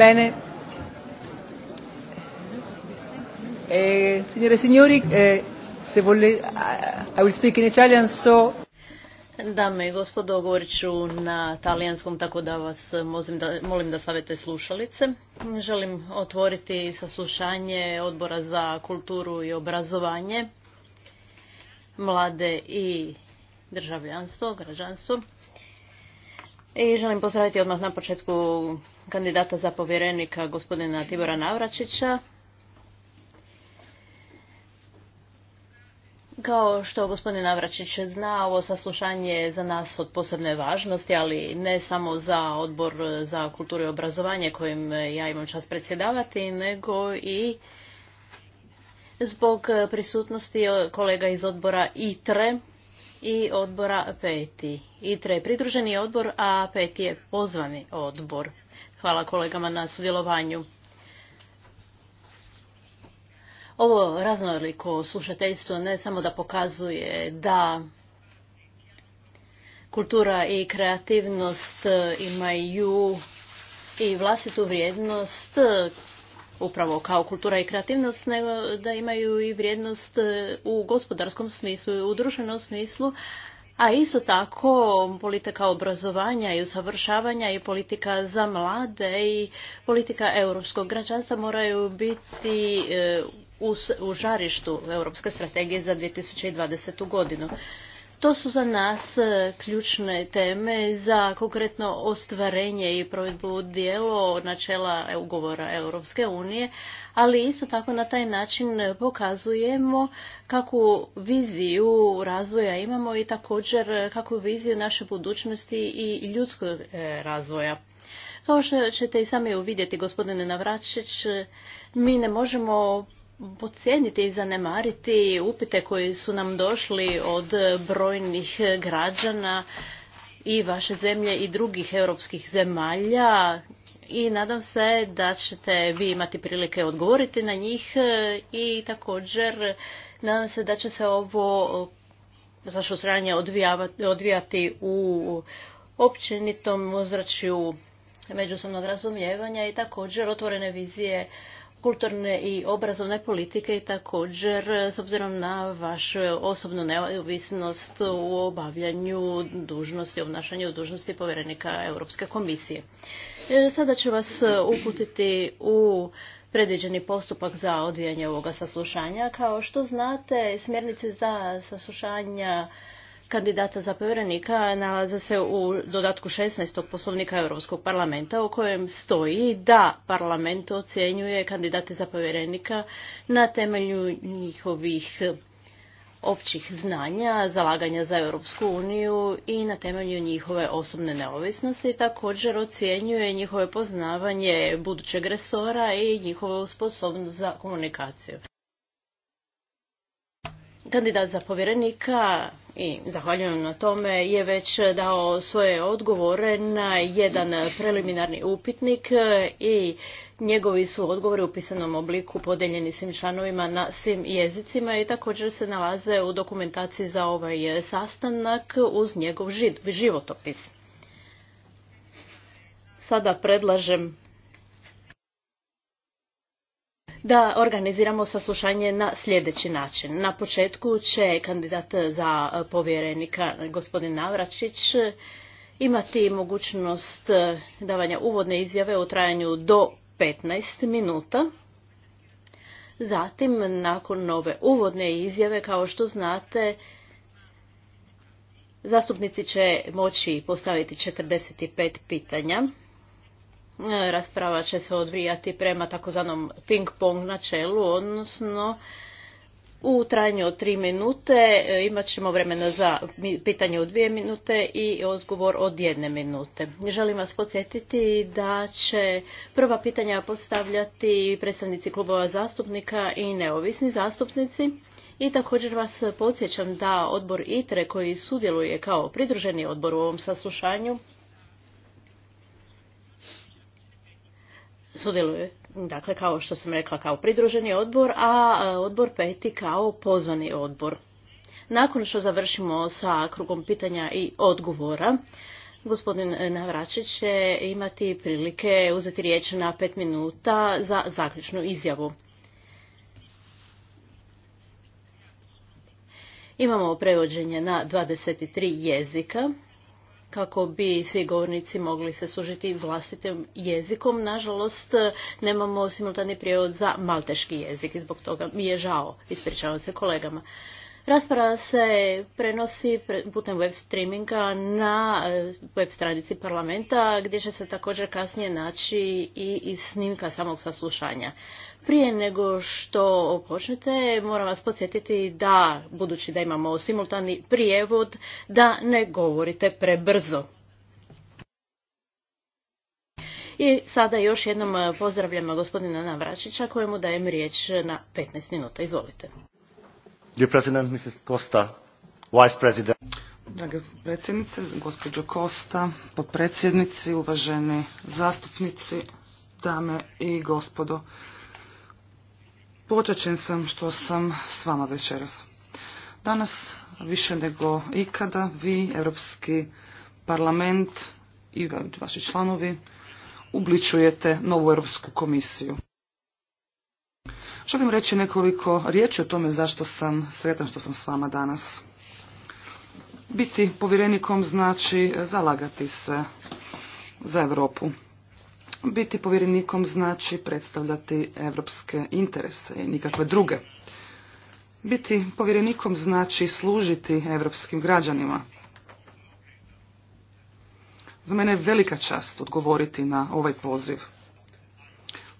Bene. Eh, signore e signori, eh, se vole, eh, I will speak in Italian, so... Dame i gospodo, govorit ću na talijanskom, tako da vas molim da savete slušalice. Želim otvoriti saslušanje odbora za kulturu i obrazovanje, mlade i državljanstvo, građanstvo. I želim pozdraviti odmah na početku kandidata za povjerenika gospodina Tibora Navračića. Kao što gospodin Navračić zna, ovo saslušanje je za nas od posebne važnosti, ali ne samo za odbor za kulturu i obrazovanje kojim ja imam čas predsjedavati, nego i zbog prisutnosti kolega iz odbora ITRE i odbora PETI. ITRE je pridruženi odbor, a PETI je pozvani odbor. Hvala kolegama na sudjelovanju. Ovo raznoliko slušateljstvo ne samo da pokazuje da kultura i kreativnost imaju i vlastitu vrijednost upravo kao kultura i kreativnost, nego da imaju i vrijednost u gospodarskom smislu i u društvenom smislu, a isto tako politika obrazovanja i usavršavanja i politika za mlade i politika europskog građanstva moraju biti e, u žarištu Europske strategije za 2020. godinu. To su za nas e, ključne teme za konkretno ostvarenje i provedbu dijelo načela ugovora Europske unije, ali isto tako na taj način pokazujemo kakvu viziju razvoja imamo i također kakvu viziju naše budućnosti i ljudskog e, razvoja. Kao što ćete i sami uvidjeti, gospodine Navračić, mi ne možemo podcijeniti i zanemariti upite koji su nam došli od brojnih građana i vaše zemlje i drugih europskih zemalja i nadam se da ćete vi imati prilike odgovoriti na njih e, i također nadam se da će se ovo zašto e, sranje odvijati u općenitom ozračju međusobnog razumijevanja i također otvorene vizije kulturne i obrazovne politike i također s obzirom na vašu osobnu neovisnost u obavljanju dužnosti, obnašanju dužnosti povjerenika Europske komisije. E, sada ću vas uputiti u predviđeni postupak za odvijanje ovoga saslušanja. Kao što znate, smjernice za saslušanja kandidata za povjerenika nalaze se u dodatku 16. poslovnika Europskog parlamenta u kojem stoji da parlament ocjenjuje kandidate za povjerenika na temelju njihovih općih znanja, zalaganja za Europsku uniju i na temelju njihove osobne neovisnosti. Također ocjenjuje njihove poznavanje budućeg resora i njihovu sposobnost za komunikaciju. Kandidat za povjerenika i zahvaljujem na tome, je već dao svoje odgovore na jedan preliminarni upitnik i njegovi su odgovori u pisanom obliku podeljeni svim članovima na svim jezicima i također se nalaze u dokumentaciji za ovaj sastanak uz njegov životopis. Sada predlažem da organiziramo saslušanje na sljedeći način. Na početku će kandidat za povjerenika gospodin Navračić imati mogućnost davanja uvodne izjave u trajanju do 15 minuta. Zatim, nakon nove uvodne izjave, kao što znate, zastupnici će moći postaviti 45 pitanja Rasprava će se odvijati prema takozvanom ping-pong načelu, odnosno u trajanju od tri minute e, imat ćemo vremena za pitanje od dvije minute i odgovor od jedne minute. Želim vas podsjetiti da će prva pitanja postavljati predstavnici klubova zastupnika i neovisni zastupnici. I također vas podsjećam da odbor ITRE koji sudjeluje kao pridruženi odbor u ovom saslušanju sudjeluje, dakle kao što sam rekla kao pridruženi odbor, a e, odbor peti kao pozvani odbor. Nakon što završimo sa krugom pitanja i odgovora, gospodin Navračić će imati prilike uzeti riječ na pet minuta za zaključnu izjavu. Imamo prevođenje na 23 jezika kako bi svi govornici mogli se služiti vlastitim jezikom. Nažalost, nemamo simultani prijevod za malteški jezik i zbog toga mi je žao. Ispričavam se kolegama. Rasprava se prenosi putem web streaminga na eh, web stranici parlamenta gdje će se također kasnije naći i snimka samog saslušanja. Prije nego što počnete moram vas podsjetiti da, budući da imamo simultani prijevod, da ne govorite prebrzo. I sada još jednom eh, pozdravljam gospodina Navračića kojemu dajem riječ na 15 minuta. Izvolite. Drage predsjednice, gospođo Kosta, potpredsjednici, uvaženi zastupnici, dame i gospodo. Počećen sam što sam s vama večeras. Danas više nego ikada vi, Europski parlament i vaši članovi, ubličujete novu Europsku komisiju. Želim reći nekoliko riječi o tome zašto sam sretan što sam s vama danas. Biti povjerenikom znači zalagati se za Europu. Biti povjerenikom znači predstavljati europske interese i nikakve druge. Biti povjerenikom znači služiti europskim građanima. Za mene je velika čast odgovoriti na ovaj poziv.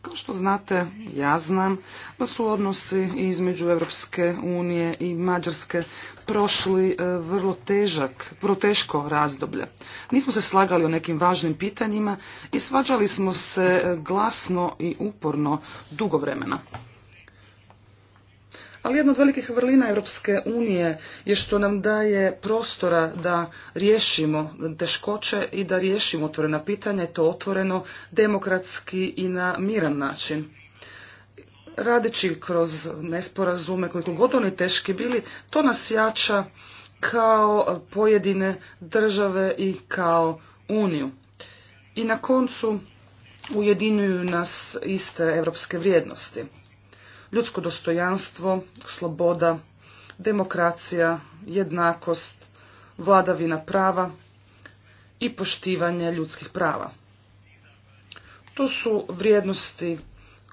Kao što znate, ja znam da su odnosi između Europske unije i Mađarske prošli e, vrlo težak, vrlo teško razdoblje. Nismo se slagali o nekim važnim pitanjima i svađali smo se e, glasno i uporno dugo vremena. Ali jedna od velikih vrlina Europske unije je što nam daje prostora da riješimo teškoće i da riješimo otvorena pitanja i to otvoreno, demokratski i na miran način. Radeći kroz nesporazume, koliko god oni teški bili, to nas jača kao pojedine države i kao uniju. I na koncu ujedinuju nas iste europske vrijednosti ljudsko dostojanstvo, sloboda, demokracija, jednakost, vladavina prava i poštivanje ljudskih prava. To su vrijednosti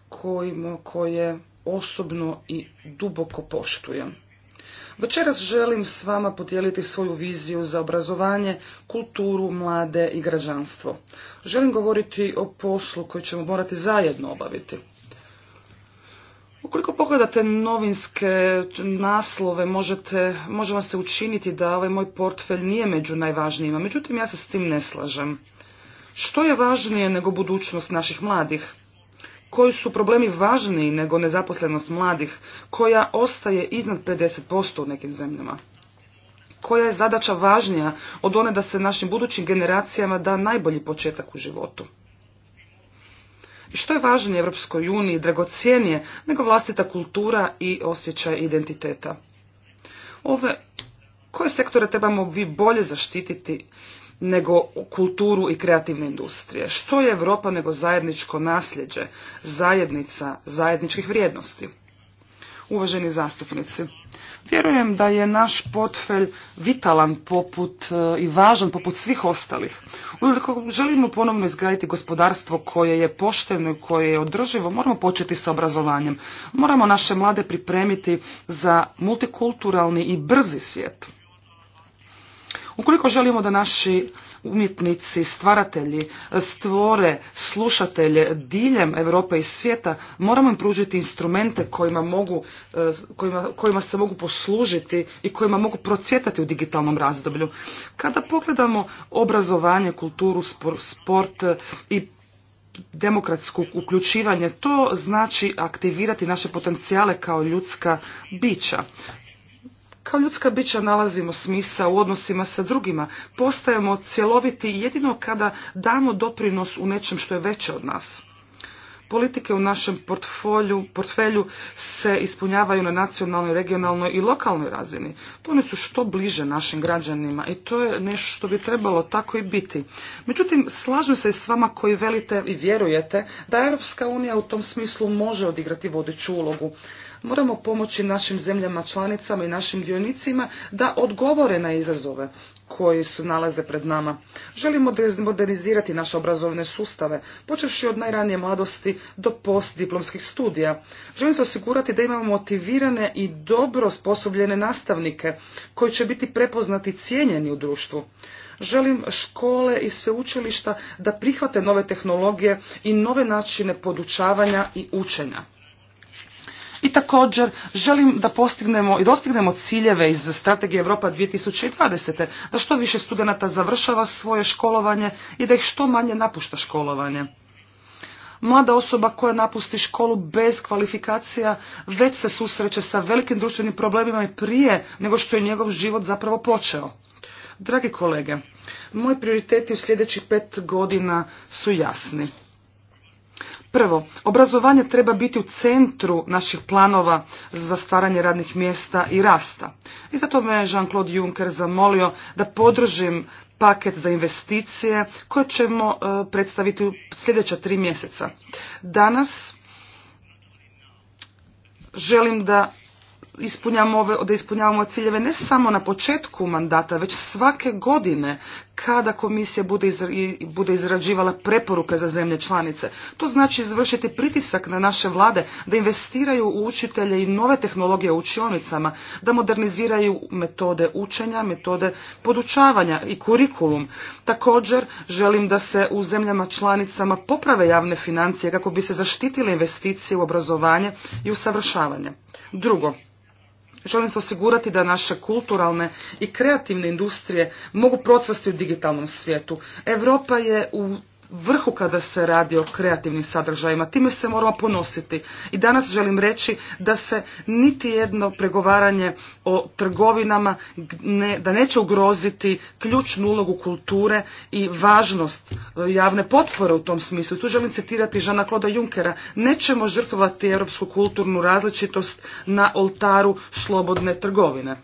kojima, koje osobno i duboko poštujem. Večeras želim s vama podijeliti svoju viziju za obrazovanje, kulturu, mlade i građanstvo. Želim govoriti o poslu koji ćemo morati zajedno obaviti. Ukoliko pogledate novinske naslove, možete, može vam se učiniti da ovaj moj portfelj nije među najvažnijima, međutim ja se s tim ne slažem. Što je važnije nego budućnost naših mladih? Koji su problemi važniji nego nezaposlenost mladih, koja ostaje iznad 50% u nekim zemljama? Koja je zadaća važnija od one da se našim budućim generacijama da najbolji početak u životu? što je važnije Europskoj uniji, dragocjenije nego vlastita kultura i osjećaj identiteta. Ove, koje sektore trebamo vi bolje zaštititi nego kulturu i kreativne industrije? Što je Europa nego zajedničko nasljeđe, zajednica zajedničkih vrijednosti? Uvaženi zastupnici, Vjerujem da je naš portfelj vitalan poput e, i važan poput svih ostalih. Ukoliko želimo ponovno izgraditi gospodarstvo koje je pošteno i koje je održivo, moramo početi sa obrazovanjem. Moramo naše mlade pripremiti za multikulturalni i brzi svijet. Ukoliko želimo da naši umjetnici, stvaratelji stvore slušatelje diljem Europe i svijeta, moramo im pružiti instrumente kojima, mogu, e, kojima, kojima se mogu poslužiti i kojima mogu procvjetati u digitalnom razdoblju. Kada pogledamo obrazovanje, kulturu, sport i demokratsko uključivanje, to znači aktivirati naše potencijale kao ljudska bića. Kao ljudska bića nalazimo smisa u odnosima sa drugima, postajemo cjeloviti jedino kada damo doprinos u nečem što je veće od nas. Politike u našem portfolju, portfelju se ispunjavaju na nacionalnoj, regionalnoj i lokalnoj razini. To one su što bliže našim građanima i to je nešto što bi trebalo tako i biti. Međutim, slažem se i s vama koji velite i vjerujete da Europska unija u tom smislu može odigrati vodeću ulogu. Moramo pomoći našim zemljama članicama i našim dionicima da odgovore na izazove koji su nalaze pred nama. Želimo modernizirati naše obrazovne sustave, počevši od najranije mladosti do postdiplomskih studija. Želim se osigurati da imamo motivirane i dobro sposobljene nastavnike koji će biti prepoznati i cijenjeni u društvu. Želim škole i sveučilišta da prihvate nove tehnologije i nove načine podučavanja i učenja. I također želim da postignemo i dostignemo ciljeve iz strategije Europa 2020. Da što više studenata završava svoje školovanje i da ih što manje napušta školovanje. Mlada osoba koja napusti školu bez kvalifikacija već se susreće sa velikim društvenim problemima i prije nego što je njegov život zapravo počeo. Dragi kolege, moji prioriteti u sljedećih pet godina su jasni. Prvo, obrazovanje treba biti u centru naših planova za stvaranje radnih mjesta i rasta. I zato me Jean-Claude Juncker zamolio da podržim paket za investicije koje ćemo e, predstaviti u sljedeća tri mjeseca. Danas želim da ispunjamo ove, da ispunjavamo ciljeve ne samo na početku mandata, već svake godine kada komisija bude, bude izrađivala preporuke za zemlje članice. To znači izvršiti pritisak na naše vlade da investiraju u učitelje i nove tehnologije u učionicama, da moderniziraju metode učenja, metode podučavanja i kurikulum. Također želim da se u zemljama članicama poprave javne financije kako bi se zaštitile investicije u obrazovanje i usavršavanje. Drugo, Želim se osigurati da naše kulturalne i kreativne industrije mogu procvasti u digitalnom svijetu. Europa je u vrhu kada se radi o kreativnim sadržajima. Time se moramo ponositi. I danas želim reći da se niti jedno pregovaranje o trgovinama ne, da neće ugroziti ključnu ulogu kulture i važnost e, javne potpore u tom smislu. Tu želim citirati Žana Kloda Junkera. Nećemo žrtvovati europsku kulturnu različitost na oltaru slobodne trgovine.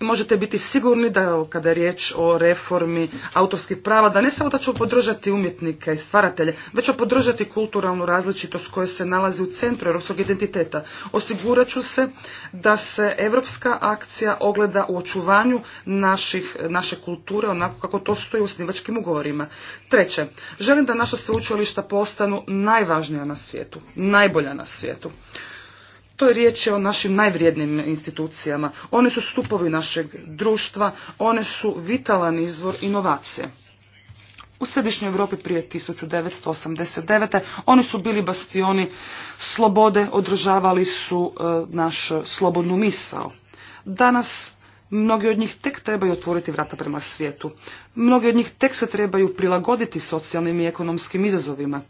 možete biti sigurni da kada je riječ o reformi autorskih prava, da ne samo da ćemo podržati umjetnike i stvaratelje, već ćemo podržati kulturalnu različitost koja se nalazi u centru europskog identiteta. Osigurat ću se da se europska akcija ogleda u očuvanju naših, naše kulture, onako kako to stoji u snivačkim ugovorima. Treće, želim da naša sveučilišta postanu najvažnija na svijetu, najbolja na svijetu. To je riječ o našim najvrijednim institucijama. One su stupovi našeg društva, one su vitalan izvor inovacije. U središnjoj Europi prije 1989. oni su bili bastioni slobode, održavali su e, naš slobodnu misao. Danas mnogi od njih tek trebaju otvoriti vrata prema svijetu. Mnogi od njih tek se trebaju prilagoditi socijalnim i ekonomskim izazovima.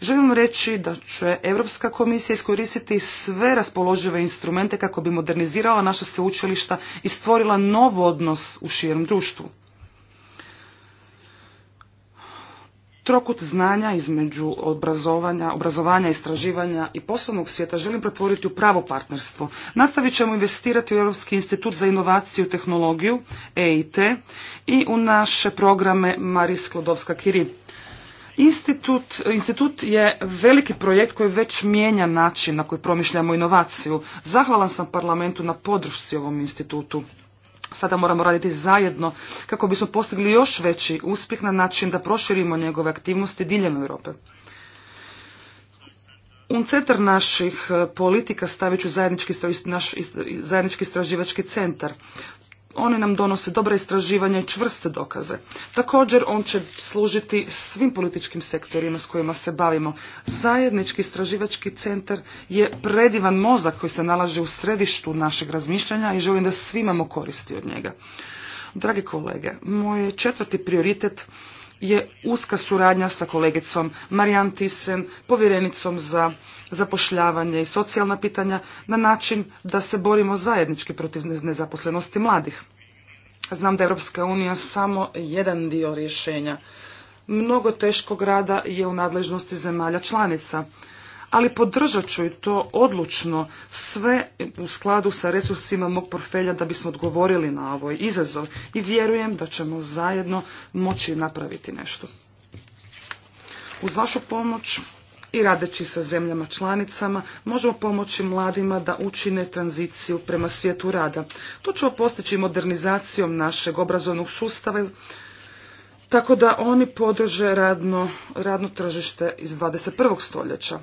Želim reći da će Europska komisija iskoristiti sve raspoložive instrumente kako bi modernizirala naša sveučilišta i stvorila nov odnos u širem društvu. Trokut znanja između obrazovanja, obrazovanja, istraživanja i poslovnog svijeta želim pretvoriti u pravo partnerstvo. Nastavit ćemo investirati u Europski institut za inovaciju i tehnologiju, EIT, i u naše programe Maris klodovska kiri Institut, institut je veliki projekt koji već mijenja način na koji promišljamo inovaciju. Zahvalan sam parlamentu na podršci ovom institutu. Sada moramo raditi zajedno kako bismo postigli još veći uspjeh na način da proširimo njegove aktivnosti diljem Europe. U centar naših politika stavit ću zajednički, naš zajednički istraživački centar one nam donose dobra istraživanja i čvrste dokaze. Također on će služiti svim političkim sektorima s kojima se bavimo. Zajednički istraživački centar je predivan mozak koji se nalaže u središtu našeg razmišljanja i želim da svi imamo koristi od njega. Dragi kolege, moj četvrti prioritet je uska suradnja sa kolegicom Marijan Tisen, povjerenicom za zapošljavanje i socijalna pitanja, na način da se borimo zajednički protiv nezaposlenosti mladih. Znam da je Europska unija samo jedan dio rješenja. Mnogo teškog rada je u nadležnosti zemalja članica ali podržat ću i to odlučno sve u skladu sa resursima mog portfelja da bismo odgovorili na ovoj izazov i vjerujem da ćemo zajedno moći napraviti nešto. Uz vašu pomoć i radeći sa zemljama članicama možemo pomoći mladima da učine tranziciju prema svijetu rada. To ćemo postići modernizacijom našeg obrazovnog sustava tako da oni podrže radno, radno tržište iz 21. stoljeća.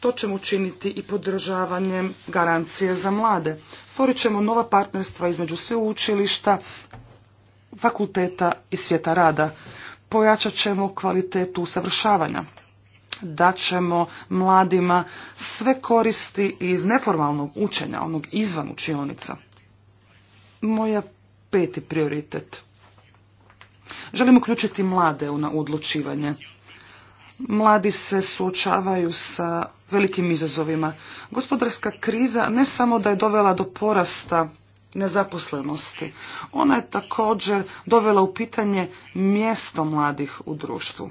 To ćemo učiniti i podržavanjem garancije za mlade. Stvorit ćemo nova partnerstva između sveučilišta, fakulteta i svijeta rada. Pojačat ćemo kvalitetu usavršavanja. Daćemo mladima sve koristi iz neformalnog učenja, onog izvan učionica. Moja peti prioritet. Želim uključiti mlade u na odlučivanje mladi se suočavaju sa velikim izazovima. Gospodarska kriza ne samo da je dovela do porasta nezaposlenosti, ona je također dovela u pitanje mjesto mladih u društvu.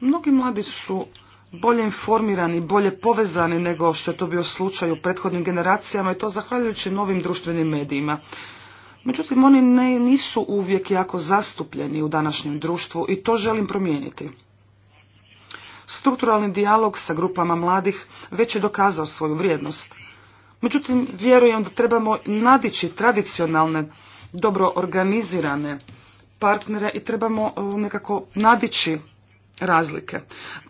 Mnogi mladi su bolje informirani, bolje povezani nego što je to bio slučaj u prethodnim generacijama i to zahvaljujući novim društvenim medijima. Međutim, oni ne, nisu uvijek jako zastupljeni u današnjem društvu i to želim promijeniti. Strukturalni dijalog sa grupama mladih već je dokazao svoju vrijednost. Međutim, vjerujem da trebamo nadići tradicionalne, dobro organizirane partnere i trebamo eh, nekako nadići razlike.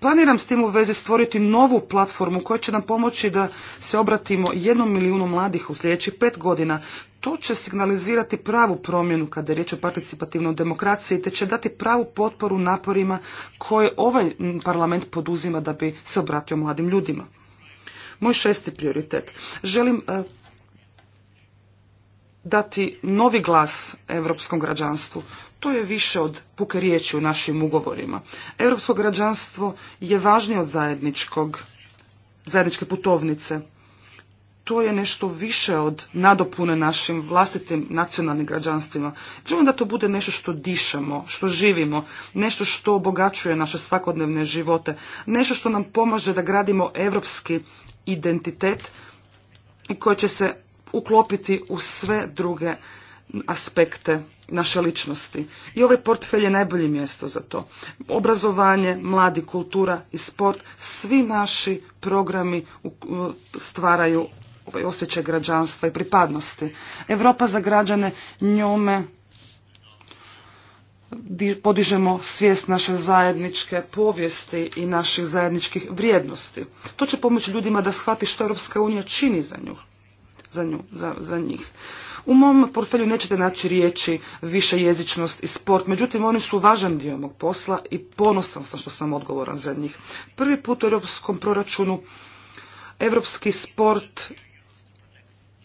Planiram s tim u vezi stvoriti novu platformu koja će nam pomoći da se obratimo jednom milijunu mladih u sljedećih pet godina. To će signalizirati pravu promjenu kada je riječ o participativnoj demokraciji te će dati pravu potporu naporima koje ovaj parlament poduzima da bi se obratio mladim ljudima. Moj šesti prioritet. Želim e, dati novi glas europskom građanstvu. To je više od puke riječi u našim ugovorima. Europsko građanstvo je važnije od zajedničkog, zajedničke putovnice. To je nešto više od nadopune našim vlastitim nacionalnim građanstvima. Želim da to bude nešto što dišemo, što živimo, nešto što obogaćuje naše svakodnevne živote, nešto što nam pomaže da gradimo europski identitet i koje će se uklopiti u sve druge aspekte naše ličnosti. I ovaj portfelj je najbolje mjesto za to. Obrazovanje, mladi, kultura i sport, svi naši programi stvaraju ovaj osjećaj građanstva i pripadnosti. Europa za građane njome podižemo svijest naše zajedničke povijesti i naših zajedničkih vrijednosti. To će pomoći ljudima da shvati što Europska unija čini za nju, za, za njih. U mom portfelju nećete naći riječi više jezičnost i sport, međutim oni su važan dio mog posla i ponosan sam što sam odgovoran za njih. Prvi put u europskom proračunu europski sport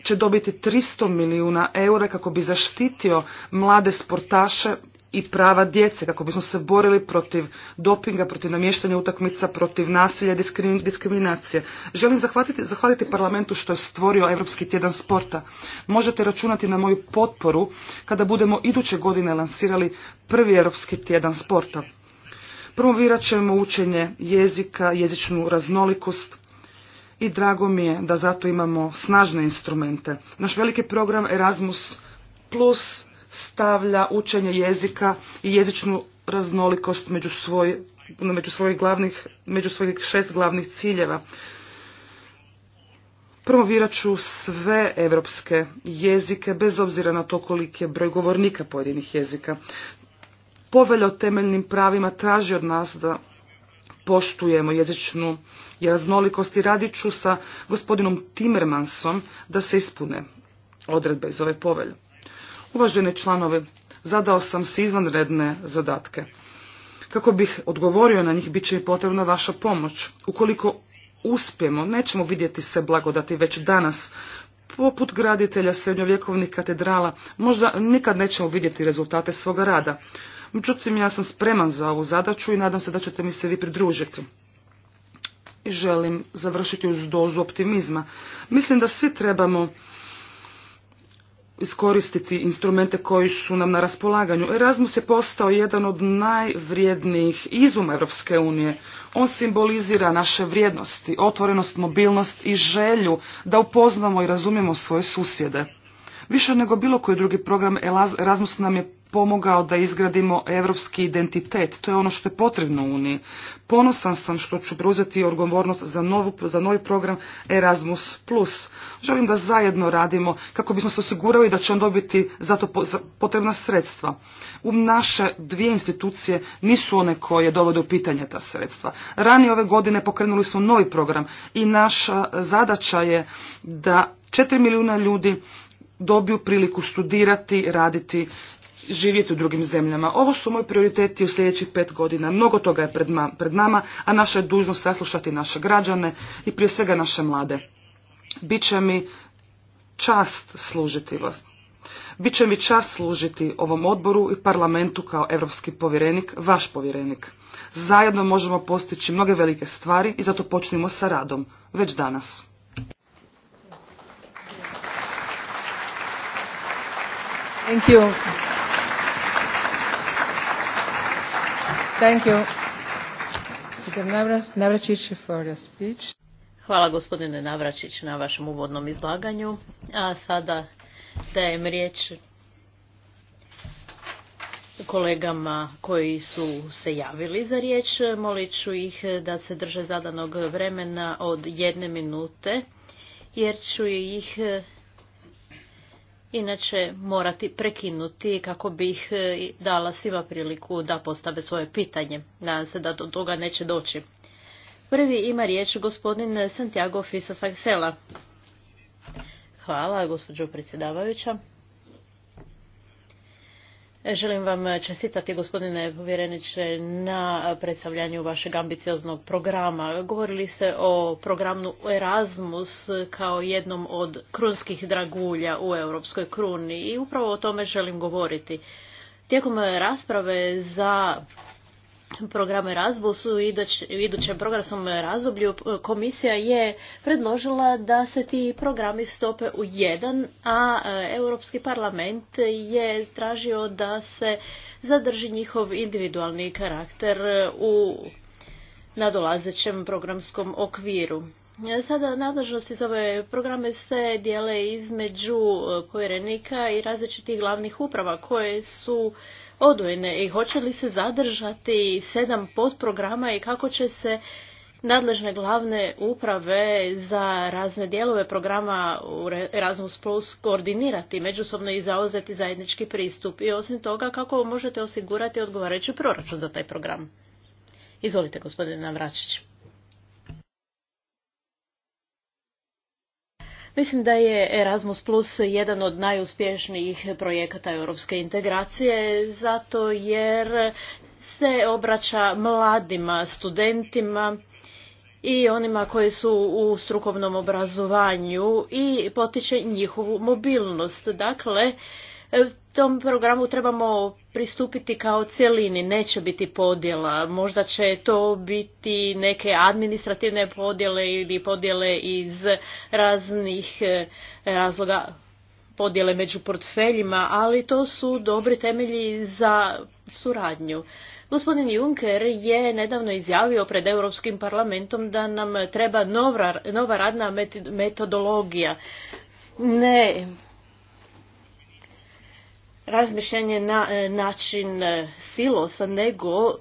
će dobiti 300 milijuna eura kako bi zaštitio mlade sportaše i prava djece, kako bismo se borili protiv dopinga, protiv namještanja utakmica, protiv nasilja i diskriminacije. Želim zahvatiti, zahvaliti parlamentu što je stvorio Europski tjedan sporta. Možete računati na moju potporu kada budemo iduće godine lansirali prvi Europski tjedan sporta. Promovirat ćemo učenje jezika, jezičnu raznolikost, i drago mi je da zato imamo snažne instrumente. Naš veliki program Erasmus Plus stavlja učenje jezika i jezičnu raznolikost među, svoj, među, svojih, glavnih, među svojih šest glavnih ciljeva. Promovirat ću sve evropske jezike, bez obzira na to koliki je broj govornika pojedinih jezika. Povelja o temeljnim pravima traži od nas da poštujemo jezičnu raznolikost i radit ću sa gospodinom Timmermansom da se ispune odredbe iz ove povelje. Uvaženi članove, zadao sam si izvanredne zadatke. Kako bih odgovorio na njih, bit će i potrebna vaša pomoć. Ukoliko uspijemo, nećemo vidjeti se blagodati već danas. Poput graditelja srednjovjekovnih katedrala, možda nikad nećemo vidjeti rezultate svoga rada. Međutim, ja sam spreman za ovu zadaću i nadam se da ćete mi se vi pridružiti. I želim završiti uz dozu optimizma. Mislim da svi trebamo iskoristiti instrumente koji su nam na raspolaganju. Erasmus je postao jedan od najvrijednijih izuma Europske unije. On simbolizira naše vrijednosti, otvorenost, mobilnost i želju da upoznamo i razumijemo svoje susjede. Više nego bilo koji drugi program Erasmus nam je pomogao da izgradimo europski identitet. To je ono što je potrebno Uniji. Ponosan sam što ću preuzeti odgovornost za, novu, za novi program Erasmus+. Želim da zajedno radimo kako bismo se osigurali da će on dobiti za to potrebna sredstva. U naše dvije institucije nisu one koje dovode u pitanje ta sredstva. Rani ove godine pokrenuli smo novi program i naša zadaća je da 4 milijuna ljudi dobiju priliku studirati, raditi živjeti u drugim zemljama. Ovo su moji prioriteti u sljedećih pet godina. Mnogo toga je pred nama, a naša je dužnost saslušati naše građane i prije svega naše mlade. Biće mi čast služiti vas. Biće mi čast služiti ovom odboru i parlamentu kao europski povjerenik, vaš povjerenik. Zajedno možemo postići mnoge velike stvari i zato počnimo sa radom, već danas. Thank you. Hvala gospodine Navračić na vašem uvodnom izlaganju. A sada dajem riječ kolegama koji su se javili za riječ. Molit ću ih da se drže zadanog vremena od jedne minute, jer ću ih inače morati prekinuti kako bih e, dala svima priliku da postave svoje pitanje. Nadam se da do toga neće doći. Prvi ima riječ gospodin Santiago Fisa Saksela. Hvala, gospođo predsjedavajuća. Želim vam čestitati gospodine povjereniče na predstavljanju vašeg ambicioznog programa. Govorili ste o programu Erasmus kao jednom od krunskih dragulja u Europskoj kruni i upravo o tome želim govoriti. Tijekom rasprave za programe Razbus u idućem programskom razdoblju komisija je predložila da se ti programi stope u jedan, a e, Europski parlament je tražio da se zadrži njihov individualni karakter u nadolazećem programskom okviru. E, sada nadležnosti za ove programe se dijele između e, povjerenika i različitih glavnih uprava koje su odvojene i hoće li se zadržati sedam podprograma i kako će se nadležne glavne uprave za razne dijelove programa u Erasmus Plus koordinirati međusobno i zauzeti zajednički pristup i osim toga kako možete osigurati odgovarajući proračun za taj program. Izvolite gospodine Navračić. Mislim da je Erasmus Plus jedan od najuspješnijih projekata europske integracije, zato jer se obraća mladima, studentima, i onima koji su u strukovnom obrazovanju i potiče njihovu mobilnost. Dakle, E, tom programu trebamo pristupiti kao cjelini, neće biti podjela. Možda će to biti neke administrativne podjele ili podjele iz raznih e, razloga podjele među portfeljima, ali to su dobri temelji za suradnju. Gospodin Juncker je nedavno izjavio pred Europskim parlamentom da nam treba nova radna metodologija. Ne, razmišljanje na e, način e, silosa, nego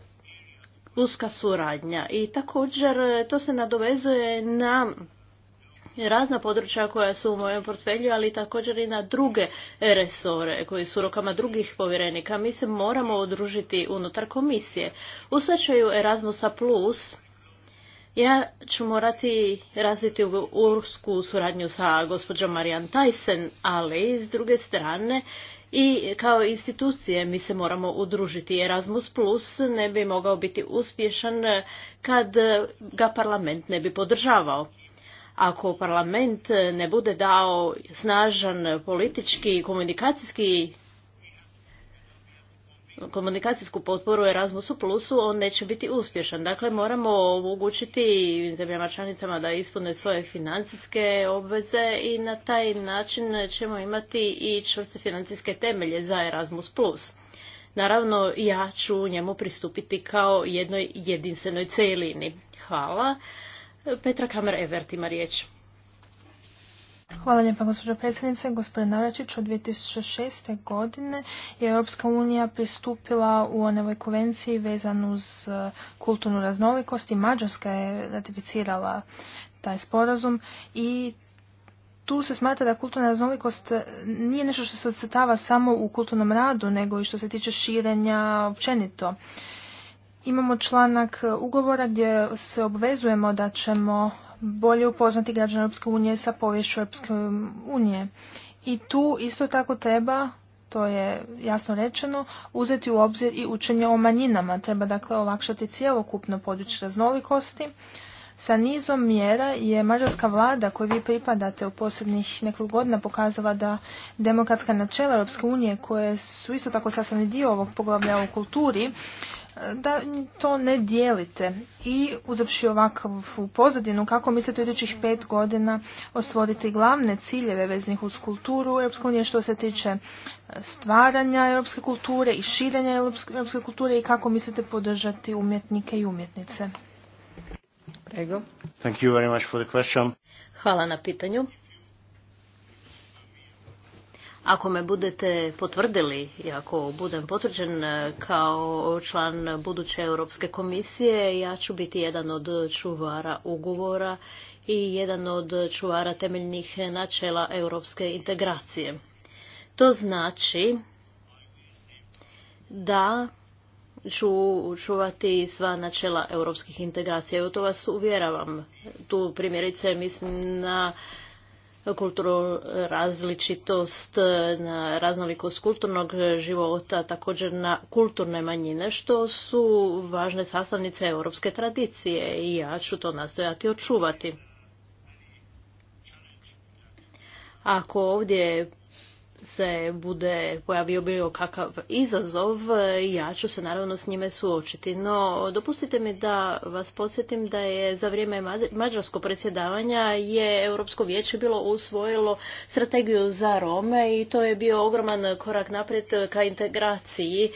uska suradnja. I također e, to se nadovezuje na razna područja koja su u mojem portfelju, ali također i na druge resore koji su rokama drugih povjerenika. Mi se moramo odružiti unutar komisije. U slučaju Erasmusa Plus ja ću morati razviti ursku suradnju sa gospođom Marijan Tajsen, ali s druge strane i kao institucije mi se moramo udružiti. Erasmus Plus ne bi mogao biti uspješan kad ga parlament ne bi podržavao. Ako parlament ne bude dao snažan politički i komunikacijski komunikacijsku potporu Erasmusu Plusu, on neće biti uspješan. Dakle, moramo omogućiti zemljama članicama da ispune svoje financijske obveze i na taj način ćemo imati i čvrste financijske temelje za Erasmus Plus. Naravno, ja ću njemu pristupiti kao jednoj jedinstvenoj celini. Hvala. Petra Kamer-Evert ima riječ. Hvala lijepa gospođo predsjednice. Gospodin Navračić, od 2006. godine je Europska unija pristupila u onevoj konvenciji vezan uz e, kulturnu raznolikost i Mađarska je ratificirala taj sporazum i tu se smatra da kulturna raznolikost e, nije nešto što se odsetava samo u kulturnom radu, nego i što se tiče širenja općenito. Imamo članak e, ugovora gdje se obvezujemo da ćemo bolje upoznati građana Europske unije sa povješću Europske unije. I tu isto tako treba, to je jasno rečeno, uzeti u obzir i učenje o manjinama. Treba dakle olakšati cijelokupno područje raznolikosti. Sa nizom mjera je mađarska vlada koju vi pripadate u posljednjih nekoliko godina pokazala da demokratska načela Europske unije koje su isto tako sastavni dio ovog poglavlja o kulturi da to ne dijelite i uzavši ovakvu pozadinu kako mislite u idućih pet godina osvoriti glavne ciljeve veznih uz kulturu Europske unije što se tiče e, stvaranja europske kulture i širenja europske kulture i kako mislite podržati umjetnike i umjetnice. Hvala na pitanju. Ako me budete potvrdili i ako budem potvrđen e, kao član buduće Europske komisije, ja ću biti jedan od čuvara ugovora i jedan od čuvara temeljnih načela europske integracije. To znači da ću čuvati sva načela europskih integracija u to vas uvjeravam. Tu primjerice mislim na kulturu različitost, na raznolikost kulturnog života, također na kulturne manjine, što su važne sastavnice europske tradicije i ja ću to nastojati očuvati. Ako ovdje se bude pojavio bilo kakav izazov, ja ću se naravno s njime suočiti. No, dopustite mi da vas podsjetim da je za vrijeme mađarskog predsjedavanja je Europsko vijeće bilo usvojilo strategiju za Rome i to je bio ogroman korak naprijed ka integraciji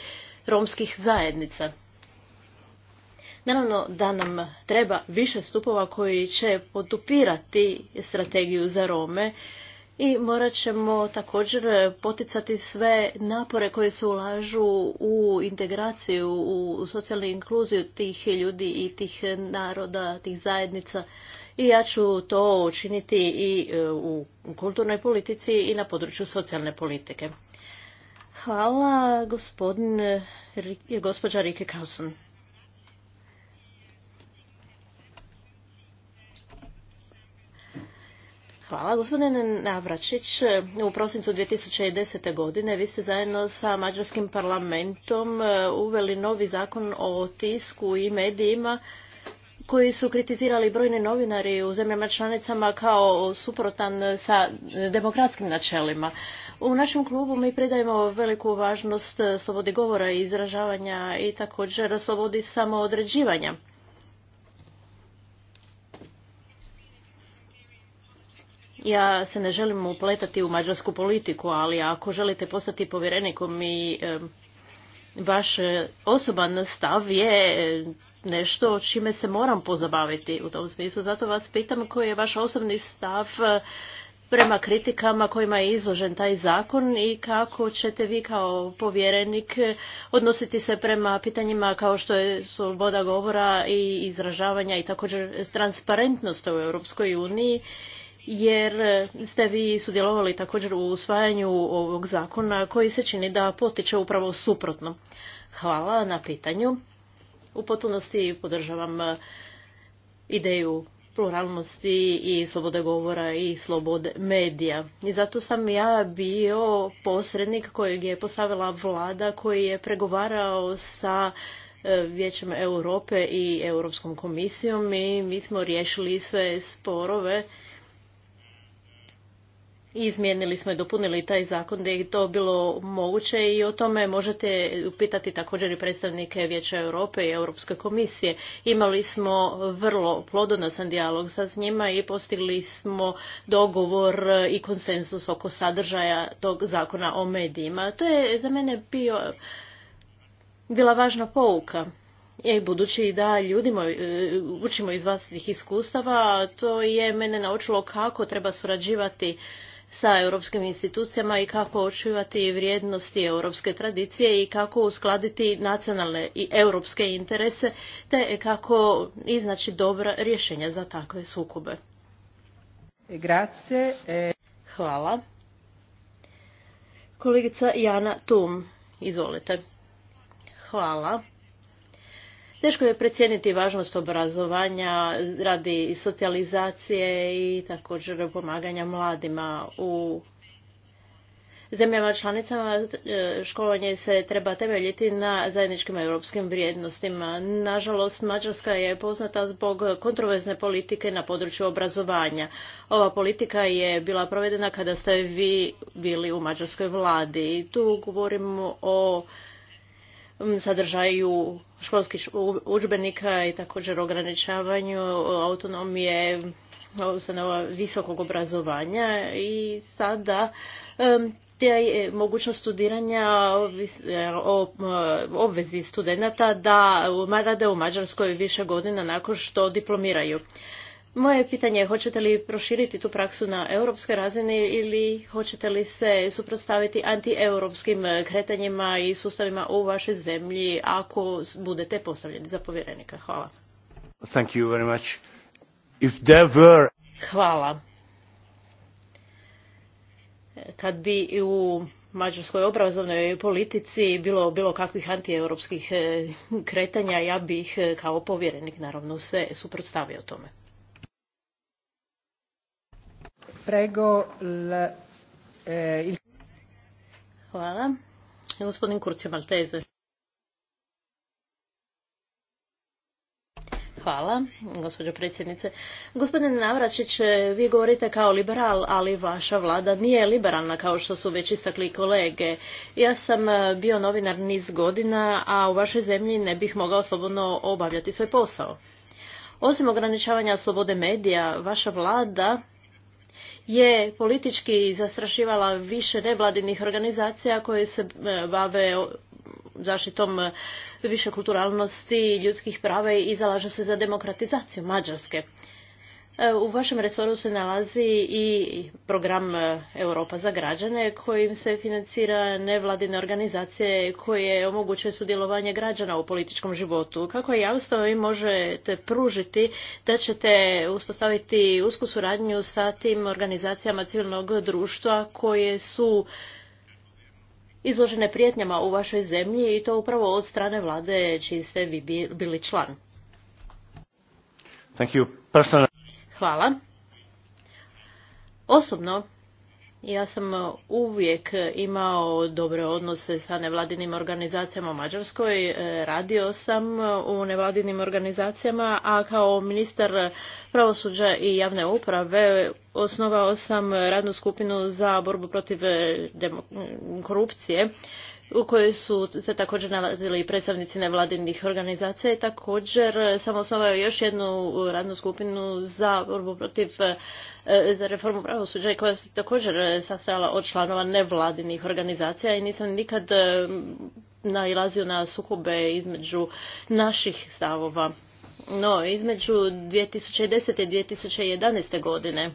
romskih zajednica. Naravno da nam treba više stupova koji će podupirati strategiju za Rome, i morat ćemo također poticati sve napore koje se ulažu u integraciju, u socijalnu inkluziju tih ljudi i tih naroda, tih zajednica. I ja ću to učiniti i e, u kulturnoj politici i na području socijalne politike. Hvala gospodin, gospođa Rike Kausen. Hvala. Gospodine Navračić, u prosincu 2010. godine vi ste zajedno sa Mađarskim parlamentom e, uveli novi zakon o tisku i medijima koji su kritizirali brojni novinari u zemljama članicama kao suprotan sa demokratskim načelima. U našem klubu mi pridajemo veliku važnost slobodi govora i izražavanja i također slobodi samoodređivanja. Ja se ne želim upletati u mađarsku politiku, ali ako želite postati povjerenikom i vaš e, osoban stav je e, nešto o čime se moram pozabaviti u tom smislu. Zato vas pitam koji je vaš osobni stav e, prema kritikama kojima je izložen taj zakon i kako ćete vi kao povjerenik odnositi se prema pitanjima kao što je sloboda govora i izražavanja i također transparentnost u Europskoj uniji jer ste vi sudjelovali također u usvajanju ovog zakona koji se čini da potiče upravo suprotno. Hvala na pitanju. U potpunosti podržavam eh, ideju pluralnosti i slobode govora i slobode medija. I zato sam ja bio posrednik kojeg je postavila vlada koji je pregovarao sa eh, Vijećem Europe i Europskom komisijom i mi smo riješili sve sporove izmijenili smo i dopunili taj zakon gdje je to bilo moguće i o tome možete upitati također i predstavnike Vijeća Europe i Europske komisije. Imali smo vrlo plodonosan dijalog sa njima i postigli smo dogovor i konsensus oko sadržaja tog zakona o medijima. To je za mene bio, bila važna pouka. I e, budući da ljudima e, učimo iz vlastitih iskustava, to je mene naučilo kako treba surađivati sa europskim institucijama i kako očuvati vrijednosti europske tradicije i kako uskladiti nacionalne i europske interese te kako iznaći dobra rješenja za takve sukobe. E- Hvala. Kolegica Jana Tum, izvolite. Hvala. Teško je precijeniti važnost obrazovanja radi socijalizacije i također pomaganja mladima u zemljama članicama e, školovanje se treba temeljiti na zajedničkim europskim vrijednostima. Nažalost, Mađarska je poznata zbog kontroverzne politike na području obrazovanja. Ova politika je bila provedena kada ste vi bili u mađarskoj vladi. I tu govorimo o Um, sadržaju školskih udžbenika i također ograničavanju autonomije ustanova visokog obrazovanja i sada um, je mogućnost studiranja o obvezi studenata da rade u Mađarskoj više godina nakon što diplomiraju. Moje pitanje je hoćete li proširiti tu praksu na europskoj razini ili hoćete li se suprotstaviti antieuropskim kretanjima i sustavima u vašoj zemlji ako budete postavljeni za povjerenika? Hvala. Hvala. Kad bi u mađarskoj obrazovnoj politici bilo bilo kakvih antieuropskih eh, kretanja, ja bih eh, kao povjerenik naravno se suprotstavio tome. Prego e, Hvala. Gospodin Kurcija Hvala, gospođo predsjednice. Gospodine Navračić, vi govorite kao liberal, ali vaša vlada nije liberalna kao što su već istakli kolege. Ja sam e, bio novinar niz godina, a u vašoj zemlji ne bih mogao slobodno obavljati svoj posao. Osim ograničavanja slobode medija, vaša vlada je politički zastrašivala više nevladinih organizacija koje se e, bave zaštitom e, višekulturalnosti, ljudskih prava i zalaže se za demokratizaciju Mađarske. E, u vašem resoru se nalazi i program e, Europa za građane kojim se financira nevladine organizacije koje omogućuje sudjelovanje građana u političkom životu. Kako jamstvo vi možete pružiti da ćete uspostaviti usku suradnju sa tim organizacijama civilnog društva koje su izložene prijetnjama u vašoj zemlji i to upravo od strane vlade čiji ste vi bili član? Hvala. Osobno, ja sam uvijek imao dobre odnose sa nevladinim organizacijama u Mađarskoj. E, radio sam u nevladinim organizacijama, a kao ministar pravosuđa i javne uprave osnovao sam radnu skupinu za borbu protiv korupcije u kojoj su se također nalazili predstavnici nevladinih organizacija i također sam osnovao još jednu radnu skupinu za borbu protiv e, za reformu pravosuđa koja se također sastojala od članova nevladinih organizacija i nisam nikad e, nailazio na sukobe između naših stavova. No, između 2010. i 2011. godine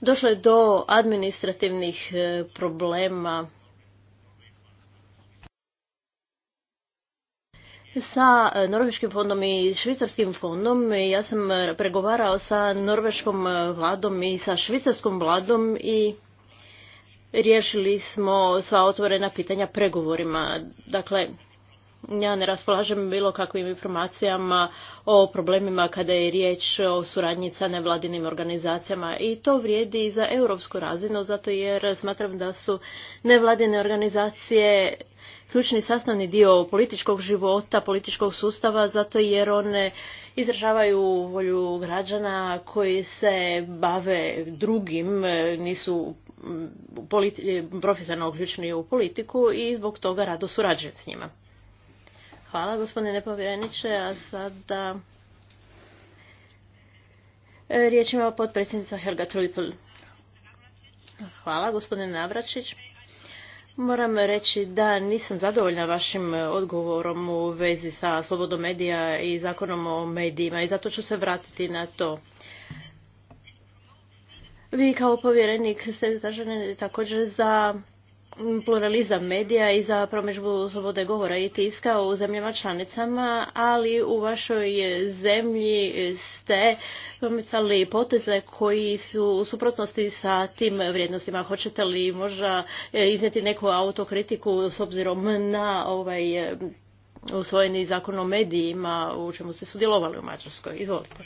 došlo je do administrativnih e, problema Sa e, Norveškim fondom i Švicarskim fondom ja sam e, pregovarao sa Norveškom e, vladom i sa Švicarskom vladom i riješili smo sva otvorena pitanja pregovorima. Dakle, ja ne raspolažem bilo kakvim informacijama o problemima kada je riječ o suradnji sa nevladinim organizacijama i to vrijedi i za europsku razinu zato jer smatram da su nevladine organizacije ključni sastavni dio političkog života, političkog sustava, zato jer one izražavaju volju građana koji se bave drugim, e, nisu mm, profesionalno uključeni u politiku i zbog toga rado surađuju s njima. Hvala gospodine povjereniče, a sada e, riječ ima potpredsjednica Helga Trujpel. Hvala gospodine Navračić. Moram reći da nisam zadovoljna vašim e, odgovorom u vezi sa slobodom medija i zakonom o medijima i zato ću se vratiti na to. Vi kao povjerenik se zažene također za pluralizam medija i za promježbu slobode govora i tiska u zemljama članicama, ali u vašoj zemlji ste promicali poteze koji su u suprotnosti sa tim vrijednostima. Hoćete li možda e, iznijeti neku autokritiku s obzirom na ovaj e, usvojeni zakon o medijima u čemu ste sudjelovali u Mađarskoj? Izvolite.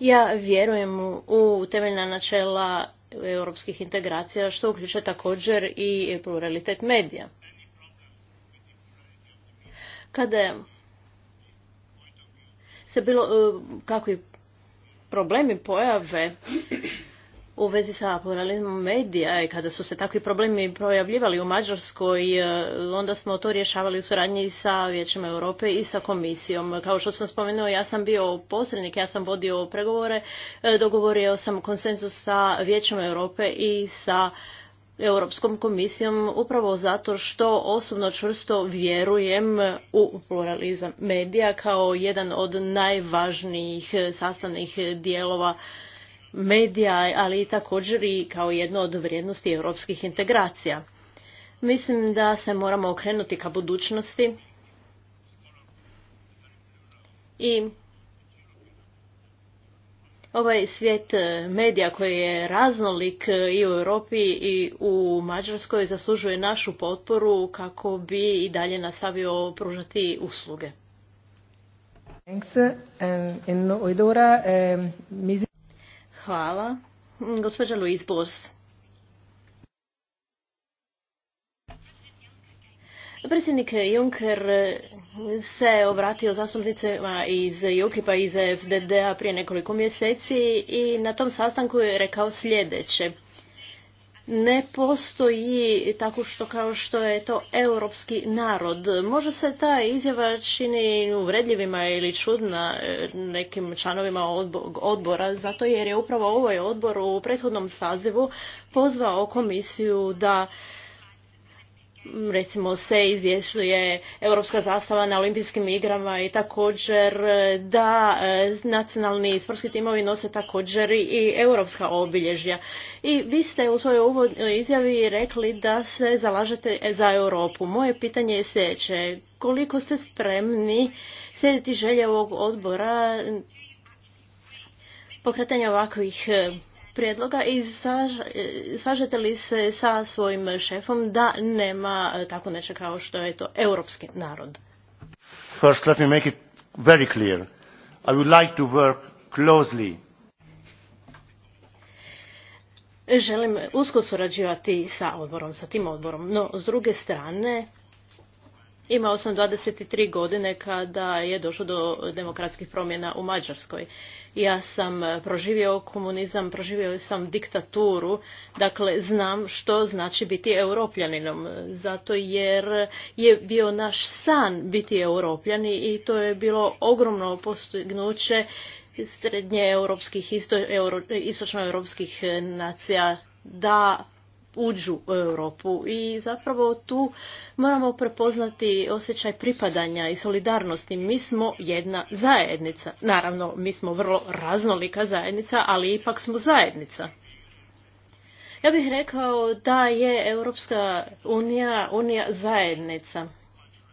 Ja vjerujem u temeljna načela europskih integracija, što uključuje također i pluralitet medija. Kada se bilo eh, kakvi problemi pojave u vezi sa pluralizmom medija i kada su se takvi problemi projavljivali u Mađarskoj, e, onda smo to rješavali u suradnji sa Vijećem Europe i sa komisijom. Kao što sam spomenuo, ja sam bio posrednik, ja sam vodio pregovore, e, dogovorio sam konsenzus sa Vijećem Europe i sa Europskom komisijom upravo zato što osobno čvrsto vjerujem u pluralizam medija kao jedan od najvažnijih sastavnih dijelova medija, ali i također i kao jedno od vrijednosti europskih integracija. Mislim da se moramo okrenuti ka budućnosti i ovaj svijet medija koji je raznolik i u Europi i u Mađarskoj zaslužuje našu potporu kako bi i dalje nastavio pružati usluge. Thanks. in eh, Hvala. Gospođa Luis Predsjednik Juncker se obratio zastupnicima iz UKIP-a i iz fdd prije nekoliko mjeseci i na tom sastanku je rekao sljedeće ne postoji tako što kao što je to europski narod. Može se ta izjava čini uvredljivima ili čudna e, nekim članovima odbora, zato jer je upravo ovaj odbor u prethodnom sazivu pozvao komisiju da recimo se izvješljuje europska zastava na olimpijskim igrama i također e, da e, nacionalni sportski timovi nose također i europska obilježja. I vi ste u svojoj uvodnoj izjavi rekli da se zalažete za Europu. Moje pitanje je sljedeće. Koliko ste spremni sjediti želje ovog odbora pokretanja ovakvih e, prijedloga i slažete li se sa svojim šefom da nema e, tako nečeg kao što je to europski narod? First, let me make it very clear. I would like to work closely želim usko surađivati sa odborom, sa tim odborom. No, s druge strane, Imao sam 23 godine kada je došlo do demokratskih promjena u Mađarskoj. Ja sam proživio komunizam, proživio sam diktaturu, dakle znam što znači biti europljaninom, zato jer je bio naš san biti europljani i to je bilo ogromno postignuće srednje europskih, istočno europskih nacija da uđu u Europu i zapravo tu moramo prepoznati osjećaj pripadanja i solidarnosti. Mi smo jedna zajednica. Naravno, mi smo vrlo raznolika zajednica, ali ipak smo zajednica. Ja bih rekao da je Europska unija unija zajednica.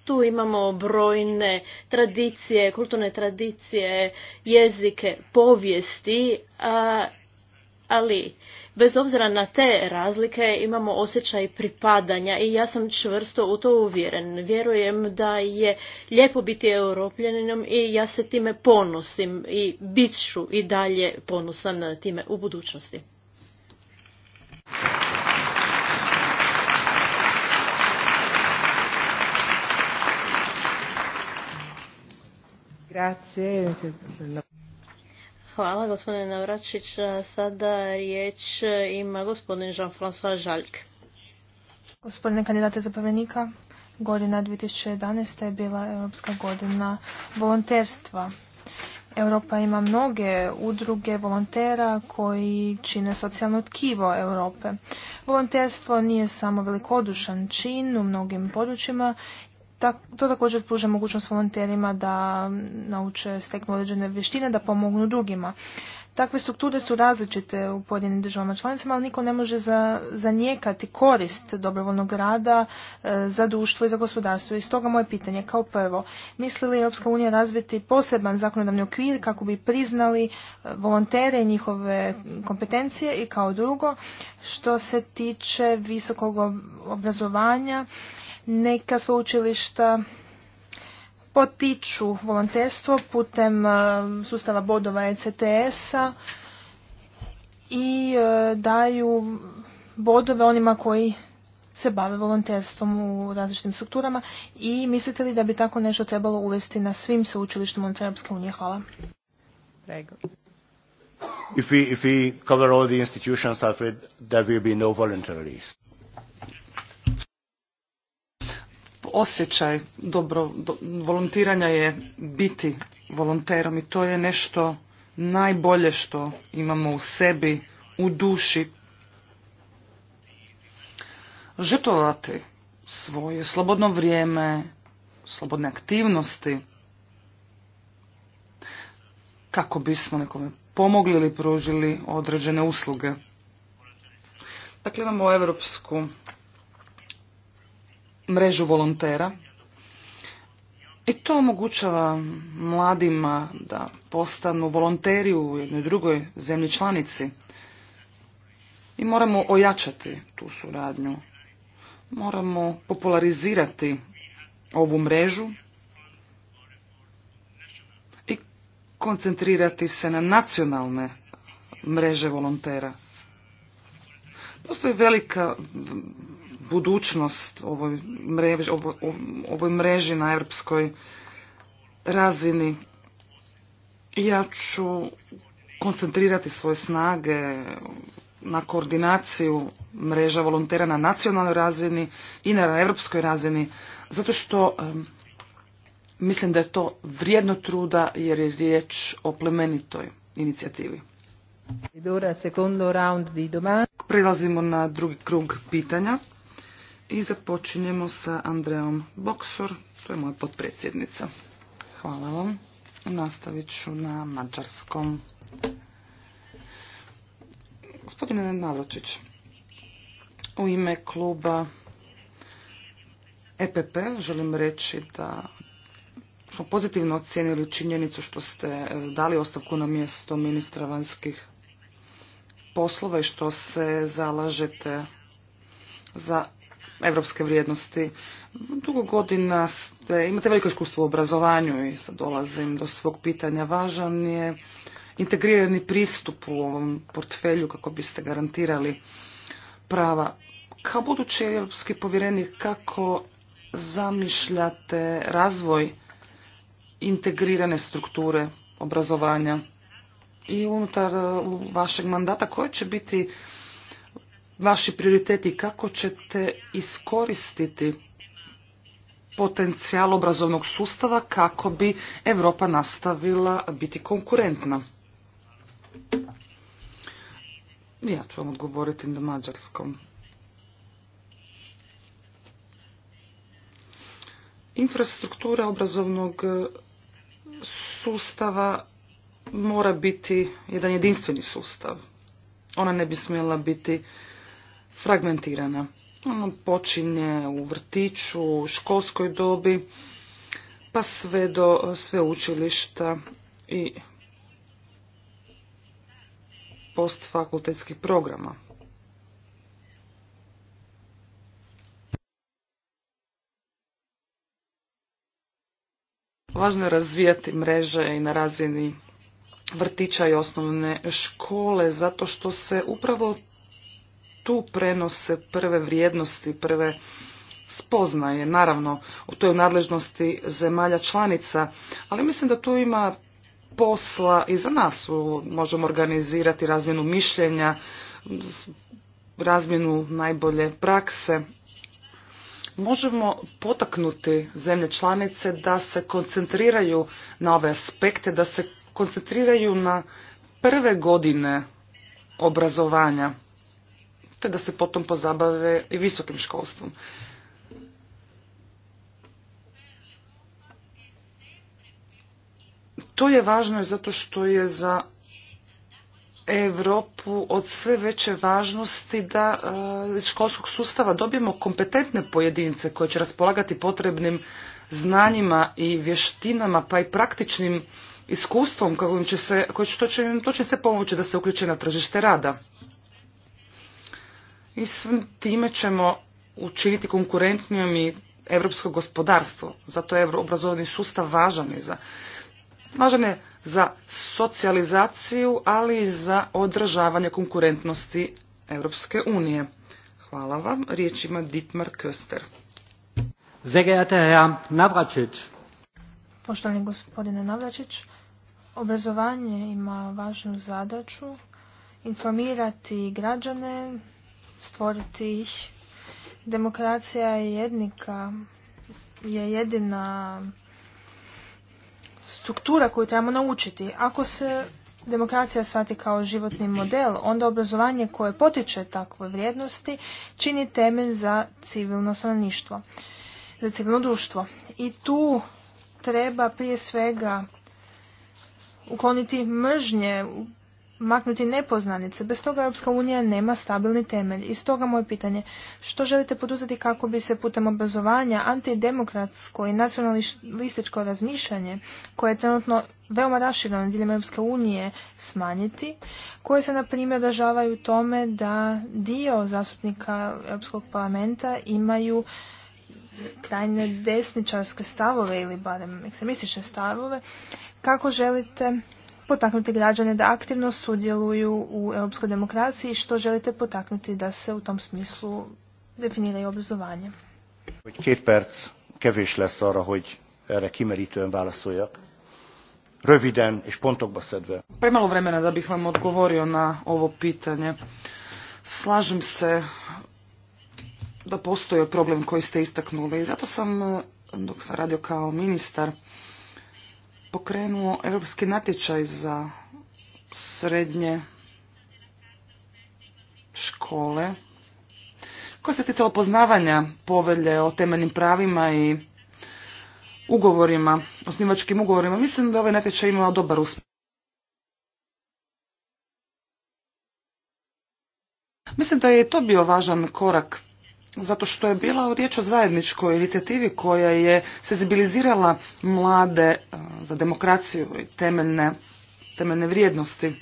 Tu imamo brojne tradicije, kulturne tradicije, jezike, povijesti, a, ali bez obzira na te razlike imamo osjećaj pripadanja i ja sam čvrsto u to uvjeren. Vjerujem da je lijepo biti europljaninom i ja se time ponosim i bit ću i dalje ponosan time u budućnosti. Grazie. Hvala gospodine Navračić. Sada riječ ima gospodin Jean-François Žaljk. Gospodine kandidate za prvenika, godina 2011. je bila Europska godina volonterstva. Europa ima mnoge udruge volontera koji čine socijalno tkivo Europe. Volonterstvo nije samo velikodušan čin u mnogim područjima to također pruža mogućnost volonterima da nauče steknu određene vještine, da pomognu drugima. Takve strukture su različite u pojedinim državama članicama, ali niko ne može za, zanijekati korist dobrovoljnog rada e, za društvo i za gospodarstvo. I stoga moje pitanje kao prvo, misli li Europska unija razviti poseban zakonodavni okvir kako bi priznali e, volontere i njihove kompetencije i kao drugo, što se tiče visokog obrazovanja, neka sveučilišta potiču volonterstvo putem e, sustava bodova ECTS-a i e, daju bodove onima koji se bave volonterstvom u različitim strukturama i mislite li da bi tako nešto trebalo uvesti na svim sveučilištima unutar Europske unije? Hvala. If if we cover all the institutions, will be no osjećaj dobro, volontiranja je biti volonterom i to je nešto najbolje što imamo u sebi, u duši. Žetovati svoje slobodno vrijeme, slobodne aktivnosti, kako bismo nekome pomogli ili pružili određene usluge. Dakle, imamo europsku mrežu volontera i to omogućava mladima da postanu volonteri u jednoj drugoj zemlji članici. I moramo ojačati tu suradnju. Moramo popularizirati ovu mrežu i koncentrirati se na nacionalne mreže volontera. Postoji velika budućnost ovoj mreži, ovoj mreži na europskoj razini. Ja ću koncentrirati svoje snage na koordinaciju mreža volontera na nacionalnoj razini i na europskoj razini, zato što mislim da je to vrijedno truda jer je riječ o plemenitoj inicijativi. Prelazimo na drugi krug pitanja. I započinjemo sa Andreom Boksor, to je moja potpredsjednica. Hvala vam. Nastavit ću na mađarskom. Gospodine Navročić, u ime kluba EPP želim reći da smo pozitivno ocijenili činjenicu što ste dali ostavku na mjesto ministra vanjskih poslova i što se zalažete za evropske vrijednosti. Dugo godina ste, imate veliko iskustvo u obrazovanju i sad dolazim do svog pitanja. Važan je integrirani pristup u ovom portfelju kako biste garantirali prava. Kao budući europski povjerenik, kako zamišljate razvoj integrirane strukture obrazovanja i unutar vašeg mandata koje će biti vaši prioriteti, kako ćete iskoristiti potencijal obrazovnog sustava kako bi Europa nastavila biti konkurentna. Ja ću vam odgovoriti na mađarskom. Infrastruktura obrazovnog sustava mora biti jedan jedinstveni sustav. Ona ne bi smjela biti fragmentirana. Ono počinje u vrtiću, školskoj dobi, pa sve do sveučilišta i postfakultetskih programa. Važno je razvijati mreže i na razini vrtića i osnovne škole, zato što se upravo tu prenose prve vrijednosti, prve spoznaje. Naravno, to je u nadležnosti zemalja članica, ali mislim da tu ima posla i za nas. Možemo organizirati razmjenu mišljenja, razmjenu najbolje prakse. Možemo potaknuti zemlje članice da se koncentriraju na ove aspekte, da se koncentriraju na prve godine obrazovanja te da se potom pozabave i visokim školstvom. To je važno zato što je za Europu od sve veće važnosti da e, iz školskog sustava dobijemo kompetentne pojedince koje će raspolagati potrebnim znanjima i vještinama pa i praktičnim iskustvom kojim će to, će, će se pomoći da se uključe na tržište rada i svim time ćemo učiniti konkurentnijom i europsko gospodarstvo. Zato je obrazovni sustav važan i za važan je za socijalizaciju, ali i za održavanje konkurentnosti Europske unije. Hvala vam. Riječ ima Dietmar Köster. Navračić. Poštovani gospodine Navračić, obrazovanje ima važnu zadaću informirati građane stvoriti ih. Demokracija je jednika, je jedina struktura koju trebamo naučiti. Ako se demokracija shvati kao životni model, onda obrazovanje koje potiče takve vrijednosti čini temelj za civilno stanovništvo, za civilno društvo. I tu treba prije svega ukloniti mržnje, maknuti nepoznanice. Bez toga Europska unija nema stabilni temelj. I stoga moje pitanje, što želite poduzeti kako bi se putem obrazovanja antidemokratsko i nacionalističko razmišljanje, koje je trenutno veoma raširano diljem Europske unije, smanjiti, koje se na primjer odražavaju tome da dio zastupnika Europskog parlamenta imaju krajne desničarske stavove ili barem ekstremističke stavove, kako želite potaknuti građane da aktivno sudjeluju u europskoj demokraciji i što želite potaknuti da se u tom smislu definira i obrazovanje? perc kevés lesz arra, hogy Premalo vremena da bih vam odgovorio na ovo pitanje. Slažem se da postoji problem koji ste istaknuli. I Zato sam, dok sam radio kao ministar, pokrenuo europski natječaj za srednje škole koje se tiče poznavanja povelje o temeljnim pravima i ugovorima, osnivačkim ugovorima. Mislim da ovaj natječaj imao dobar uspjeh. Mislim da je to bio važan korak zato što je bila riječ o zajedničkoj inicijativi koja je senzibilizirala mlade e, za demokraciju i temeljne, vrijednosti.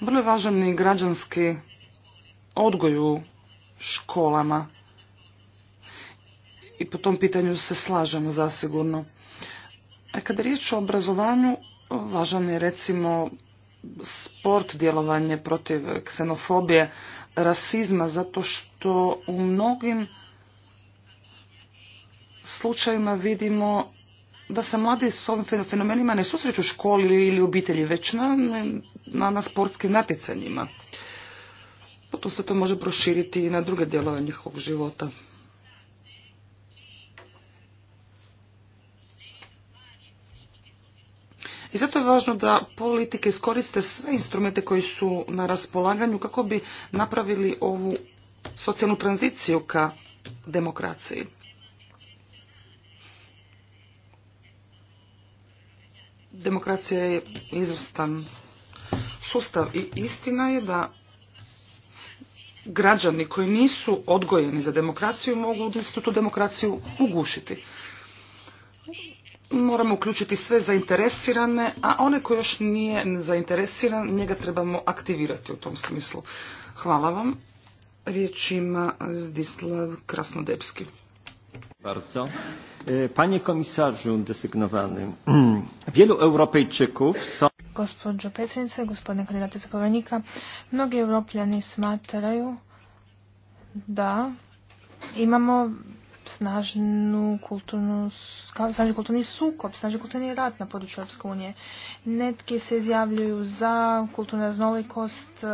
Vrlo je važan i građanski odgoj u školama. I po tom pitanju se slažemo zasigurno. A e, kada je riječ o obrazovanju, važan je recimo sport, djelovanje protiv ksenofobije, rasizma, zato što u mnogim slučajima vidimo da se mladi s ovim fenomenima ne susreću u školi ili obitelji, već na, na, na sportskim natjecanjima. Potom se to može proširiti i na druge dijelove njihovog života. I zato je važno da politike iskoriste sve instrumente koji su na raspolaganju kako bi napravili ovu socijalnu tranziciju ka demokraciji. Demokracija je izvrstan sustav i istina je da građani koji nisu odgojeni za demokraciju mogu tu demokraciju ugušiti. Moramo uključiti sve zainteresirane, a one koji još nije zainteresiran, njega trebamo aktivirati u tom smislu. Hvala vam. Riječ ima Zdislav Krasnodepski. Bardzo. E, panie komisarzu desygnowanym, wielu Europejczyków są... Gospodžo predsjednice, gospodine kandidate zapovjednika, mnogi europljani smatraju da imamo snažnu kulturnu, snažni kulturni sukob, snažni kulturni rat na području Europske unije. Netki se izjavljuju za kulturnu raznolikost,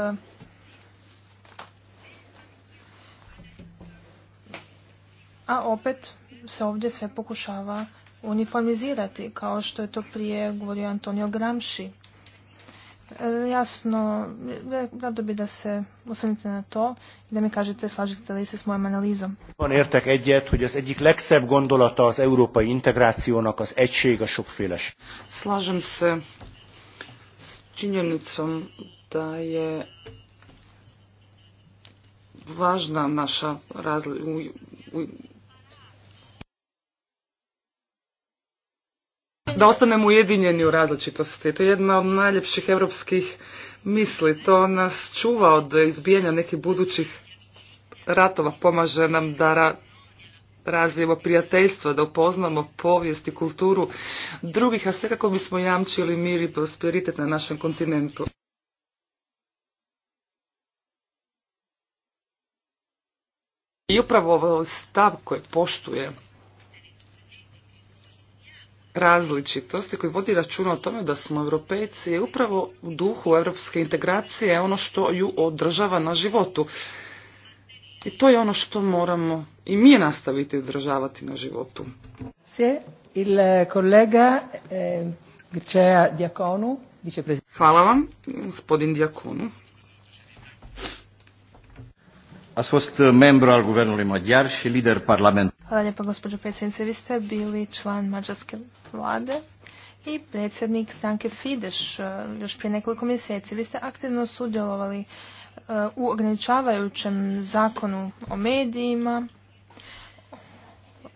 a opet se ovdje sve pokušava uniformizirati, kao što je to prije govorio Antonio Gramsci. E, jasno, e, rado bi da se usunite na to i da mi kažete slažete li se s mojom analizom. Slažem se s činjenicom da je važna naša razli, da ostanemo ujedinjeni u različitosti. To je jedna od najljepših europskih misli. To nas čuva od izbijanja nekih budućih ratova. Pomaže nam da ra razvijemo prijateljstvo, da upoznamo povijest i kulturu drugih, a sve kako bismo jamčili mir i prosperitet na našem kontinentu. I upravo stav koji poštuje različitosti koji vodi računa o tome da smo europejci je upravo u duhu europske integracije ono što ju održava na životu. I to je ono što moramo i mi nastaviti održavati na životu. Il kolega eh, Hvala vam, gospodin Diakonu. Uh, lider Hvala lijepo gospođo predsjednice. Vi ste bili član mađarske vlade i predsjednik stranke Fidesz uh, još prije nekoliko mjeseci. Vi ste aktivno sudjelovali uh, u ograničavajućem zakonu o medijima,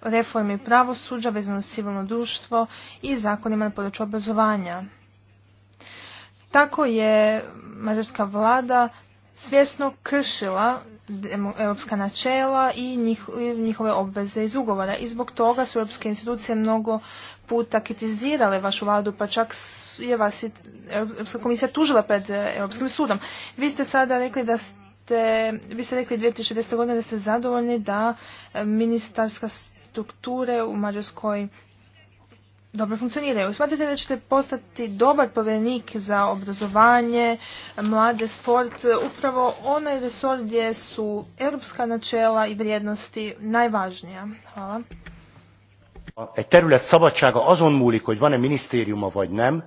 reformi pravosuđa vezano s civilno društvo i zakonima na području obrazovanja. Tako je mađarska vlada svjesno kršila europska načela i njihove obveze iz ugovora. I zbog toga su europske institucije mnogo puta kritizirale vašu vladu, pa čak je vas Europska komisija tužila pred e, Europskim sudom. Vi ste sada rekli da ste, vi ste rekli 2010. godine da ste zadovoljni da e, ministarska strukture u Mađarskoj dobro funkcioniraju. Smatrate da ćete postati dobar povjerenik za obrazovanje, mlade, sport, upravo onaj resor gdje su europska načela i vrijednosti najvažnija? Hvala. Egy terület szabadsága azon múlik, hogy van vagy nem.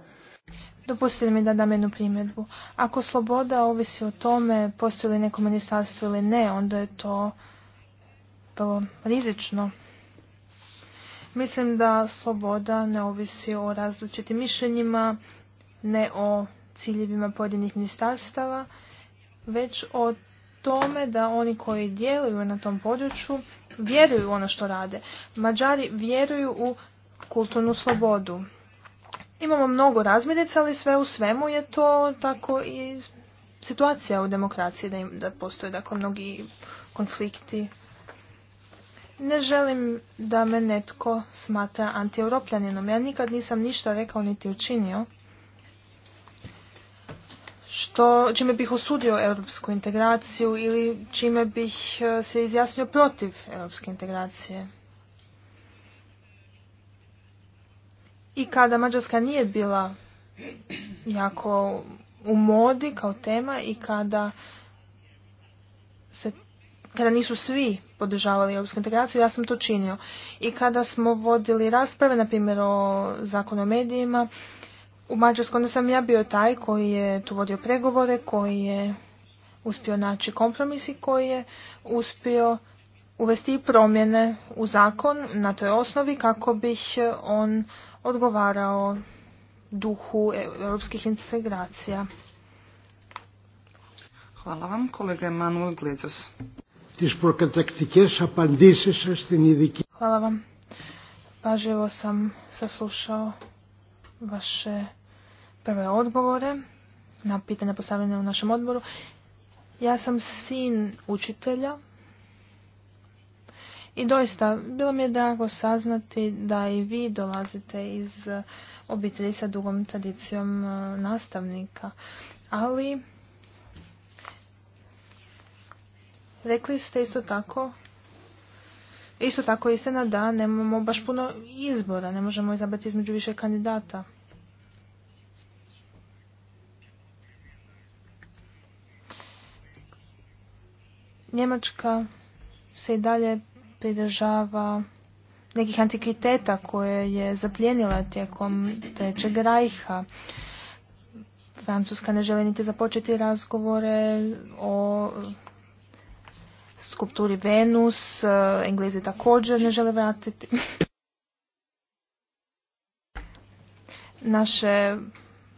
Dopustite mi da dam jednu primjedbu. Ako sloboda ovisi o tome postoji li neko ministarstvo ili ne, onda je to vrlo rizično. Mislim da sloboda ne ovisi o različitim mišljenjima, ne o ciljevima pojedinih ministarstava, već o tome da oni koji djeluju na tom području vjeruju u ono što rade. Mađari vjeruju u kulturnu slobodu. Imamo mnogo razmirica, ali sve u svemu je to tako i situacija u demokraciji, da, da postoje dakle mnogi konflikti ne želim da me netko smatra antieuropljaninom. Ja nikad nisam ništa rekao niti učinio što, čime bih osudio europsku integraciju ili čime bih e, se izjasnio protiv europske integracije. I kada Mađarska nije bila jako u modi kao tema i kada se kada nisu svi podržavali europsku integraciju, ja sam to činio. I kada smo vodili rasprave, na primjer o zakonu o medijima, u Mađarskoj onda sam ja bio taj koji je tu vodio pregovore, koji je uspio naći kompromis i koji je uspio uvesti promjene u zakon na toj osnovi kako bih on odgovarao duhu e, europskih integracija. Hvala vam, kolega Emanuel Glezos. Hvala vam. Pažljivo sam saslušao vaše prve odgovore na pitanja postavljene u našem odboru. Ja sam sin učitelja i doista bilo mi je drago saznati da i vi dolazite iz obitelji sa dugom tradicijom e, nastavnika, ali Rekli ste isto tako Isto tako istina da nemamo baš puno izbora, ne možemo izabrati između više kandidata. Njemačka se i dalje pridržava nekih antikviteta koje je zapljenila tijekom Trećeg rajha. Francuska ne želi niti započeti razgovore o skulpturi Venus, eh, Englezi također ne žele vratiti. Naše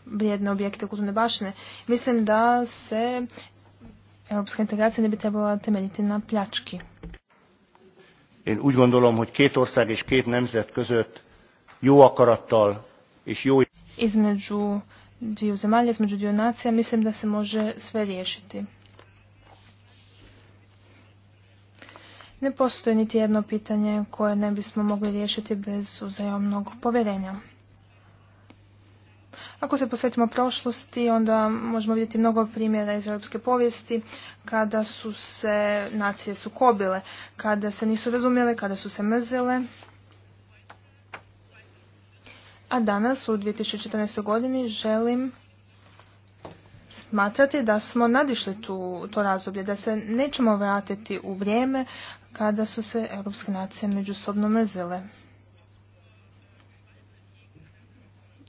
vrijedne objekte kulturne bašne. Mislim da se europska integracija ne bi trebala temeljiti na pljački. Én úgy gondolom, hogy két ország és két nemzet között jó akarattal és jó... Između dviju zemalja, između dviju nacija, mislim da se može sve riješiti. Ne postoji niti jedno pitanje koje ne bismo mogli riješiti bez uzajomnog povjerenja. Ako se posvetimo prošlosti, onda možemo vidjeti mnogo primjera iz europske povijesti kada su se nacije sukobile, kada se nisu razumjele, kada su se mrzile. A danas u 2014. godini želim smatrati da smo nadišli tu, to razdoblje, da se nećemo vratiti u vrijeme kada su se europske nacije međusobno mrzile.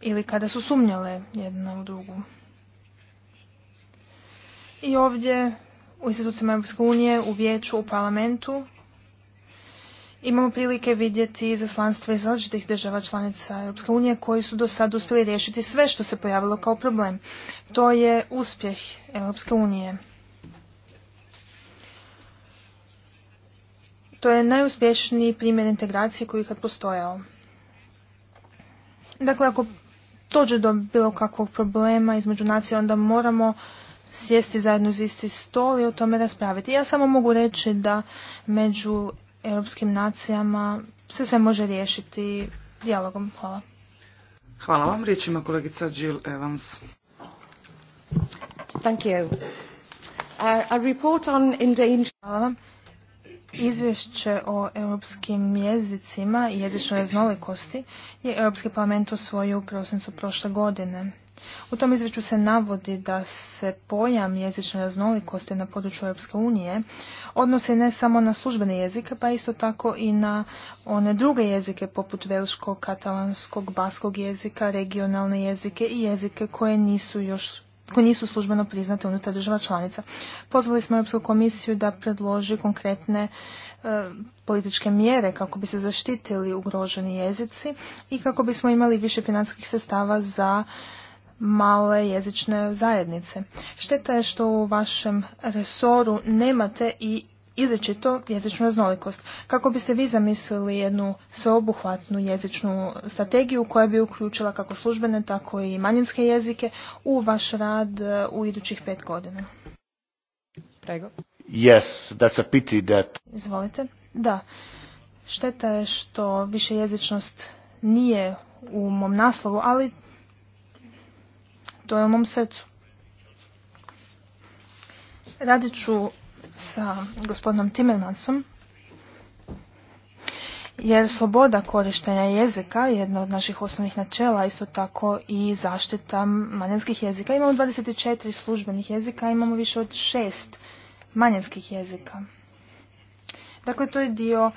Ili kada su sumnjale jedna u drugu. I ovdje u institucijama Europske unije, u vijeću, u parlamentu Imamo prilike vidjeti zaslanstva iz različitih država članica Europske unije koji su do sad uspjeli riješiti sve što se pojavilo kao problem. To je uspjeh Europske unije. To je najuspješniji primjer integracije koji je kad postojao. Dakle, ako dođe do bilo kakvog problema između nacija, onda moramo sjesti zajedno za isti stol i o tome raspraviti. Ja samo mogu reći da među europskim nacijama se sve može riješiti dijalogom. Hvala. Hvala vam. Riječ ima kolegica Jill Evans. Thank you. Uh, a report on Hvala vam. Izvješće o europskim jezicima i jedičnoj raznolikosti je Europski parlament osvojio u prosincu prošle godine. U tom izveću se navodi da se pojam jezične raznolikosti na području Europske unije odnosi ne samo na službene jezike, pa isto tako i na one druge jezike poput velškog, katalanskog, baskog jezika, regionalne jezike i jezike koje nisu još koji nisu službeno priznate unutar država članica. Pozvali smo Europsku komisiju da predloži konkretne e, političke mjere kako bi se zaštitili ugroženi jezici i kako bismo imali više financijskih sredstava za male jezične zajednice. Šteta je što u vašem resoru nemate i izrečito jezičnu raznolikost. Kako biste vi zamislili jednu sveobuhvatnu jezičnu strategiju koja bi uključila kako službene, tako i manjinske jezike u vaš rad e, u idućih pet godina? Prego. Yes, that's a pity that... Izvolite. Da. Šteta je što više jezičnost nije u mom naslovu, ali to je u mom srcu. Radit ću sa gospodinom Timmermansom jer sloboda korištenja jezika je jedna od naših osnovnih načela, isto tako i zaštita manjanskih jezika. Imamo 24 službenih jezika, imamo više od 6 manjanskih jezika. Dakle, to je dio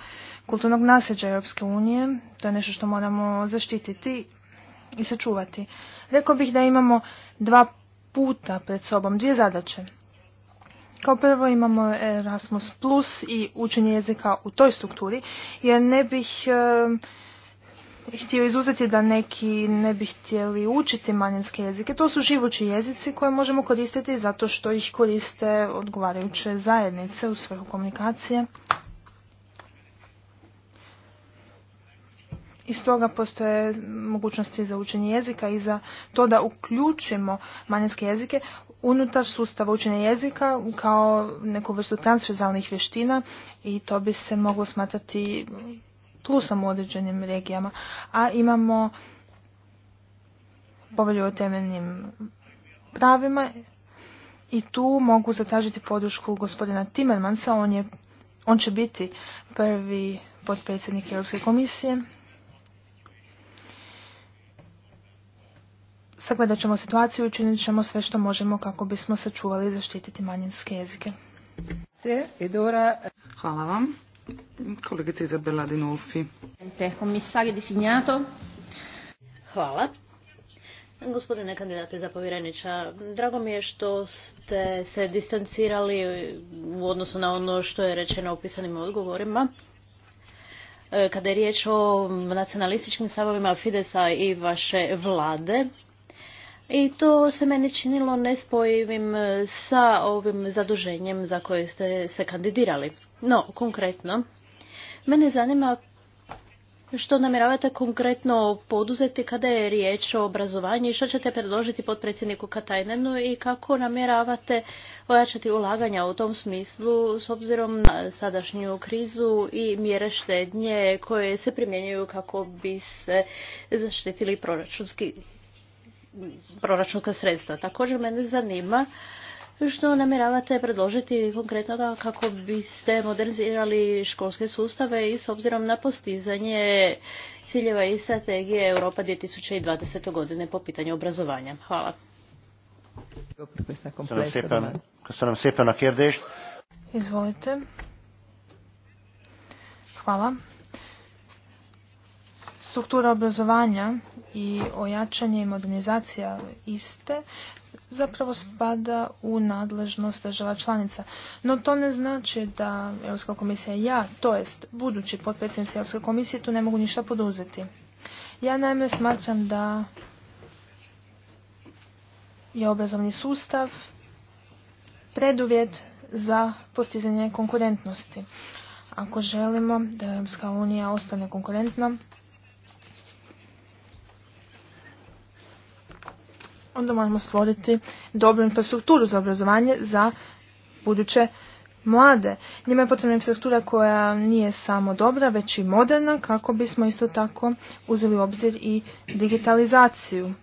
kulturnog nasljeđa Europske unije, to je nešto što moramo zaštititi i sačuvati. Rekao bih da imamo dva puta pred sobom, dvije zadaće. Kao prvo imamo Erasmus Plus i učenje jezika u toj strukturi, jer ne bih eh, htio izuzeti da neki ne bi htjeli učiti manjinske jezike. To su živući jezici koje možemo koristiti zato što ih koriste odgovarajuće zajednice u svrhu komunikacije. i stoga postoje mogućnosti za učenje jezika i za to da uključimo manjinske jezike unutar sustava učenja jezika kao neku vrstu transverzalnih vještina i to bi se moglo smatrati plusom u određenim regijama. A imamo povelju o temeljnim pravima i tu mogu zatražiti podršku gospodina Timmermansa. On, je, on će biti prvi potpredsjednik Europske komisije sagledat ćemo situaciju i učinit ćemo sve što možemo kako bismo sačuvali i zaštititi manjinske jezike. Hvala vam. Kolegica Izabela Dinolfi. Hvala. Gospodine kandidate za povjereniča, drago mi je što ste se distancirali u odnosu na ono što je rečeno u pisanim odgovorima. E, kada je riječ o nacionalističkim stavovima Fidesa i vaše vlade, i to se meni činilo nespojivim e, sa ovim zaduženjem za koje ste se kandidirali. No, konkretno, mene zanima što namjeravate konkretno poduzeti kada je riječ o obrazovanju i što ćete predložiti potpredsjedniku Katajnenu i kako namjeravate ojačati ulaganja u tom smislu s obzirom na sadašnju krizu i mjere štednje koje se primjenjuju kako bi se zaštitili proračunski proračunska sredstva. Također mene zanima što namjeravate predložiti konkretno kako biste modernizirali školske sustave i s obzirom na postizanje ciljeva i strategije Europa 2020. godine po pitanju obrazovanja. Hvala. Izvolite. Hvala struktura obrazovanja i ojačanje i modernizacija iste zapravo spada u nadležnost država članica. No to ne znači da Europska komisija ja, to jest budući potpredsjednici Europske komisije, tu ne mogu ništa poduzeti. Ja naime smatram da je obrazovni sustav preduvjet za postizanje konkurentnosti. Ako želimo da Europska unija ostane konkurentna, onda moramo stvoriti dobru infrastrukturu za obrazovanje za buduće mlade. Njima je potrebna infrastruktura koja nije samo dobra, već i moderna, kako bismo isto tako uzeli u obzir i digitalizaciju.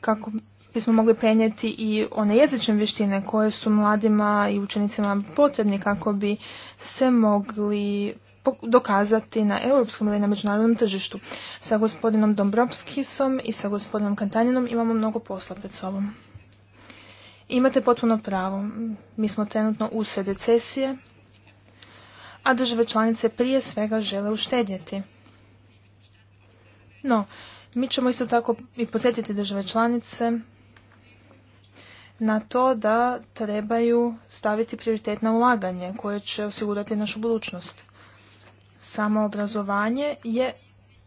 Kako bismo mogli prenijeti i one jezične vještine koje su mladima i učenicima potrebni kako bi se mogli dokazati na europskom ili na međunarodnom tržištu. Sa gospodinom Dombrovskisom i sa gospodinom Kantanjenom imamo mnogo posla pred sobom. Imate potpuno pravo. Mi smo trenutno usred recesije, a države članice prije svega žele uštedjeti. No, mi ćemo isto tako i posjetiti države članice na to da trebaju staviti prioritet na ulaganje koje će osigurati našu budućnost. Samoobrazovanje je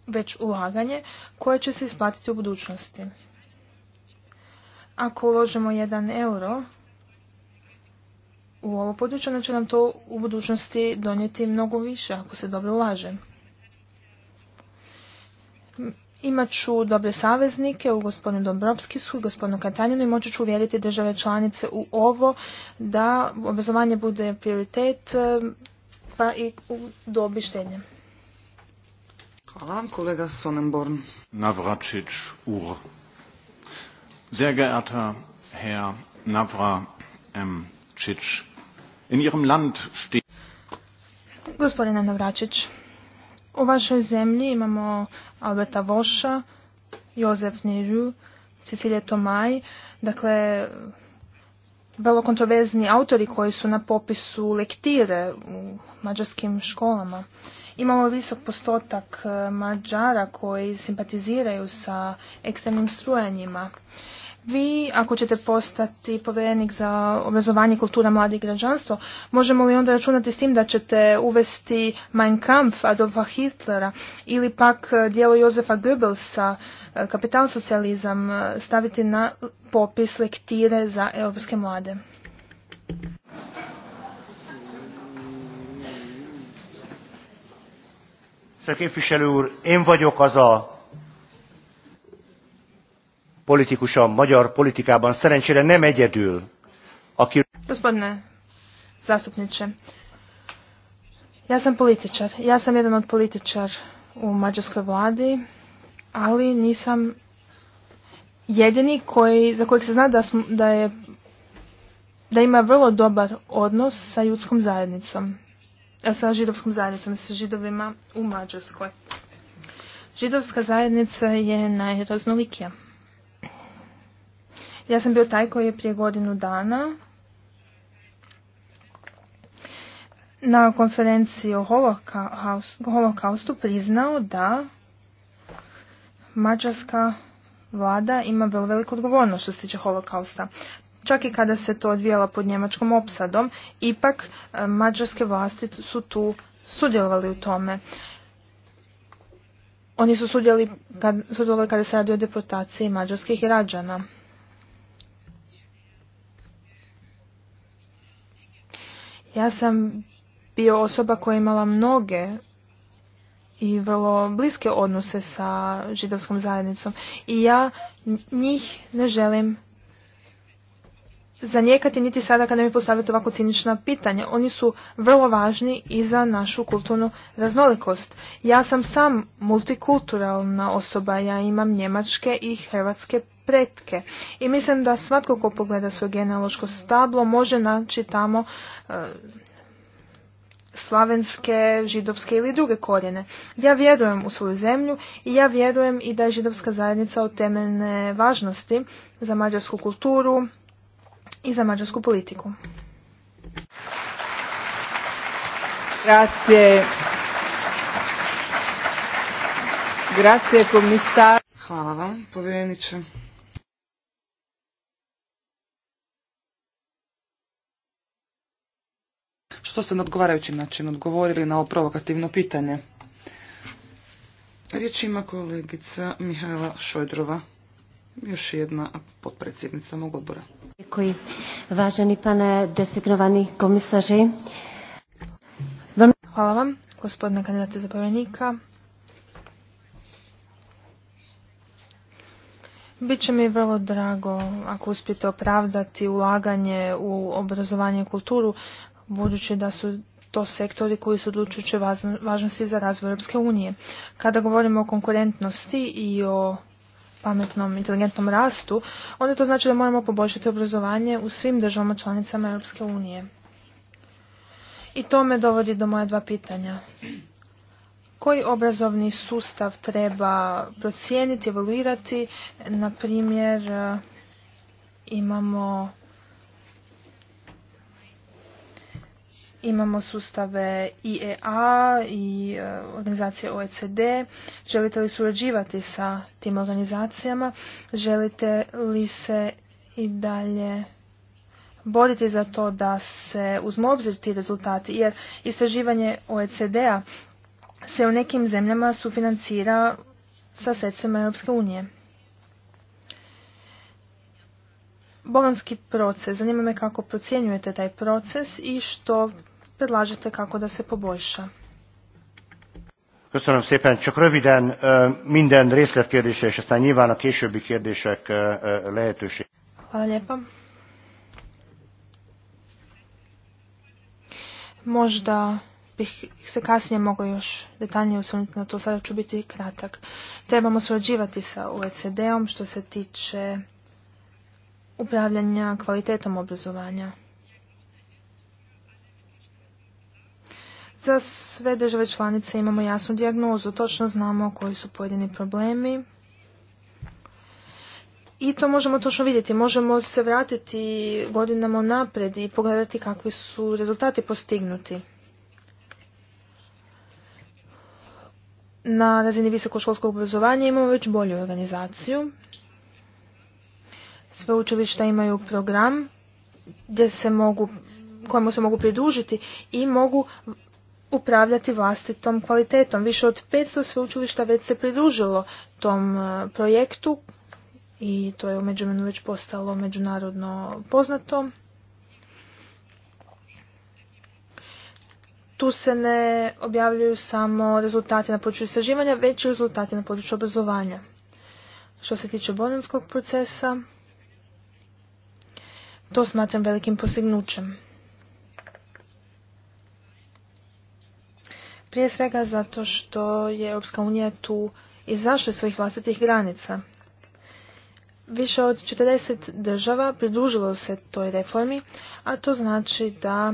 već ulaganje koje će se isplatiti u budućnosti. Ako uložimo jedan euro u ovo područje, onda će nam to u budućnosti donijeti mnogo više ako se dobro ulaže. Imat ću dobre saveznike u gospodinu Dombrovskisu i gospodinu Katanjinu i moći ću uvjeriti države članice u ovo da obrazovanje bude prioritet pa i dobi štenje. Hvala vam, kolega Sonnenborn. Navračić Ur. Sehr geehrter Herr Navra M. Čić, in Ihrem Land steht... Gospodine Navračić, u vašoj zemlji imamo Alberta Voša, Josef Niru, Cecilije Tomaj, dakle vrlo kontroverzni autori koji su na popisu lektire u mađarskim školama. Imamo visok postotak eh, Mađara koji simpatiziraju sa ekstremnim strujanjima. Vi, ako ćete postati povjerenik za obrazovanje kultura mladih i građanstvo, možemo li onda računati s tim da ćete uvesti Mein Kampf Adolfa Hitlera ili pak eh, dijelo Josefa Goebbelsa eh, Kapital socijalizam eh, staviti na popis lektire za europske mlade? úr, én vagyok politikusa magyar politikában szerencsére nem egyedül, aki... Gospodine zastupniče, ja sam političar. Ja sam jedan od političar u mađarskoj vladi, ali nisam jedini koji, za kojeg se zna da, da, je, da ima vrlo dobar odnos sa judskom zajednicom, e, sa židovskom zajednicom, sa židovima u Mađarskoj. Židovska zajednica je najraznolikija. Ja sam bio taj koji je prije godinu dana na konferenciji o holokaustu priznao da mađarska vlada ima vrlo veliku odgovornost što se tiče holokausta. Čak i kada se to odvijalo pod njemačkom opsadom, ipak e, mađarske vlasti su tu sudjelovali u tome. Oni su sudjelovali kada se radi o deportaciji mađarskih građana. Ja sam bio osoba koja je imala mnoge i vrlo bliske odnose sa židovskom zajednicom i ja njih ne želim zanijekati niti sada kada mi postavljate ovako cinična pitanja. Oni su vrlo važni i za našu kulturnu raznolikost. Ja sam sam multikulturalna osoba, ja imam njemačke i hrvatske pretke i mislim da svatko ko pogleda svoje genealoško stablo može naći tamo e, slavenske, židovske ili druge korijene. Ja vjerujem u svoju zemlju i ja vjerujem i da je židovska zajednica od temeljne važnosti za mađarsku kulturu, i za mađarsku politiku. Grazie. Grazie Hvala vam, povjereniče. Što ste na odgovarajući način odgovorili na ovo provokativno pitanje? Riječ ima kolegica Mihajla Šojdrova još jedna podpredsjednica mog odbora. Děkuji. Važeni pane designovani komisaři. Hvala vam, gospodine kandidate zapovjednika. Biće mi vrlo drago ako uspijete opravdati ulaganje u obrazovanje i kulturu, budući da su to sektori koji su odlučujuće važnosti za razvoj Europske unije. Kada govorimo o konkurentnosti i o pametnom, inteligentnom rastu, onda to znači da moramo poboljšati obrazovanje u svim državama članicama Europske unije. I to me dovodi do moje dva pitanja. Koji obrazovni sustav treba procijeniti, evoluirati? Na primjer, imamo Imamo sustave IEA i e e, organizacije OECD. Želite li surađivati sa tim organizacijama? Želite li se i dalje boriti za to da se uzmu obzir ti rezultati? Jer istraživanje OECD-a se u nekim zemljama sufinancira sa sredstvima Europske unije. Bolonski proces, zanima me kako procjenjujete taj proces i što predlažete kako da se poboljša? Köszönöm szépen. Csak röviden minden részletkérdése, és aztán nyilván a későbbi kérdések lehetőség. Hvala lijepa. Možda bih se kasnije mogao još detaljnije osvrnuti na to, sada ću biti kratak. Trebamo surađivati sa OECD-om što se tiče upravljanja kvalitetom obrazovanja. Za sve države članice imamo jasnu dijagnozu, točno znamo koji su pojedini problemi. I to možemo točno vidjeti, možemo se vratiti godinama napred i pogledati kakvi su rezultati postignuti. Na razini visokoškolskog obrazovanja imamo već bolju organizaciju. Sveučilišta imaju program gdje se mogu, kojemu se mogu pridružiti i mogu upravljati vlastitom kvalitetom. Više od 500 sveučilišta već se pridružilo tom e, projektu i to je u međuvremenu već postalo međunarodno poznato. Tu se ne objavljuju samo rezultati na području istraživanja, već i rezultati na području obrazovanja. Što se tiče bolinskog procesa, to smatram velikim postignućem. Prije svega zato što je Europska unija tu izašla iz svojih vlastitih granica. Više od 40 država pridružilo se toj reformi, a to znači da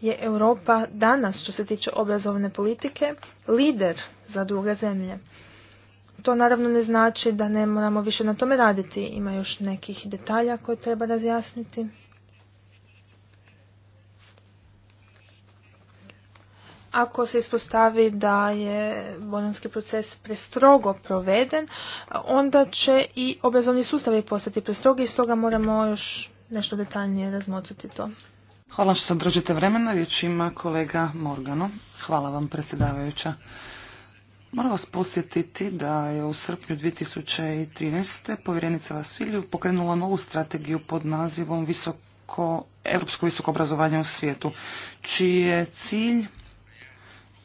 je Europa danas, što se tiče obrazovne politike, lider za druge zemlje. To naravno ne znači da ne moramo više na tome raditi. Ima još nekih detalja koje treba razjasniti. ako se ispostavi da je bolonski proces prestrogo proveden, onda će i obrazovni sustavi postati prestrogi i stoga moramo još nešto detaljnije razmotriti to. Hvala što se držite vremena. Riječ ima kolega Morgano. Hvala vam, predsjedavajuća. Moram vas podsjetiti da je u srpnju 2013. povjerenica Vasilju pokrenula novu strategiju pod nazivom visoko, Europsko visoko obrazovanje u svijetu, čiji je cilj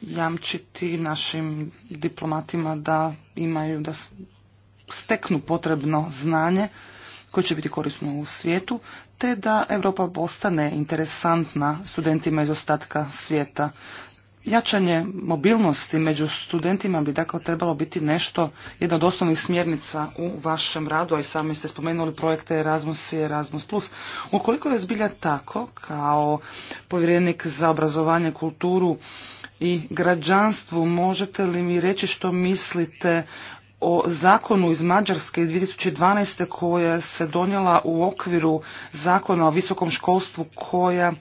jamčiti našim diplomatima da imaju, da steknu potrebno znanje koje će biti korisno u svijetu, te da Europa postane interesantna studentima iz ostatka svijeta. Jačanje mobilnosti među studentima bi dakle trebalo biti nešto, jedna od osnovnih smjernica u vašem radu, a i sami ste spomenuli projekte Erasmus i Erasmus+. Ukoliko je zbilja tako, kao povjerenik za obrazovanje, kulturu i građanstvu, možete li mi reći što mislite o zakonu iz Mađarske iz 2012. koja se donijela u okviru zakona o visokom školstvu koja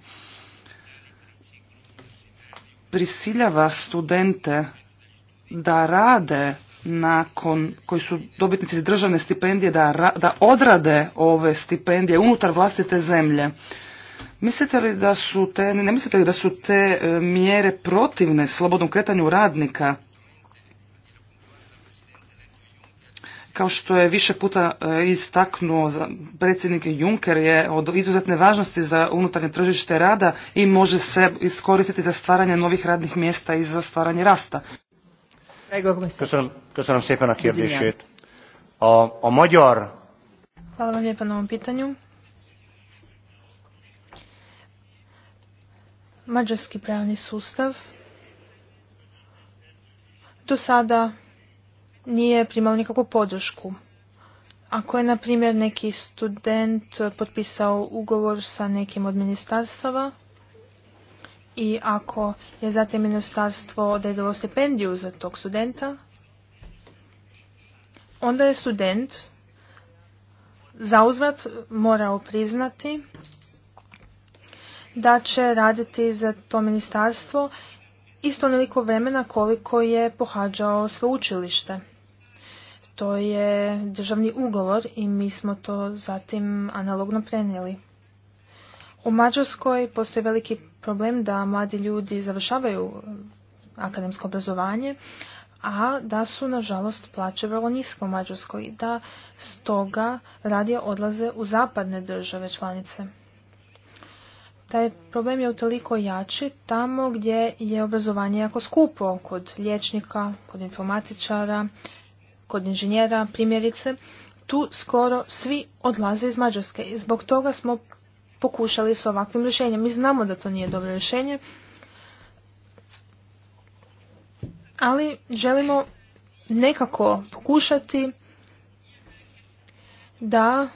prisiljava studente da rade nakon, koji su dobitnici državne stipendije, da, da odrade ove stipendije unutar vlastite zemlje. Mislite li da su te, ne mislite li da su te e, mjere protivne slobodnom kretanju radnika? Kao što je više puta e, istaknuo predsjednik Juncker je od izuzetne važnosti za unutarnje tržište rada i može se iskoristiti za stvaranje novih radnih mjesta i za stvaranje rasta. Hvala vam lijepa na ovom pitanju. Mađarski pravni sustav do sada nije primalo nikakvu podršku. Ako je, na primjer, neki student potpisao ugovor sa nekim od ministarstava i ako je zatim ministarstvo odredilo stipendiju za tog studenta, onda je student zauzvat morao priznati da će raditi za to ministarstvo isto onoliko vremena koliko je pohađao sveučilište. To je državni ugovor i mi smo to zatim analogno prenijeli. U Mađarskoj postoji veliki problem da mladi ljudi završavaju uh, akademsko obrazovanje, a da su nažalost plaće vrlo niske u Mađarskoj i da stoga radije odlaze u zapadne države članice. Taj problem je utoliko jači tamo gdje je obrazovanje jako skupo kod liječnika, kod informatičara, kod inženjera primjerice, tu skoro svi odlaze iz Mađarske i zbog toga smo pokušali s ovakvim rješenjem. Mi znamo da to nije dobro rješenje, ali želimo nekako pokušati da,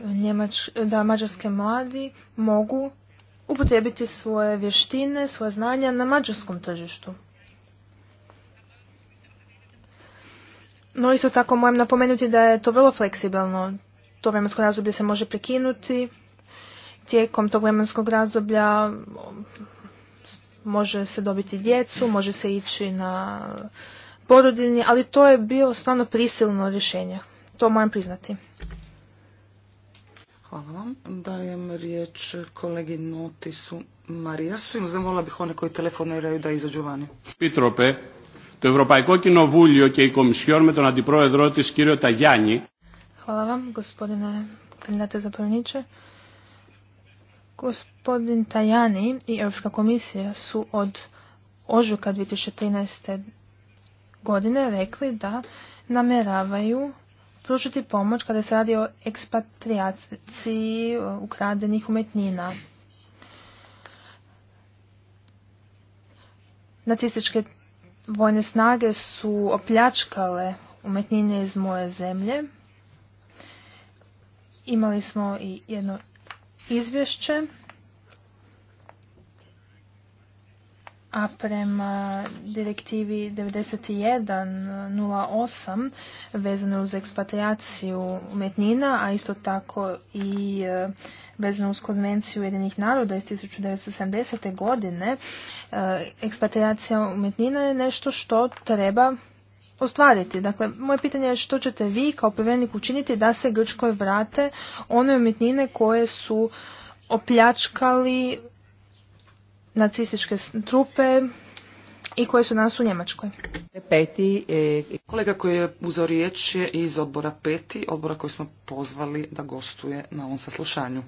Njemač, da mađarske mladi mogu upotrijebiti svoje vještine, svoje znanja na mađarskom tržištu. No isto tako moram napomenuti da je to vrlo fleksibilno. To vremensko razdoblje se može prekinuti. Tijekom tog vremenskog razdoblja um, može se dobiti djecu, može se ići na porodinje, ali to je bilo stvarno prisilno rješenje. To moram priznati. Hvala vam. Dajem riječ kolegi Notisu Marijasu. Zamola bih one koji telefoniraju da izađu vani. Pitrope, Το Ευρωπαϊκό Κοινοβούλιο και η Κομισιόν με τον Αντιπρόεδρό της κύριο Hvala vam, gospodine kandidate Gospodin Tajani i Europska komisija su od ožuka 2013. godine rekli da nameravaju pružiti pomoć kada se radi o ekspatriaciji ukradenih umetnina. Nacističke vojne snage su opljačkale umetnine iz moje zemlje. Imali smo i jedno izvješće a prema direktivi 91.08 vezano uz ekspatriaciju umjetnina, a isto tako i e, vezano uz konvenciju Jedinih naroda iz 1970. godine, e, ekspatriacija umjetnina je nešto što treba ostvariti. Dakle, moje pitanje je što ćete vi kao povjerenik učiniti da se Grčkoj vrate one umjetnine koje su opljačkali nacističke trupe i koje su danas u Njemačkoj. Peti, e... Kolega koji je uzeo riječ iz odbora peti, odbora koji smo pozvali da gostuje na ovom saslušanju.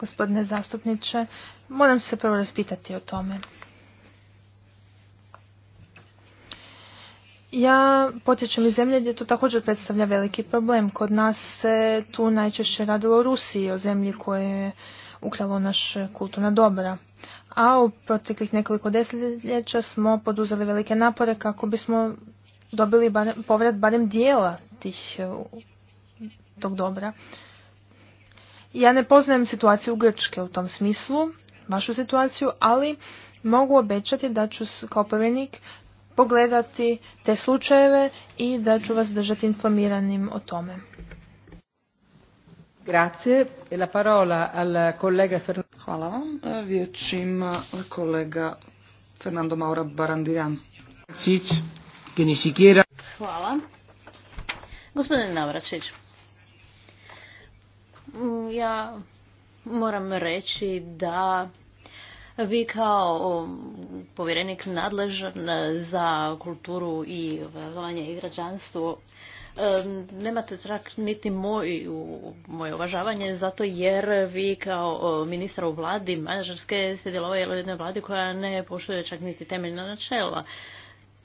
Gospodine zastupniče, moram se prvo raspitati o tome. Ja potječem iz zemlje gdje to također predstavlja veliki problem. Kod nas se tu najčešće radilo o Rusiji, o zemlji koje je ukralo naš kulturna dobra. A u proteklih nekoliko desetljeća smo poduzeli velike napore kako bismo dobili povrat barem dijela tih, e, tog dobra. Ja ne poznajem situaciju Grčke u tom smislu, vašu situaciju, ali mogu obećati da ću kao povjerenik pogledati te slučajeve i da ću vas držati informiranim o tome. Grazie. E la parola al collega Hvala vam. Riječ ima kolega Fernando Maura Barandiran. Hvala. Gospodine Navračić, ja moram reći da vi kao povjerenik nadležan e, za kulturu i obrazovanje i građanstvo e, nemate trak niti moje uvažavanje zato jer vi kao ministar u vladi Mađarske ste djelovali u jednoj vladi koja ne poštuje čak niti temeljna načela.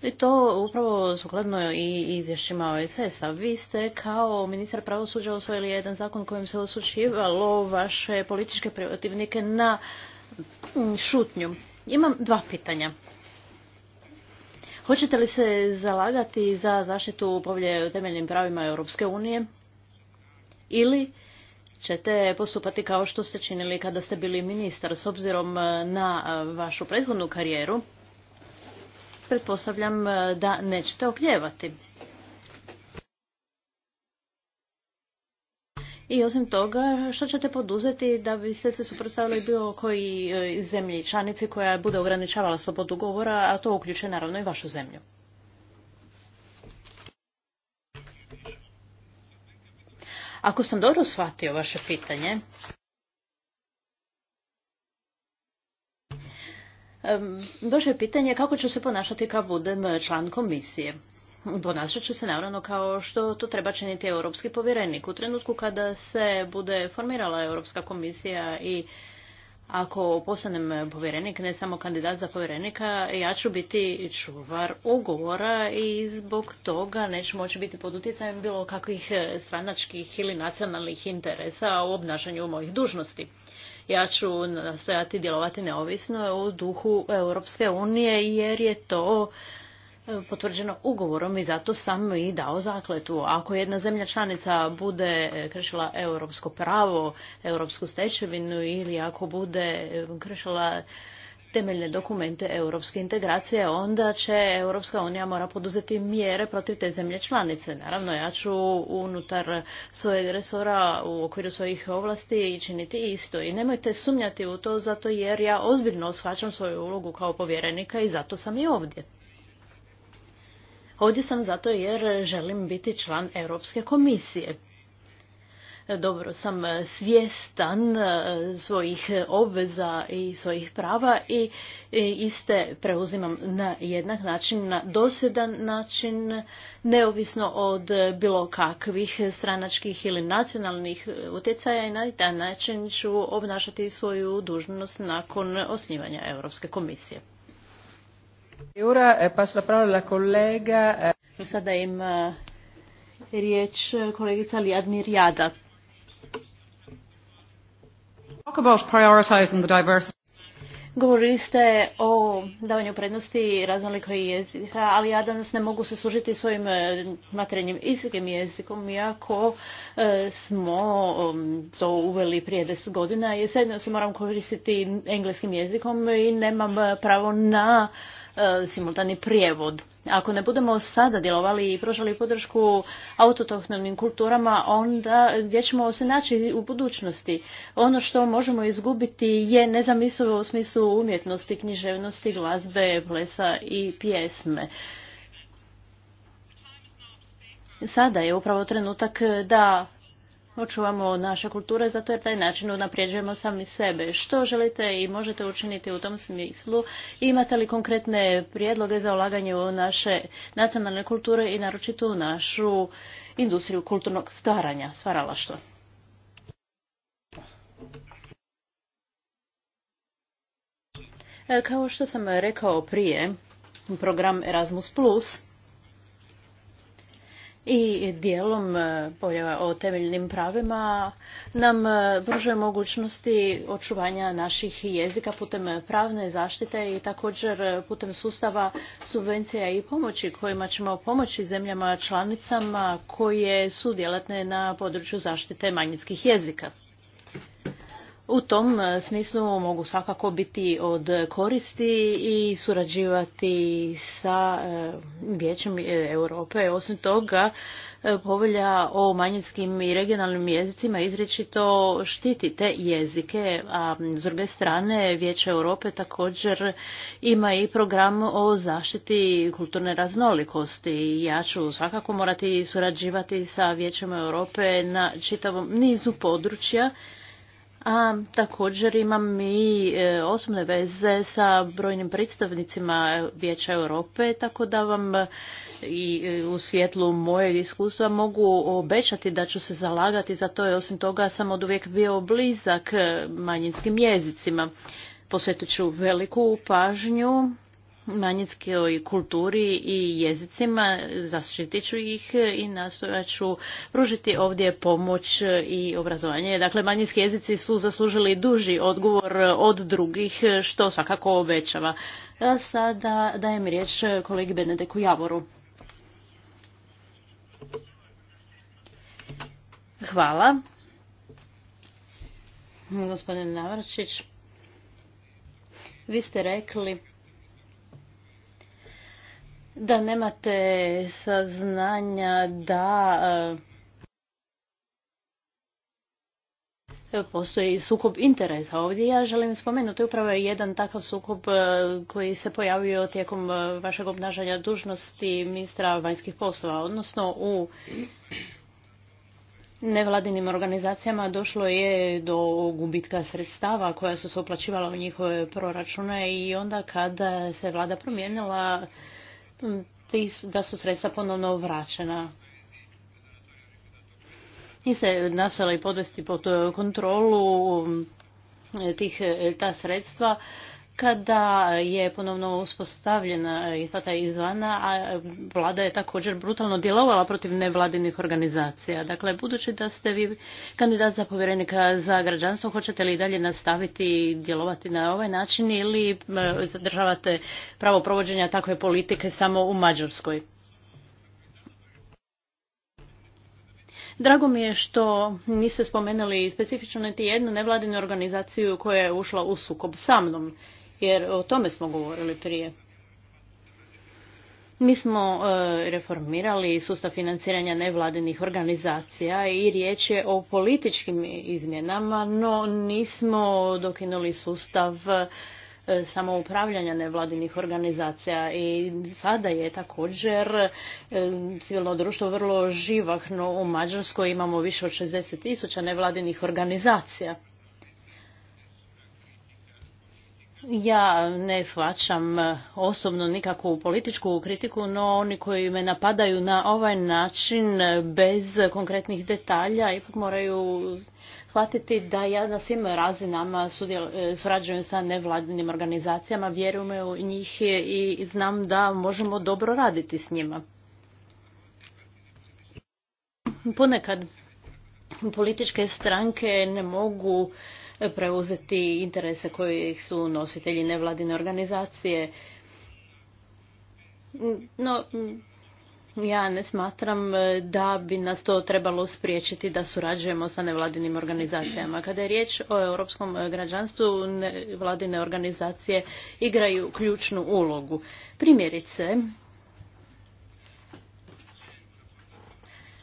I to upravo sukladno i izvješćima OSS-a. Vi ste kao ministar pravosuđa osvojili jedan zakon kojim se osučivalo vaše političke privativnike na Mm, šutnju. Imam dva pitanja. Hoćete li se zalagati za zaštitu povlje o temeljnim pravima Europske unije ili ćete postupati kao što ste činili kada ste bili ministar s obzirom e, na e, vašu prethodnu karijeru? Pretpostavljam e, da nećete okljevati. I osim toga, što ćete poduzeti da biste se suprotstavili bilo koji e, zemlji članici koja bude ograničavala slobodu ugovora, a to uključuje naravno i vašu zemlju? Ako sam dobro shvatio vaše pitanje, Vaše pitanje kako ću se ponašati kad budem član komisije. Ponašat ću se naravno kao što to treba činiti europski povjerenik. U trenutku kada se bude formirala Europska komisija i ako postanem povjerenik, ne samo kandidat za povjerenika, ja ću biti čuvar ugovora i zbog toga neću moći biti pod utjecajem bilo kakvih stranačkih ili nacionalnih interesa u obnašanju mojih dužnosti. Ja ću nastojati djelovati neovisno u duhu Europske unije jer je to E, potvrđeno ugovorom i zato sam i dao zakletu. Ako jedna zemlja članica bude e, kršila europsko pravo, europsku stečevinu ili ako bude e, kršila temeljne dokumente europske integracije, onda će Europska unija mora poduzeti mjere protiv te zemlje članice. Naravno, ja ću unutar svojeg resora u okviru svojih ovlasti i činiti isto. I nemojte sumnjati u to zato jer ja ozbiljno shvaćam svoju ulogu kao povjerenika i zato sam i ovdje. Ovdje sam zato jer želim biti član Europske komisije. Dobro sam svjestan e, svojih obveza i svojih prava i iste preuzimam na jednak način, na dosjedan način, neovisno od bilo kakvih stranačkih ili nacionalnih utjecaja i na taj način ću obnašati svoju dužnost nakon osnivanja Europske komisije. Eh, eh. Sada im riječ kolegica Lijadni Rijada. Govorili ste o davanju prednosti raznolikoj jezika, ali ja danas ne mogu se služiti svojim eh, materinjim istikim jezikom, iako smo um, to uveli prije deset godina i se moram koristiti engleskim jezikom i nemam pravo na E, simultani prijevod. Ako ne budemo sada djelovali i pružali podršku autotohnovnim kulturama, onda gdje ćemo se naći u budućnosti? Ono što možemo izgubiti je nezamislivo u smislu umjetnosti, književnosti, glazbe, plesa i pjesme. Sada je upravo trenutak da očuvamo naše kulture, zato jer taj način unapređujemo sami sebe. Što želite i možete učiniti u tom smislu? Imate li konkretne prijedloge za ulaganje u naše nacionalne kulture i naročito u našu industriju kulturnog stvaranja, stvaralaštva? E, kao što sam rekao prije, program Erasmus i dijelom e, pojava o temeljnim pravima nam e, pružuje mogućnosti očuvanja naših jezika putem pravne zaštite i također putem sustava subvencija i pomoći kojima ćemo pomoći zemljama članicama koje su djelatne na području zaštite manjinskih jezika. U tom e, smislu mogu svakako biti od koristi i surađivati sa e, Vijećem e, Europe. Osim toga, povelja o manjinskim i regionalnim jezicima izričito štiti te jezike, a s druge strane Vijeće Europe također ima i program o zaštiti kulturne raznolikosti. Ja ću svakako morati surađivati sa Vijećem Europe na čitavom nizu područja a također imam i e, osobne veze sa brojnim predstavnicima Vijeća Europe, tako da vam e, i e, u svjetlu mojeg iskustva mogu obećati da ću se zalagati za to i osim toga sam od uvijek bio blizak manjinskim jezicima. Posjetit ću veliku pažnju manjinskoj kulturi i jezicima, zaštitit ću ih i nastojat ću pružiti ovdje pomoć i obrazovanje. Dakle, manjinski jezici su zaslužili duži odgovor od drugih, što svakako obećava. Sada dajem riječ kolegi Benedeku Javoru. Hvala. Gospodin Navrčić, vi ste rekli da nemate saznanja da e, postoji sukob interesa ovdje. Ja želim spomenuti upravo jedan takav sukob e, koji se pojavio tijekom e, vašeg obnažanja dužnosti ministra vanjskih poslova, odnosno u nevladinim organizacijama došlo je do gubitka sredstava koja su se uplaćivala u njihove proračune i onda kada se vlada promijenila da su sredstva ponovno vraćena. I se nasvala i podvesti pod eh, kontrolu mm, tih, eh, ta sredstva kada je ponovno uspostavljena isplata izvana, a vlada je također brutalno djelovala protiv nevladinih organizacija. Dakle, budući da ste vi kandidat za povjerenika za građanstvo, hoćete li dalje nastaviti djelovati na ovaj način ili e, zadržavate pravo provođenja takve politike samo u Mađarskoj? Drago mi je što niste spomenuli specifično niti jednu nevladinu organizaciju koja je ušla u sukob sa mnom jer o tome smo govorili prije. Mi smo e, reformirali sustav financiranja nevladinih organizacija i riječ je o političkim izmjenama, no nismo dokinuli sustav e, samoupravljanja nevladinih organizacija i sada je također e, civilno društvo vrlo živahno. U Mađarskoj imamo više od 60 tisuća nevladinih organizacija. Ja ne shvaćam osobno nikakvu političku kritiku, no oni koji me napadaju na ovaj način bez konkretnih detalja ipak moraju shvatiti da ja na svim razinama e, surađujem sa nevladinim organizacijama, vjerujem u njih i znam da možemo dobro raditi s njima. Ponekad političke stranke ne mogu preuzeti interese kojih su nositelji nevladine organizacije. No, ja ne smatram e, da bi nas to trebalo spriječiti da surađujemo sa nevladinim organizacijama. Kada je riječ o europskom e, građanstvu, vladine organizacije igraju ključnu ulogu. Primjerice,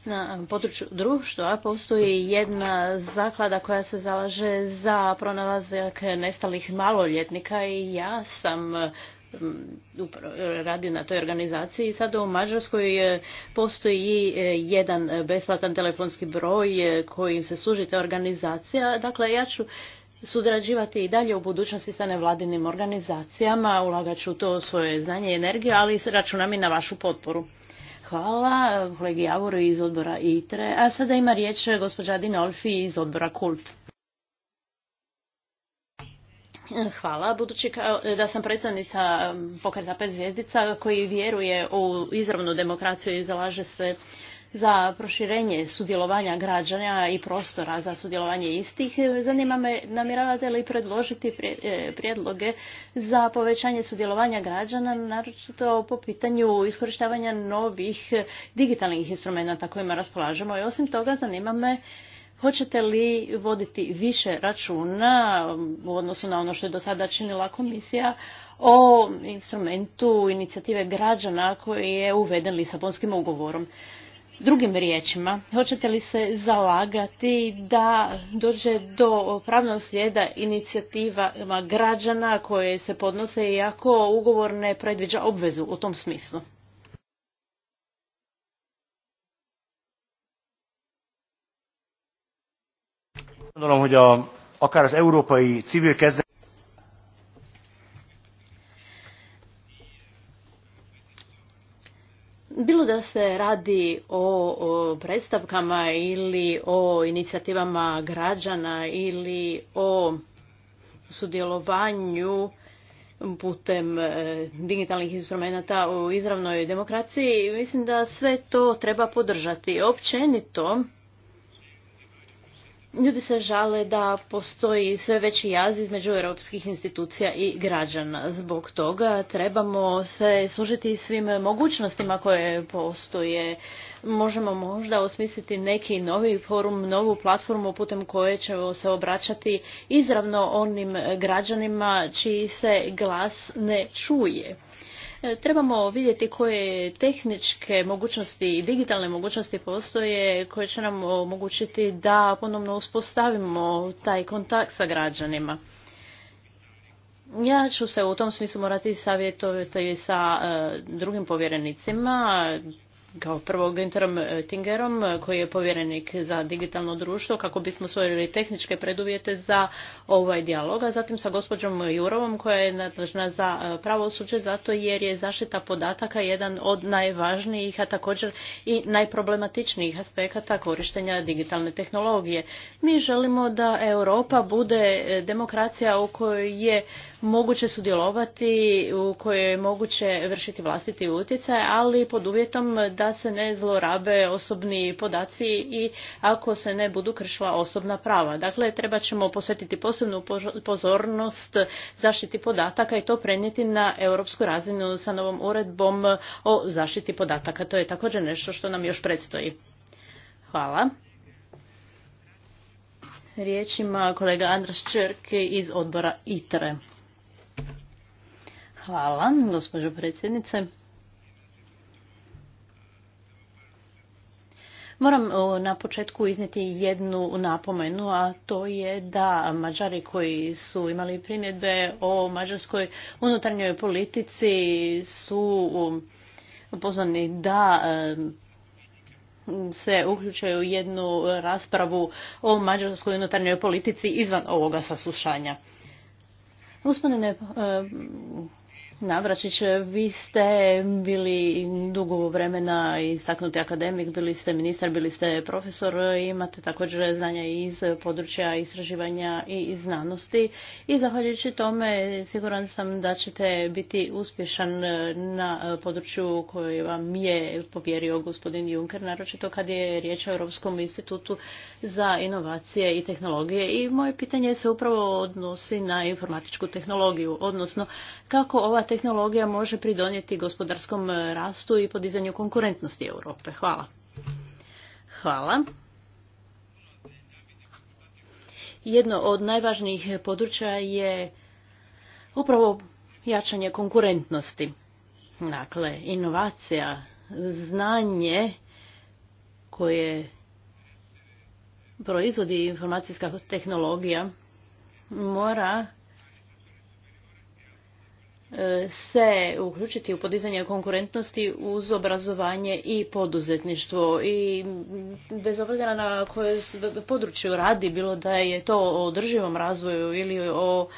na području društva postoji jedna zaklada koja se zalaže za pronalazak nestalih maloljetnika i ja sam mm, radi na toj organizaciji. Sada u Mađarskoj e, postoji e, jedan besplatan telefonski broj e, kojim se služi ta organizacija. Dakle, ja ću sudrađivati i dalje u budućnosti sa nevladinim organizacijama, ulagat ću to svoje znanje i energiju, ali računam i na vašu potporu. Hvala kolegi Javoru iz odbora ITRE. A sada ima riječ gospođa Olfi iz odbora KULT. Hvala. Budući da sam predstavnica um, pokreta pet zvijezdica koji vjeruje u izravnu demokraciju i zalaže se za proširenje sudjelovanja građana i prostora za sudjelovanje istih. Zanima me, namjeravate li predložiti e, prijedloge za povećanje sudjelovanja građana, naročito po pitanju iskorištavanja novih digitalnih instrumenta kojima raspolažemo. I osim toga, zanima me, Hoćete li voditi više računa u odnosu na ono što je do sada činila komisija o instrumentu inicijative građana koji je uveden Lisabonskim ugovorom? Drugim riječima, hoćete li se zalagati da dođe do pravnog slijeda inicijativama građana koje se podnose iako ugovor ne predviđa obvezu u tom smislu? Gondolom, hogy civil bilo da se radi o, predstavkama ili o inicijativama građana ili o sudjelovanju putem e, digitalnih instrumenata u izravnoj demokraciji, mislim da sve to treba podržati. Općenito, ljudi se žale da postoji sve veći jaz između europskih institucija i građana. Zbog toga trebamo se služiti svim mogućnostima koje postoje. Možemo možda osmisliti neki novi forum, novu platformu putem koje ćemo se obraćati izravno onim građanima čiji se glas ne čuje. E, trebamo vidjeti koje tehničke mogućnosti i digitalne mogućnosti postoje koje će nam omogućiti da ponovno uspostavimo taj kontakt sa građanima. Ja ću se u tom smislu morati savjetovati sa e, drugim povjerenicima, kao prvo Günterom e, Tingerom e, koji je povjerenik za digitalno društvo kako bismo stvorili tehničke preduvjete za ovaj dijalog, a zatim sa gospođom Jurovom koja je nadležna za e, pravosuđe zato jer je zaštita podataka jedan od najvažnijih, a također i najproblematičnijih aspekata korištenja digitalne tehnologije. Mi želimo da Europa bude demokracija u kojoj je moguće sudjelovati, u kojoj je moguće vršiti vlastiti utjecaj, ali pod uvjetom da se ne zlorabe osobni podaci i ako se ne budu kršila osobna prava. Dakle, treba ćemo posvetiti posebnu pozornost zaštiti podataka i to prenijeti na europsku razinu sa novom uredbom o zaštiti podataka. To je također nešto što nam još predstoji. Hvala. Riječ ima kolega Andras Črk iz odbora ITRE. Hvala, gospođo predsjednice. Moram na početku izniti jednu napomenu, a to je da Mađari koji su imali primjedbe o mađarskoj unutarnjoj politici su pozvani da se uključaju u jednu raspravu o mađarskoj unutarnjoj politici izvan ovoga saslušanja. Gospodine Navračić, vi ste bili dugo vremena istaknuti akademik, bili ste ministar, bili ste profesor, imate također znanja iz područja istraživanja i znanosti i zahvaljujući tome siguran sam da ćete biti uspješan na području koje vam je povjerio gospodin Juncker, naročito kad je riječ o Europskom institutu za inovacije i tehnologije i moje pitanje se upravo odnosi na informatičku tehnologiju, odnosno kako ova tehnologija može pridonijeti gospodarskom rastu i podizanju konkurentnosti Europe. Hvala. Hvala. Jedno od najvažnijih područja je upravo jačanje konkurentnosti. Dakle, inovacija, znanje koje proizvodi informacijska tehnologija mora E, se uključiti u podizanje konkurentnosti uz obrazovanje i poduzetništvo i bez obzira na koje području radi, bilo da je to o održivom razvoju ili o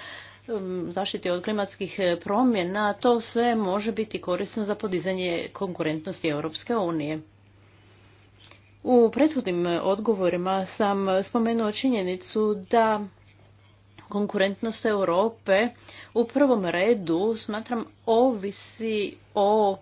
zaštiti od klimatskih e, promjena, to sve može biti korisno za podizanje konkurentnosti Europske unije. U prethodnim odgovorima sam spomenuo činjenicu da konkurentnost Europe u prvom redu smatram ovisi o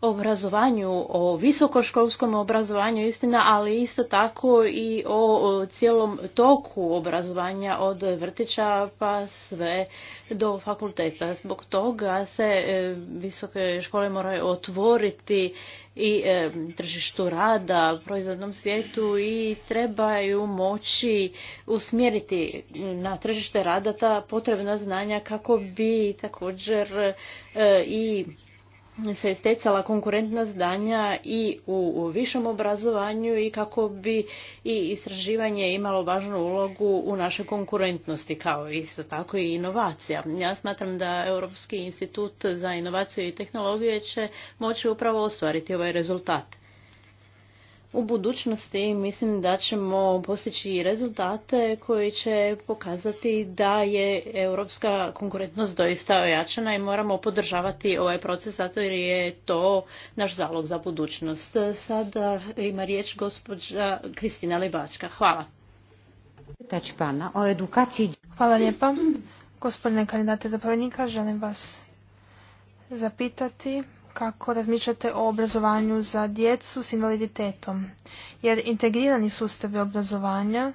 obrazovanju, o visokoškolskom obrazovanju, istina, ali isto tako i o cijelom toku obrazovanja od vrtića pa sve do fakulteta. Zbog toga se e, visoke škole moraju otvoriti i e, tržištu rada, proizvodnom svijetu i trebaju moći usmjeriti na tržište rada ta potrebna znanja kako bi također e, i se stjecala konkurentna zdanja i u višem obrazovanju i kako bi i istraživanje imalo važnu ulogu u našoj konkurentnosti kao isto tako i inovacija. Ja smatram da Europski institut za inovaciju i tehnologije će moći upravo ostvariti ovaj rezultat u budućnosti mislim da ćemo postići rezultate koji će pokazati da je europska konkurentnost doista ojačana i moramo podržavati ovaj proces zato jer je to naš zalog za budućnost. Sada ima riječ gospođa Kristina Lebačka. Hvala. Hvala lijepa. Gospodine kandidate zapovjednika, želim vas zapitati kako razmišljate o obrazovanju za djecu s invaliditetom. Jer integrirani sustavi obrazovanja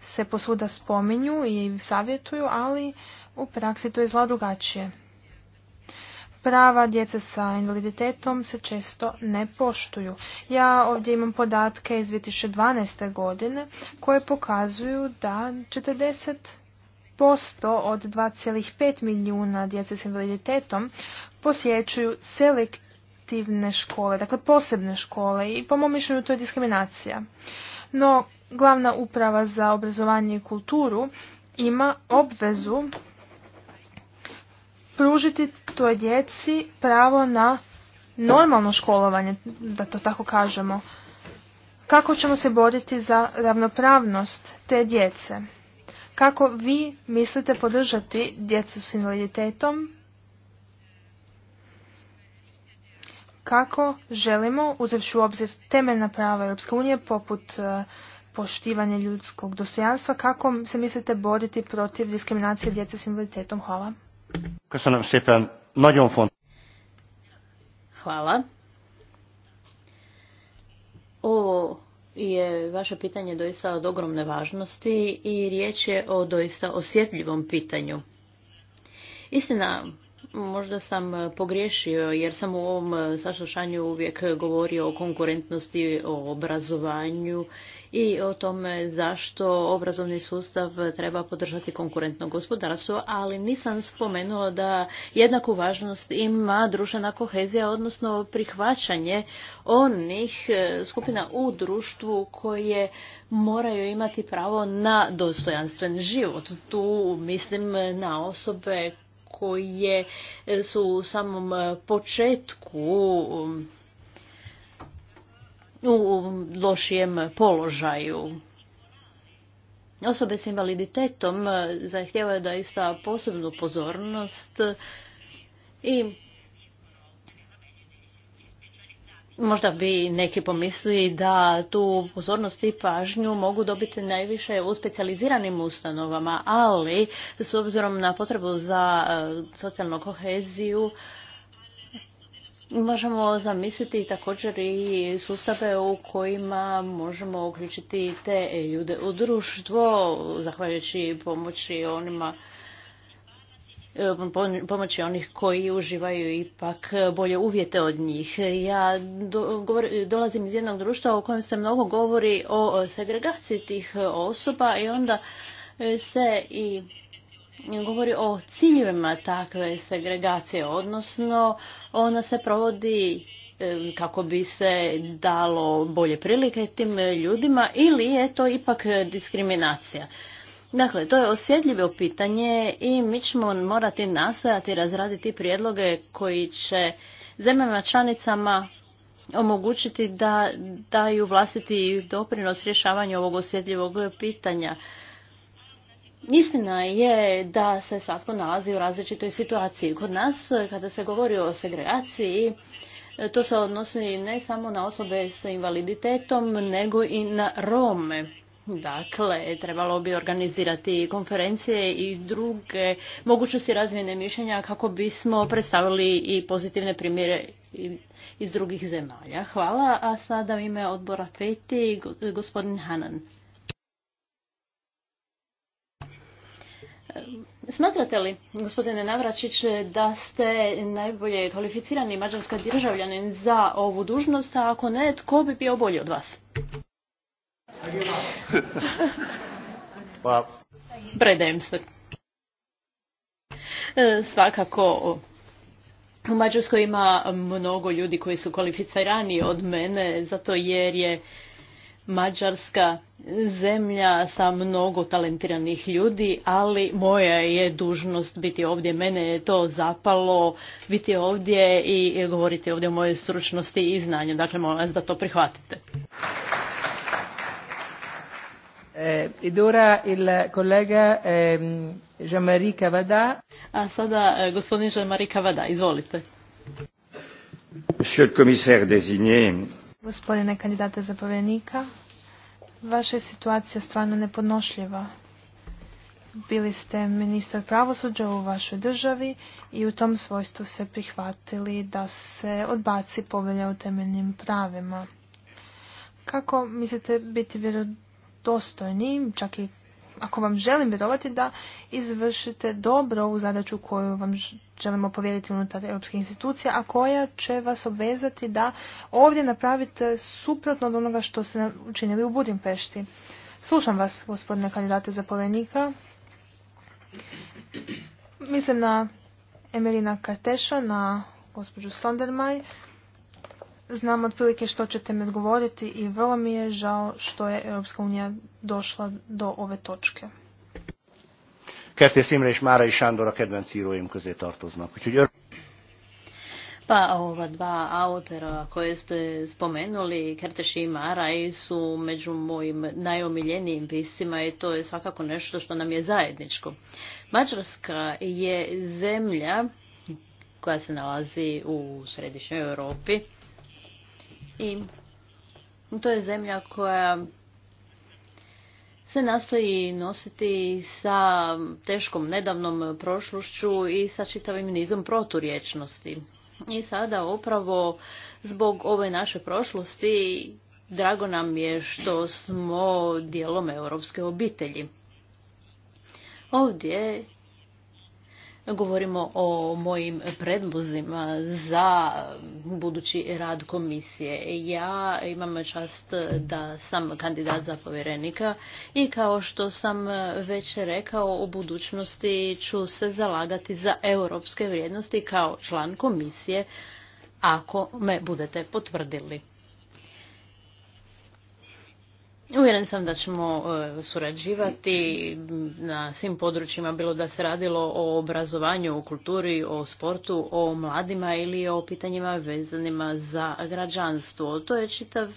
se posuda spominju i savjetuju, ali u praksi to je zla drugačije. Prava djece sa invaliditetom se često ne poštuju. Ja ovdje imam podatke iz 2012. godine koje pokazuju da 40% od 2,5 milijuna djece s invaliditetom posjećuju selektivne škole, dakle posebne škole i po mom mišljenju to je diskriminacija. No, glavna uprava za obrazovanje i kulturu ima obvezu pružiti toj djeci pravo na normalno školovanje, da to tako kažemo. Kako ćemo se boriti za ravnopravnost te djece? Kako vi mislite podržati djecu s invaliditetom kako želimo, uzevši u obzir temeljna prava Europske unije, poput e, poštivanja ljudskog dostojanstva, kako se mislite boriti protiv diskriminacije djece s invaliditetom? Hvala. Hvala. Ovo je vaše pitanje doista od ogromne važnosti i riječ je o doista osjetljivom pitanju. Istina, Možda sam e, pogriješio jer sam u ovom e, saslušanju uvijek govorio o konkurentnosti, o obrazovanju i o tome zašto obrazovni sustav treba podržati konkurentno gospodarstvo, ali nisam spomenuo da jednaku važnost ima društvena kohezija, odnosno prihvaćanje onih e, skupina u društvu koje moraju imati pravo na dostojanstven život. Tu mislim na osobe koje e, su u samom e, početku u lošijem položaju. Osobe s invaliditetom e, zahtijevaju da ista posebnu pozornost i Možda bi neki pomislili da tu pozornost i pažnju mogu dobiti najviše u specijaliziranim ustanovama, ali s obzirom na potrebu za e, socijalnu koheziju možemo zamisliti također i sustave u kojima možemo uključiti te ljude u društvo, zahvaljujući pomoći onima pomoći onih koji uživaju ipak bolje uvjete od njih. Ja dolazim iz jednog društva u kojem se mnogo govori o segregaciji tih osoba i onda se i govori o ciljevima takve segregacije, odnosno ona se provodi kako bi se dalo bolje prilike tim ljudima ili je to ipak diskriminacija. Dakle, to je osjetljivo pitanje i mi ćemo morati nastojati razraditi prijedloge koji će zemljama članicama omogućiti da daju vlastiti doprinos rješavanju ovog osjetljivog pitanja. Istina je da se svatko nalazi u različitoj situaciji. Kod nas, kada se govori o segregaciji, to se odnosi ne samo na osobe sa invaliditetom, nego i na Rome. Dakle, trebalo bi organizirati konferencije i druge mogućnosti razmjene mišljenja kako bismo predstavili i pozitivne primjere iz drugih zemalja. Hvala, a sada u ime odbora Peti gospodin Hanan. Smatrate li, gospodine Navračić, da ste najbolje kvalificirani mađarska državljanin za ovu dužnost, a ako ne, tko bi bio bolji od vas? Pa. Predajem se. E, svakako, u Mađarskoj ima mnogo ljudi koji su kvalificirani od mene, zato jer je Mađarska zemlja sa mnogo talentiranih ljudi, ali moja je dužnost biti ovdje. Mene je to zapalo biti ovdje i govoriti ovdje o mojoj stručnosti i znanju. Dakle, molim vas da to prihvatite. Eh, il ehm, A sada eh, gospodin marie izvolite. Gospodine kandidate za povjerenika, vaša je situacija stvarno nepodnošljiva. Bili ste ministar pravosuđa u vašoj državi i u tom svojstvu se prihvatili da se odbaci povelja o temeljnim pravima. Kako mislite biti vjerodostojni Dostojnim, čak i ako vam želim vjerovati da izvršite dobro ovu zadaću koju vam želimo povjeriti unutar europskih institucija, a koja će vas obvezati da ovdje napravite suprotno od onoga što ste učinili u Budimpešti. Slušam vas, gospodine kandidate zapovednika. Mislim na Emerina Karteša, na gospođu Sondermaj, Znam otprilike što ćete mi odgovoriti i vrlo mi je žao što je Europska unija došla do ove točke. Kertész Imre és Sándor a kedvenc pa ova dva autora koje ste spomenuli, Kerteš i Maraj, su među mojim najomiljenijim pisima i to je svakako nešto što nam je zajedničko. Mađarska je zemlja koja se nalazi u središnjoj Europi i to je zemlja koja se nastoji nositi sa teškom nedavnom prošlošću i sa čitavim nizom proturječnosti. I sada upravo zbog ove naše prošlosti drago nam je što smo dijelom europske obitelji. Ovdje govorimo o mojim predlozima za budući rad komisije. Ja imam čast da sam kandidat za povjerenika i kao što sam već rekao u budućnosti ću se zalagati za europske vrijednosti kao član komisije ako me budete potvrdili. Uvjeren sam da ćemo e, surađivati na svim područjima, bilo da se radilo o obrazovanju, o kulturi, o sportu, o mladima ili o pitanjima vezanima za građanstvo. To je čitav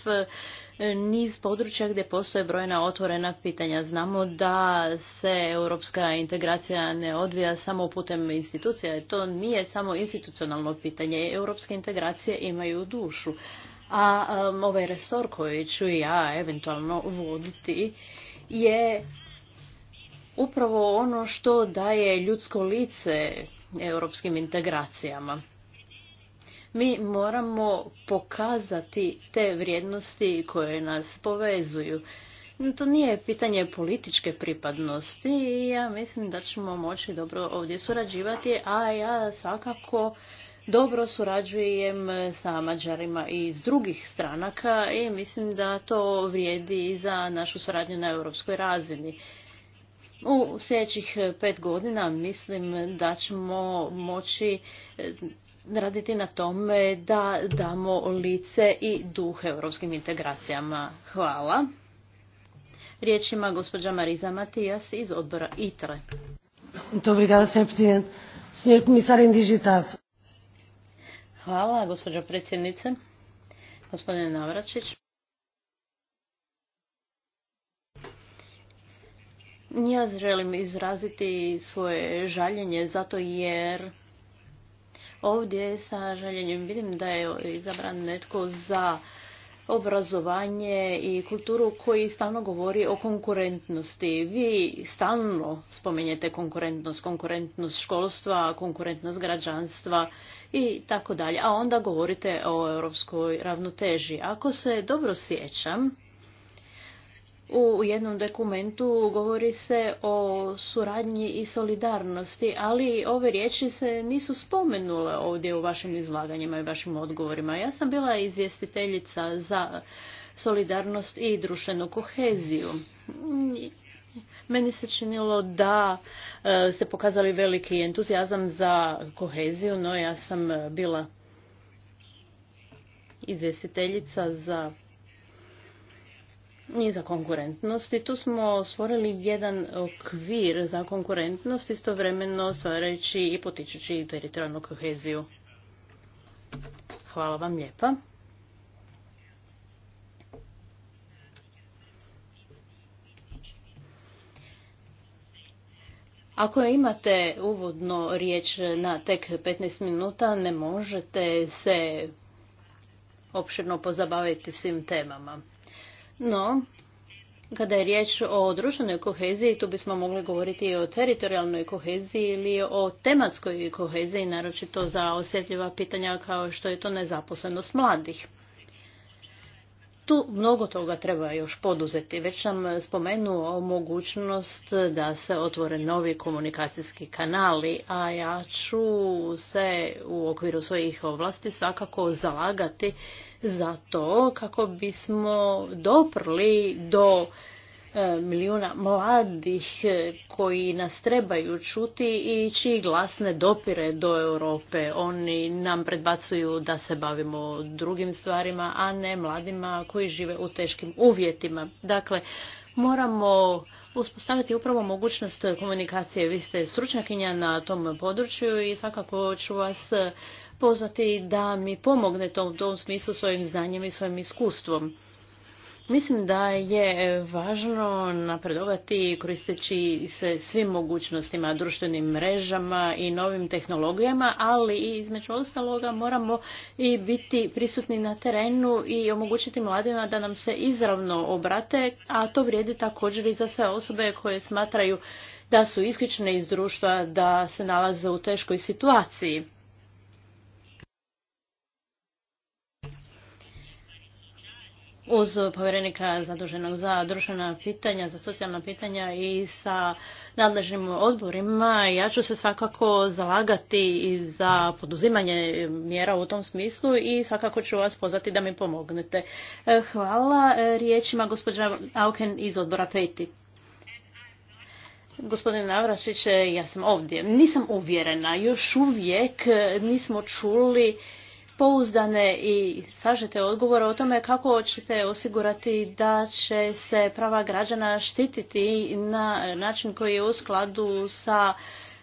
e, niz područja gdje postoje brojna otvorena pitanja. Znamo da se europska integracija ne odvija samo putem institucija. To nije samo institucionalno pitanje. Europske integracije imaju dušu a ovaj resor koji ću ja eventualno voditi je upravo ono što daje ljudsko lice europskim integracijama. Mi moramo pokazati te vrijednosti koje nas povezuju. To nije pitanje političke pripadnosti i ja mislim da ćemo moći dobro ovdje surađivati, a ja svakako dobro surađujem sa Mađarima iz drugih stranaka i mislim da to vrijedi i za našu suradnju na europskoj razini. U sljedećih pet godina mislim da ćemo moći e, raditi na tome da damo lice i duh europskim integracijama. Hvala. Riječ ima gospođa Mariza Matijas iz odbora ITRE. Hvala, gospođo predsjednice. Gospodine Navračić. Ja želim izraziti svoje žaljenje zato jer ovdje sa žaljenjem vidim da je izabran netko za obrazovanje i kulturu koji stalno govori o konkurentnosti. Vi stalno spominjete konkurentnost, konkurentnost školstva, konkurentnost građanstva i tako dalje. A onda govorite o europskoj ravnoteži. Ako se dobro sjećam, u jednom dokumentu govori se o suradnji i solidarnosti, ali ove riječi se nisu spomenule ovdje u vašim izlaganjima i vašim odgovorima. Ja sam bila izvjestiteljica za solidarnost i društvenu koheziju. Meni se činilo da e, ste pokazali veliki entuzijazam za koheziju, no ja sam bila izvjestiteljica za i za konkurentnost i tu smo stvorili jedan okvir za konkurentnost istovremeno stvarajući i potičući teritorijalnu koheziju. Hvala vam lijepa. Ako imate uvodno riječ na tek 15 minuta, ne možete se opširno pozabaviti svim temama. No, kada je riječ o društvenoj koheziji, tu bismo mogli govoriti i o teritorijalnoj koheziji ili o tematskoj koheziji, naročito za osjetljiva pitanja kao što je to nezaposlenost mladih. Tu mnogo toga treba još poduzeti. Već sam spomenuo mogućnost da se otvore novi komunikacijski kanali, a ja ću se u okviru svojih ovlasti svakako zalagati za to kako bismo doprli do milijuna mladih e, koji nas trebaju čuti i čiji glas ne dopire do Europe. Oni nam predbacuju da se bavimo drugim stvarima, a ne mladima koji žive u teškim uvjetima. Dakle, moramo uspostaviti upravo mogućnost komunikacije. Vi ste stručnjakinja na tom području i svakako ću vas e, pozvati da mi pomogne u tom, tom smislu svojim znanjem i svojim iskustvom. Mislim da je važno napredovati koristeći se svim mogućnostima, društvenim mrežama i novim tehnologijama, ali i između ostaloga moramo i biti prisutni na terenu i omogućiti mladima da nam se izravno obrate, a to vrijedi također i za sve osobe koje smatraju da su isključene iz društva, da se nalaze u teškoj situaciji. uz povjerenika zaduženog za društvena pitanja, za socijalna pitanja i sa nadležnim odborima. Ja ću se svakako zalagati i za poduzimanje mjera u tom smislu i svakako ću vas pozvati da mi pomognete. E, hvala e, riječima gospođa Auken iz odbora Peti. Gospodine Navrašić, e, ja sam ovdje. Nisam uvjerena, još uvijek nismo čuli pouzdane i sažete odgovore o tome kako ćete osigurati da će se prava građana štititi na način koji je u skladu sa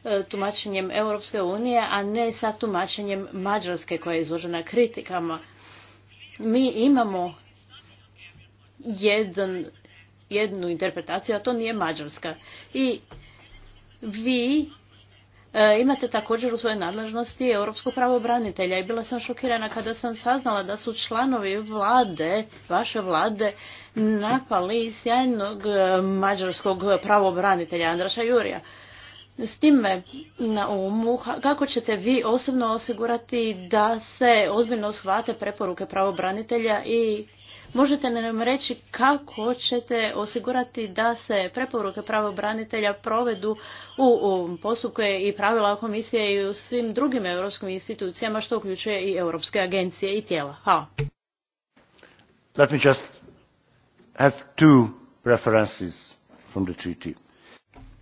e, tumačenjem Europske unije, a ne sa tumačenjem Mađarske koja je izložena kritikama. Mi imamo jedan, jednu interpretaciju, a to nije Mađarska. I vi E, imate također u svojoj nadležnosti europskog pravobranitelja i bila sam šokirana kada sam saznala da su članovi vlade, vaše vlade, napali sjajnog e, mađarskog pravobranitelja Andraša Jurija. S time na umu, kako ćete vi osobno osigurati da se ozbiljno shvate preporuke pravobranitelja i Možete li nam reći kako ćete osigurati da se preporuke pravobranitelja provedu u, postupku i pravila komisije i u svim drugim europskim institucijama što uključuje i europske agencije i tijela? Hvala. just have two from the treaty.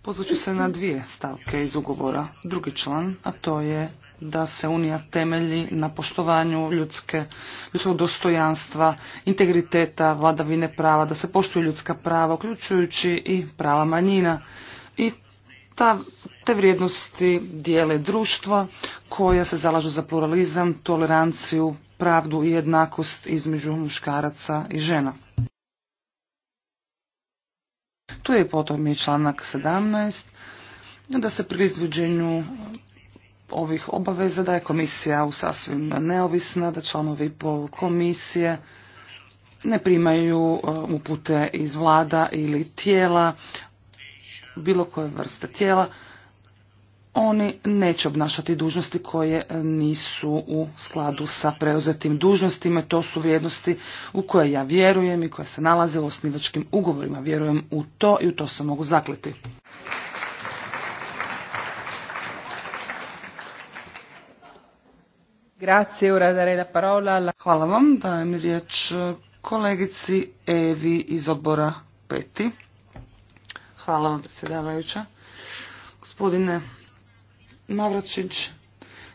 Pozvat ću se na dvije stavke iz ugovora. Drugi član, a to je da se Unija temelji na poštovanju ljudske, ljudskog dostojanstva, integriteta, vladavine prava, da se poštuju ljudska prava, uključujući i prava manjina. I ta, te vrijednosti dijele društva koja se zalažu za pluralizam, toleranciju, pravdu i jednakost između muškaraca i žena. Tu je potom i članak 17 da se pri izvođenju ovih obaveza da je komisija u sasvim neovisna, da članovi komisije ne primaju uh, upute iz vlada ili tijela, bilo koje vrste tijela. Oni neće obnašati dužnosti koje nisu u skladu sa preuzetim dužnostima. To su vrijednosti u koje ja vjerujem i koje se nalaze u osnivačkim ugovorima. Vjerujem u to i u to se mogu zakliti. Hvala vam. Dajem riječ kolegici Evi iz odbora peti. Hvala vam, predsjedavajuća. Gospodine Navračić,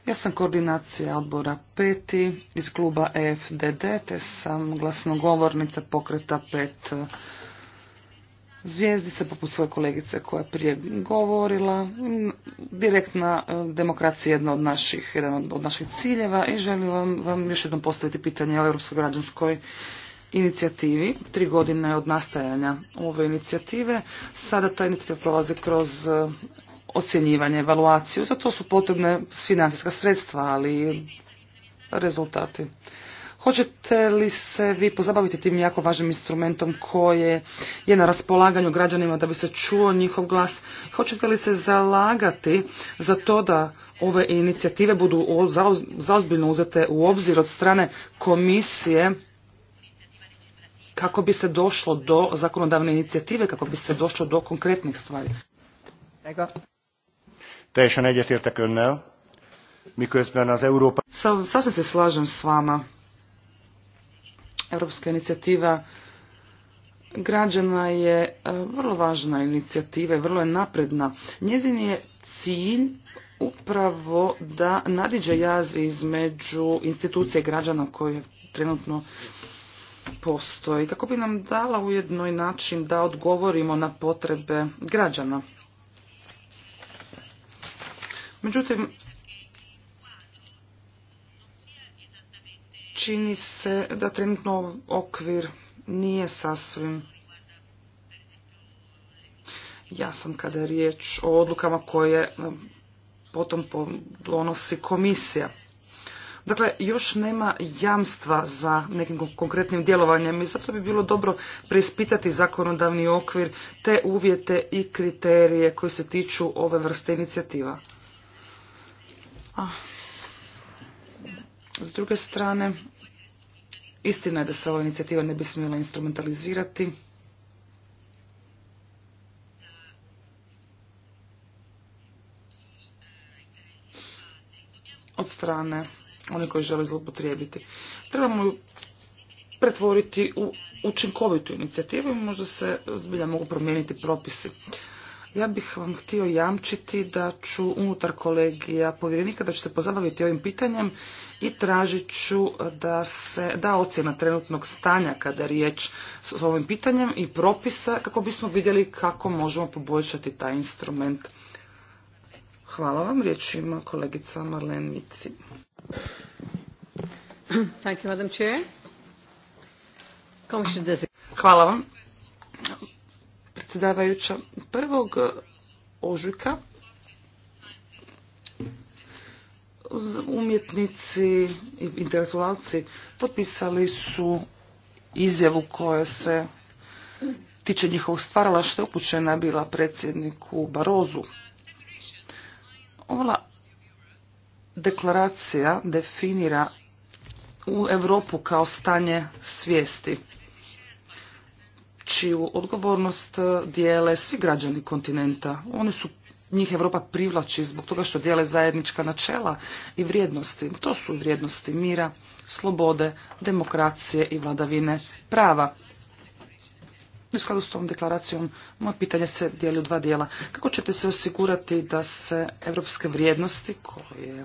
ja sam koordinacija odbora peti iz kluba EFDD, te sam glasnogovornica pokreta pet zvijezdice, poput svoje kolegice koja je prije govorila. Direktna e, demokracija je jedna od naših, jedan od naših ciljeva i želim vam, vam još jednom postaviti pitanje o Europskoj građanskoj inicijativi. Tri godine od nastajanja ove inicijative. Sada ta inicijativa prolazi kroz e, ocjenjivanje, evaluaciju. Za to su potrebne financijska sredstva, ali i rezultati. Hoćete li se vi pozabaviti tim jako važnim instrumentom koje je na raspolaganju građanima da bi se čuo njihov glas? Hoćete li se zalagati za to da ove inicijative budu zaozbiljno uzete u obzir od strane komisije kako bi se došlo do zakonodavne inicijative, kako bi se došlo do konkretnih stvari? Teljesen Sasvim se slažem s vama. Europska inicijativa građana je e, vrlo važna inicijativa i vrlo je napredna. Njezin je cilj upravo da nadiđe jaz između institucije građana koje trenutno postoji, kako bi nam dala ujedno i način da odgovorimo na potrebe građana. Međutim, čini se da trenutno okvir nije sasvim jasan kada je riječ o odlukama koje um, potom donosi komisija. Dakle, još nema jamstva za nekim konkretnim djelovanjem i zato bi bilo dobro preispitati zakonodavni okvir te uvjete i kriterije koji se tiču ove vrste inicijativa. Ah. S druge strane, istina je da se ova inicijativa ne bi smjela instrumentalizirati. od strane onih koji žele zloupotrijebiti. Trebamo ju pretvoriti u učinkovitu inicijativu i možda se zbilja mogu promijeniti propisi. Ja bih vam htio jamčiti da ću unutar kolegija povjerenika da ću se pozabaviti ovim pitanjem i tražit ću da se da ocjena trenutnog stanja kada je riječ s ovim pitanjem i propisa kako bismo vidjeli kako možemo poboljšati taj instrument. Hvala vam. Riječ ima kolegica Marlene Mici. Hvala vam predsjedavajuća. Prvog e, ožujka umjetnici i intelektualci potpisali su izjavu koja se tiče njihovog što je upućena bila predsjedniku Barozu. Ova deklaracija definira u Europu kao stanje svijesti čiju odgovornost e, dijele svi građani kontinenta. Oni su njih Europa privlači zbog toga što dijele zajednička načela i vrijednosti. To su vrijednosti mira, slobode, demokracije i vladavine prava. U skladu s tom deklaracijom moje pitanje se dijeli u dva dijela. Kako ćete se osigurati da se evropske vrijednosti koje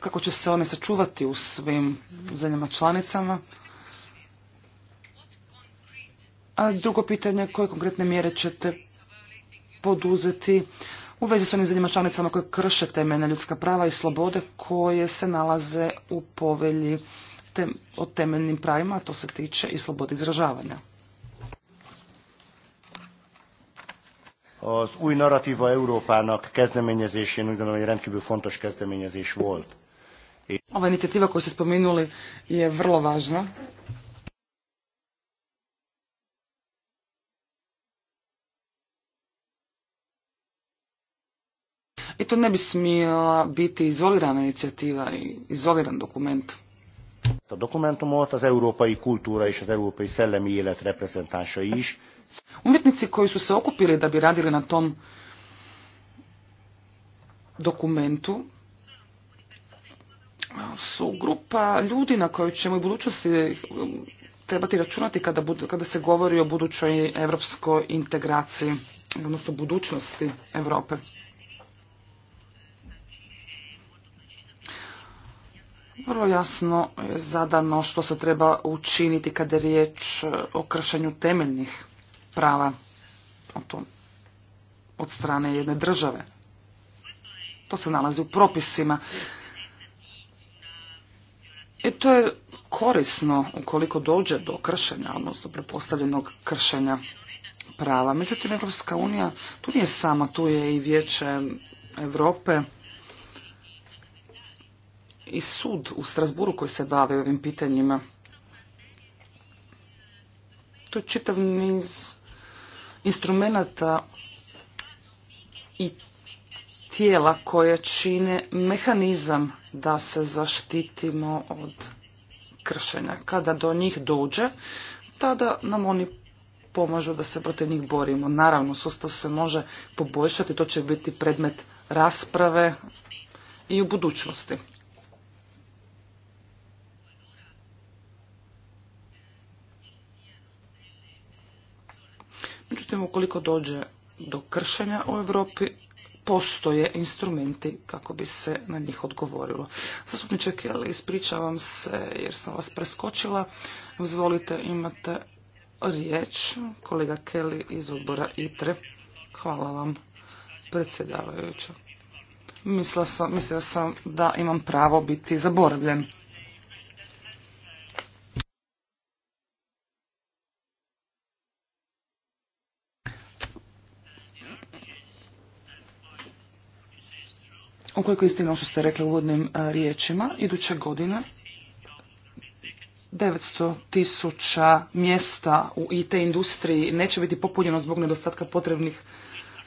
kako će se one sačuvati u svim zemljama članicama, a drugo pitanje, koje konkretne mjere ćete poduzeti u vezi s onim zemljama članicama koje krše temeljna ljudska prava i slobode koje se nalaze u povelji o temeljnim pravima, a to se tiče i slobode izražavanja. Az új narratíva Európának kezdeményezésén úgy gondolom, rendkívül fontos kezdeményezés volt. Ova inicijativa koju ste spomenuli je vrlo važna. i to ne bi smijela biti izolirana inicijativa i izoliran dokument. A za az i kultura i az sele élet reprezentánsai is. Umjetnici koji su se okupili da bi radili na tom dokumentu su grupa ljudi na kojoj ćemo u budućnosti um, trebati računati kada, se govori o budućoj evropskoj integraciji, odnosno budućnosti Europe. Vrlo jasno je zadano što se treba učiniti kada je riječ e, o kršenju temeljnih prava od strane jedne države. To se nalazi u propisima. I e, to je korisno ukoliko dođe do kršenja, odnosno prepostavljenog kršenja prava. Međutim, Evropska unija tu nije sama, tu je i Vijeće Europe i sud u Strasburu koji se bave ovim pitanjima. To je čitav niz instrumenta i tijela koje čine mehanizam da se zaštitimo od kršenja. Kada do njih dođe, tada nam oni pomažu da se protiv njih borimo. Naravno, sustav se može poboljšati, to će biti predmet rasprave i u budućnosti. Međutim, ukoliko dođe do kršenja u Europi, postoje instrumenti kako bi se na njih odgovorilo. Zastupniče Kelly, ispričavam se jer sam vas preskočila. Izvolite, imate riječ. Kolega Kelly iz odbora ITRE. Hvala vam, predsjedavajuća. Mislio sam, sam da imam pravo biti zaboravljen. ukoliko je istina što ste rekli u uvodnim e, riječima, Iduća godina, 900 tisuća mjesta u IT industriji neće biti popunjeno zbog nedostatka potrebnih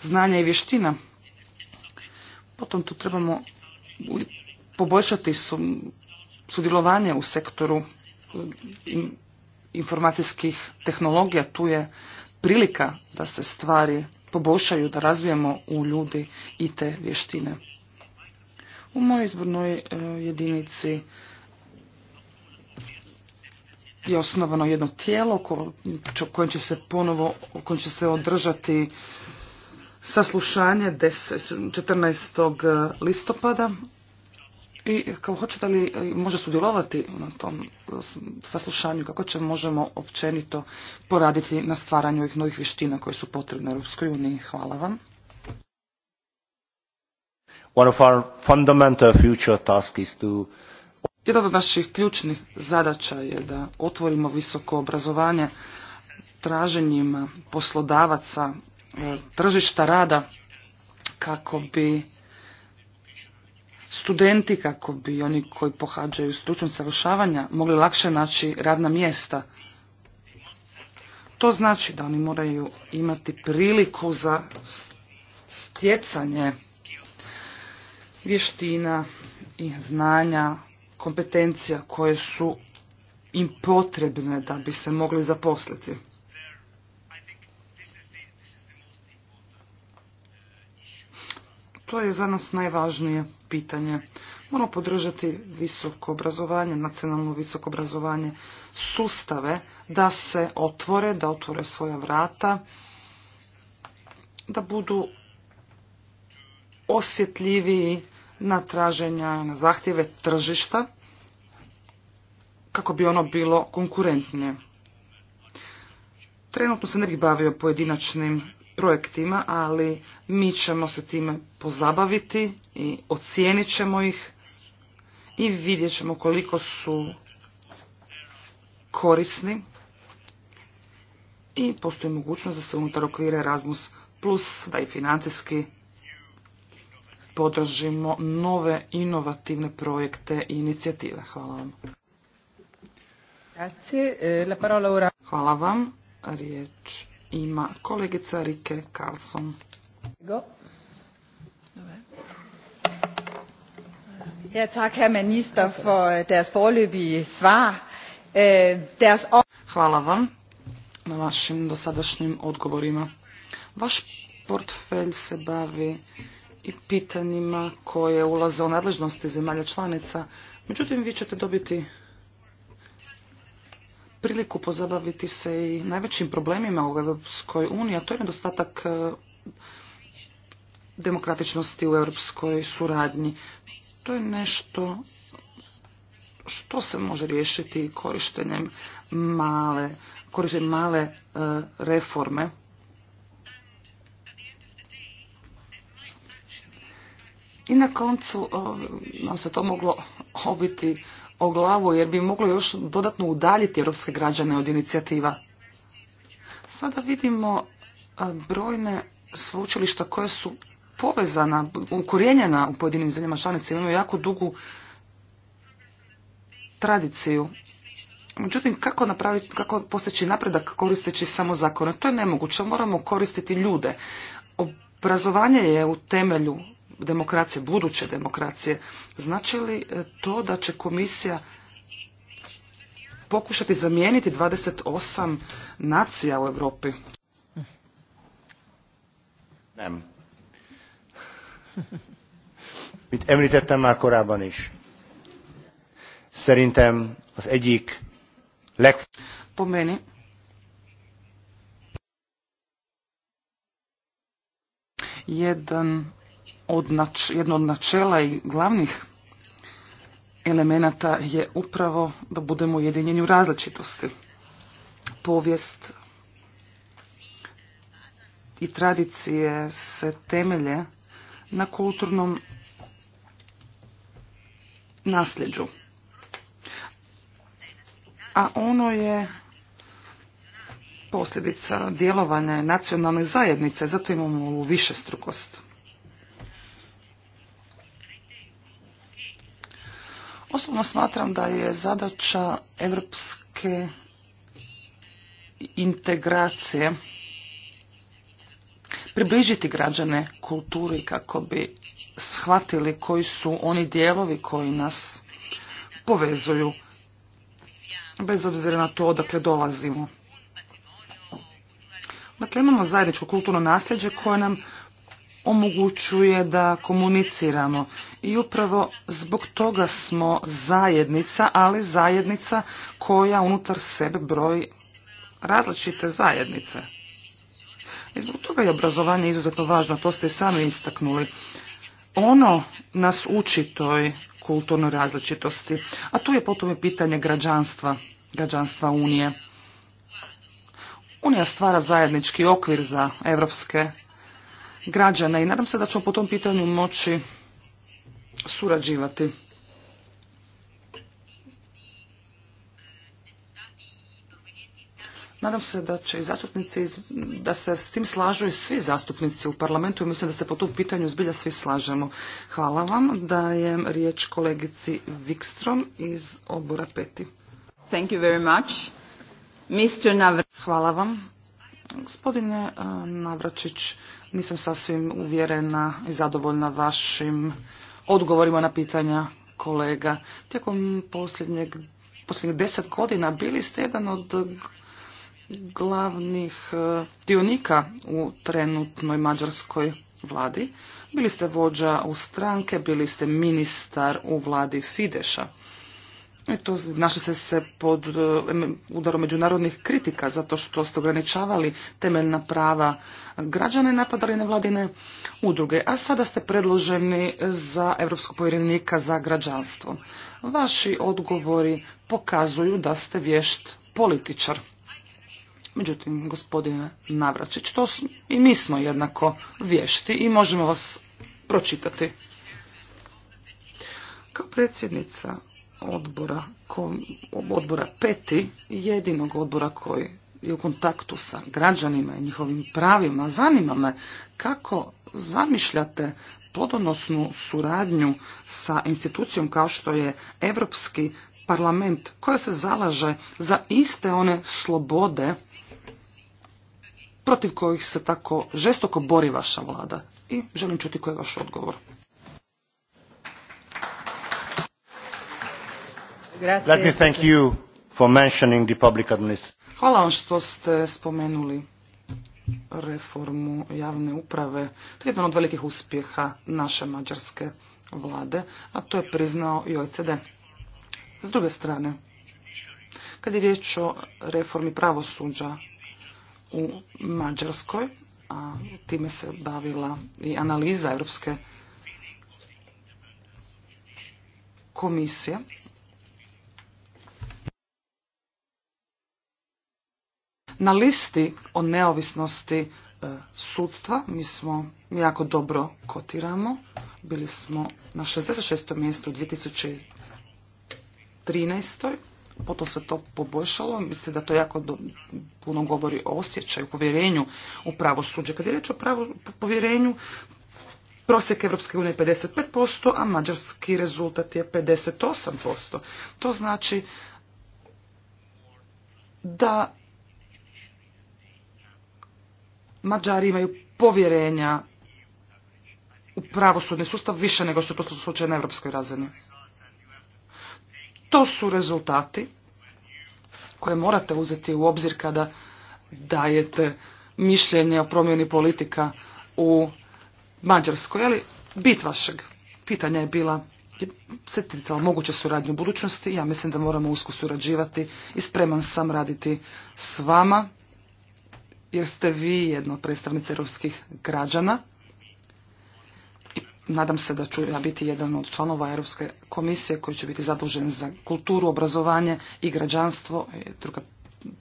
znanja i vještina. Potom tu trebamo poboljšati sudjelovanje u sektoru informacijskih tehnologija. Tu je prilika da se stvari poboljšaju, da razvijemo u ljudi i te vještine. U mojoj izbornoj e, jedinici je osnovano jedno tijelo koje će se ponovo, kojim će se održati saslušanje 14. E, listopada i kao hoćete li e, može sudjelovati na tom saslušanju kako će možemo općenito poraditi na stvaranju ovih novih vještina koje su potrebne Europskoj uniji. Hvala vam. One Jedan od naših ključnih zadaća je da otvorimo visoko obrazovanje traženjima poslodavaca, e, tržišta rada kako bi studenti, kako bi oni koji pohađaju stručno savršavanja mogli lakše naći radna mjesta. To znači da oni moraju imati priliku za stjecanje vještina i znanja, kompetencija koje su im potrebne da bi se mogli zaposliti. To je za nas najvažnije pitanje. Moramo podržati visoko obrazovanje, nacionalno visoko obrazovanje, sustave da se otvore, da otvore svoja vrata, da budu osjetljiviji na traženja, na zahtjeve tržišta kako bi ono bilo konkurentnije. Trenutno se ne bih bavio pojedinačnim projektima, ali mi ćemo se time pozabaviti i ocijenit ćemo ih i vidjet ćemo koliko su korisni i postoji mogućnost da se unutar okvira Erasmus Plus, da i financijski podržimo nove inovativne projekte i inicijative. Hvala vam. E, Hvala vam. Riječ ima kolegica Rike Karlsson. Ja, herr minister, øh, svar. Øh, Hvala vam na vašim dosadašnjim odgovorima. Vaš portfelj se bavi i pitanjima koje ulaze u nadležnosti zemalja članica. Međutim, vi ćete dobiti priliku pozabaviti se i najvećim problemima u Europskoj uniji, a to je nedostatak e, demokratičnosti u europskoj suradnji. To je nešto što se može riješiti korištenjem male, korištenjem male e, reforme I na koncu nam se to moglo obiti o glavu jer bi moglo još dodatno udaljiti europske građane od inicijativa. Sada vidimo e, brojne sveučilišta koje su povezana, ukorijenjena u pojedinim zemljama članicama, imaju jako dugu tradiciju. Međutim, kako, napraviti, kako postići napredak koristeći samo zakone? To je nemoguće. Moramo koristiti ljude. Obrazovanje je u temelju demokracije, buduće demokracije. Znači li e, to da će komisija pokušati zamijeniti 28 nacija u Europi? Nem. Mit említettem már korábban is. Szerintem az egyik leg... Po meni, jedan od jedno od načela i glavnih elemenata je upravo da budemo ujedinjeni u različitosti. Povijest i tradicije se temelje na kulturnom nasljeđu. A ono je posljedica djelovanja nacionalne zajednice, zato imamo ovu višestrukost. Osobno smatram da je zadaća evropske integracije približiti građane kulturi kako bi shvatili koji su oni dijelovi koji nas povezuju bez obzira na to odakle dolazimo. Dakle, imamo zajedničko kulturno nasljeđe koje nam omogućuje da komuniciramo. I upravo zbog toga smo zajednica, ali zajednica koja unutar sebe broji različite zajednice. I zbog toga je obrazovanje izuzetno važno, to ste i sami istaknuli. Ono nas uči toj kulturnoj različitosti, a tu je potom i pitanje građanstva, građanstva Unije. Unija stvara zajednički okvir za evropske građana i nadam se da ćemo po tom pitanju moći surađivati. Nadam se da će i zastupnici, da se s tim slažu i svi zastupnici u parlamentu i mislim da se po tom pitanju zbilja svi slažemo. Hvala vam. Dajem riječ kolegici Wikstrom iz obora peti. Thank you very much. Hvala vam. Gospodine e, Navračić, nisam sasvim uvjerena i zadovoljna vašim odgovorima na pitanja kolega. Tijekom posljednjeg, posljednjih deset godina bili ste jedan od glavnih e, dionika u trenutnoj mađarskoj vladi. Bili ste vođa u stranke, bili ste ministar u vladi Fideša. I e, našli ste se pod e, udarom međunarodnih kritika zato što ste ograničavali temeljna prava građane, napadali na vladine udruge, a sada ste predloženi za Europskog povjerenika za građanstvo. Vaši odgovori pokazuju da ste vješt političar. Međutim, gospodine Navračić, to i mi smo jednako vješti i možemo vas pročitati. Kao predsjednica odbora, odbora peti, jedinog odbora koji je u kontaktu sa građanima i njihovim pravima. Zanima me kako zamišljate podonosnu suradnju sa institucijom kao što je Europski parlament koja se zalaže za iste one slobode protiv kojih se tako žestoko bori vaša vlada. I želim čuti koji je vaš odgovor. Hvala vam što ste spomenuli reformu javne uprave. To je jedan od velikih uspjeha naše mađarske vlade, a to je priznao i OECD. S druge strane, kad je riječ o reformi pravosuđa u Mađarskoj, a time se bavila i analiza Europske komisije, Na listi o neovisnosti e, sudstva mi smo jako dobro kotiramo. Bili smo na 66. mjestu u 2013. Potom se to poboljšalo. Mislim da to jako puno govori o osjećaju, povjerenju u pravosuđe. Kad je riječ o pravo, povjerenju, prosjek Europske unije je 55%, a mađarski rezultat je 58%. To znači da Mađari imaju povjerenja u pravosudni sustav više nego što je to na evropskoj razini. To su rezultati koje morate uzeti u obzir kada dajete mišljenje o promjeni politika u Mađarskoj. Ali bit vašeg pitanja je bila se moguće suradnje u budućnosti. Ja mislim da moramo usko surađivati i spreman sam raditi s vama jer ste vi jedno od predstavnice europskih građana. Nadam se da ću ja biti jedan od članova Europske komisije koji će biti zadužen za kulturu, obrazovanje i građanstvo. E, druga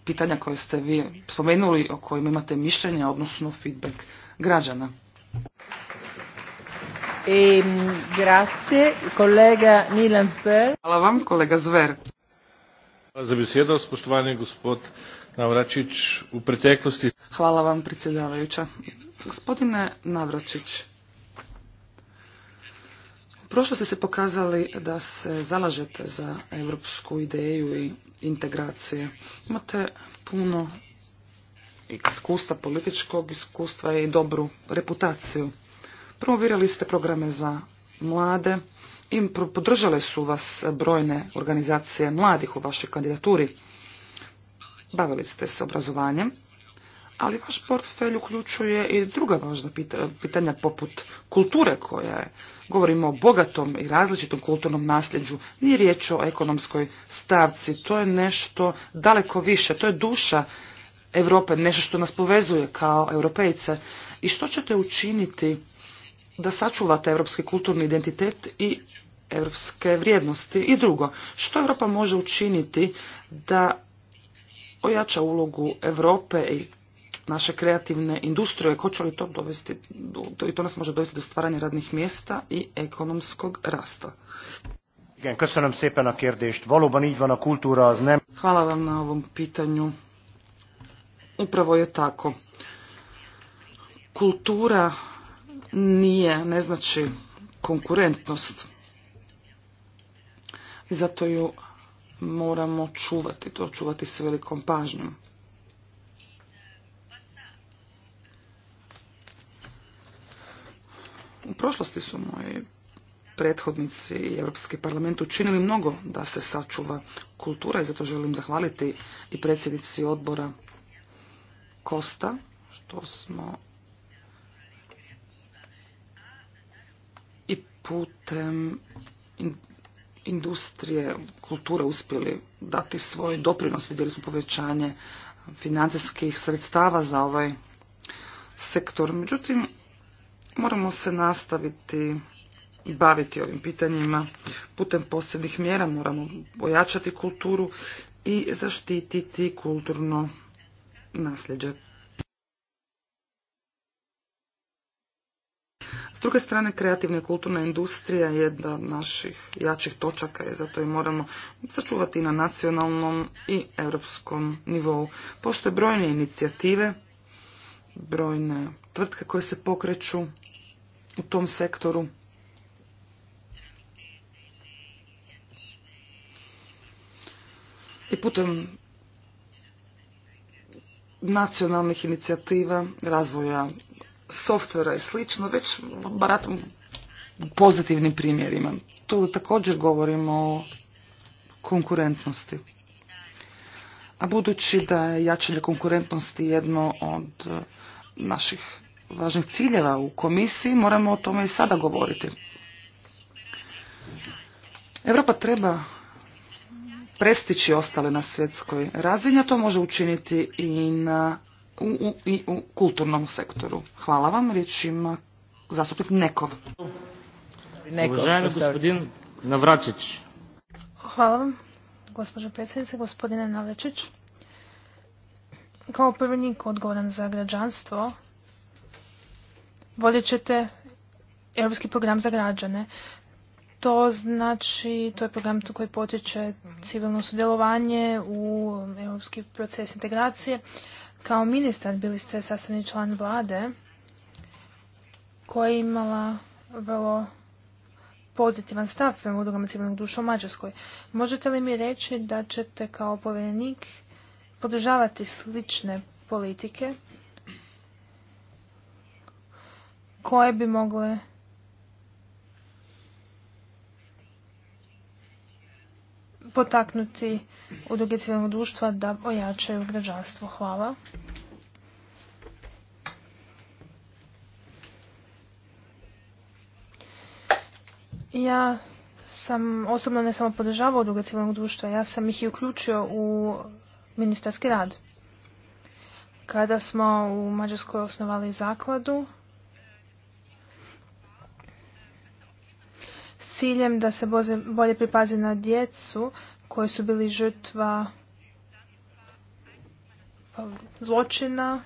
pitanja koje ste vi spomenuli, o kojima imate mišljenje, odnosno feedback građana. E, grazie, kolega Hvala vam, kolega Zver. Hvala za besedo, spoštovani gospod Navračić, u preteklosti... Hvala vam, predsjedavajuća. Gospodine Navračić, prošlo ste se pokazali da se zalažete za europsku ideju i integracije. Imate puno iskustva, političkog iskustva i dobru reputaciju. Promovirali ste programe za mlade i podržale su vas brojne organizacije mladih u vašoj kandidaturi. Bavili ste se obrazovanjem, ali vaš portfelj uključuje i druga važna pitanja poput kulture koja je. Govorimo o bogatom i različitom kulturnom nasljeđu. Nije riječ o ekonomskoj stavci, to je nešto daleko više, to je duša Europe, nešto što nas povezuje kao europejce. I što ćete učiniti da sačuvate europski kulturni identitet i europske vrijednosti? I drugo, što Europa može učiniti da ojača ulogu Europe i naše kreativne industrije, hoće li to dovesti, i to nas može dovesti do stvaranja radnih mjesta i ekonomskog rasta. Hvala vam na ovom pitanju. Upravo je tako. Kultura nije, ne znači konkurentnost. I zato ju moramo čuvati, to čuvati s velikom pažnjom. U prošlosti su moji prethodnici i Europski parlament učinili mnogo da se sačuva kultura i zato želim zahvaliti i predsjednici odbora Kosta, što smo i putem industrije kulture uspjeli dati svoj doprinos. Vidjeli smo povećanje financijskih sredstava za ovaj sektor. Međutim, moramo se nastaviti baviti ovim pitanjima. Putem posebnih mjera moramo ojačati kulturu i zaštititi kulturno nasljeđe. S druge strane, kreativna i kulturna industrija je jedna od naših jačih točaka i zato je moramo sačuvati na nacionalnom i europskom nivou. Postoje brojne inicijative, brojne tvrtke koje se pokreću u tom sektoru. I putem nacionalnih inicijativa, razvoja softvera i slično, već baratom pozitivnim primjerima. Tu također govorimo o konkurentnosti. A budući da je jačanje konkurentnosti jedno od e, naših važnih ciljeva u komisiji, moramo o tome i sada govoriti. Europa treba prestići ostale na svjetskoj razini, a to može učiniti i na u, i u kulturnom sektoru. Hvala vam, riječ ima zastupnik Nekov. Nekov gospodin Navračić. Hvala vam, gospođo predsjednice, gospodine Navračić. Kao prvenik odgovoran za građanstvo, vodit ćete Europski program za građane to znači, to je program koji potiče mhm. civilno sudjelovanje u europski proces integracije. Kao ministar bili ste sastavni član vlade koja je imala vrlo pozitivan stav prema udrugama civilnog duša u Mađarskoj. Možete li mi reći da ćete kao povjerenik podržavati slične politike koje bi mogle potaknuti udruge civilnog društva da ojačaju građanstvo. Hvala. Ja sam osobno ne samo podržavao udruge civilnog društva, ja sam ih i uključio u ministarski rad. Kada smo u Mađarskoj osnovali zakladu, ciljem da se bolje pripazi na djecu koje su bili žrtva zločina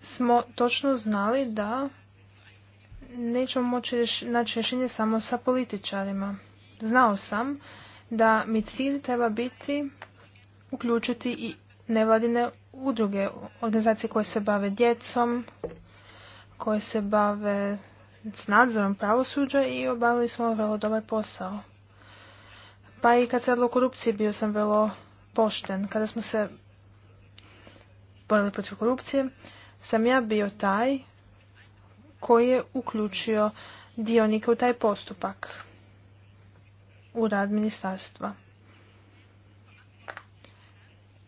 smo točno znali da nećemo moći naći rješenje samo sa političarima. Znao sam da mi cilj treba biti uključiti i nevladine udruge, organizacije koje se bave djecom, koje se bave s nadzorom pravosuđa i obavili smo vrlo dobar posao. Pa i kad se radilo korupciji bio sam vrlo pošten. Kada smo se borili protiv korupcije, sam ja bio taj koji je uključio dionike u taj postupak u rad ministarstva.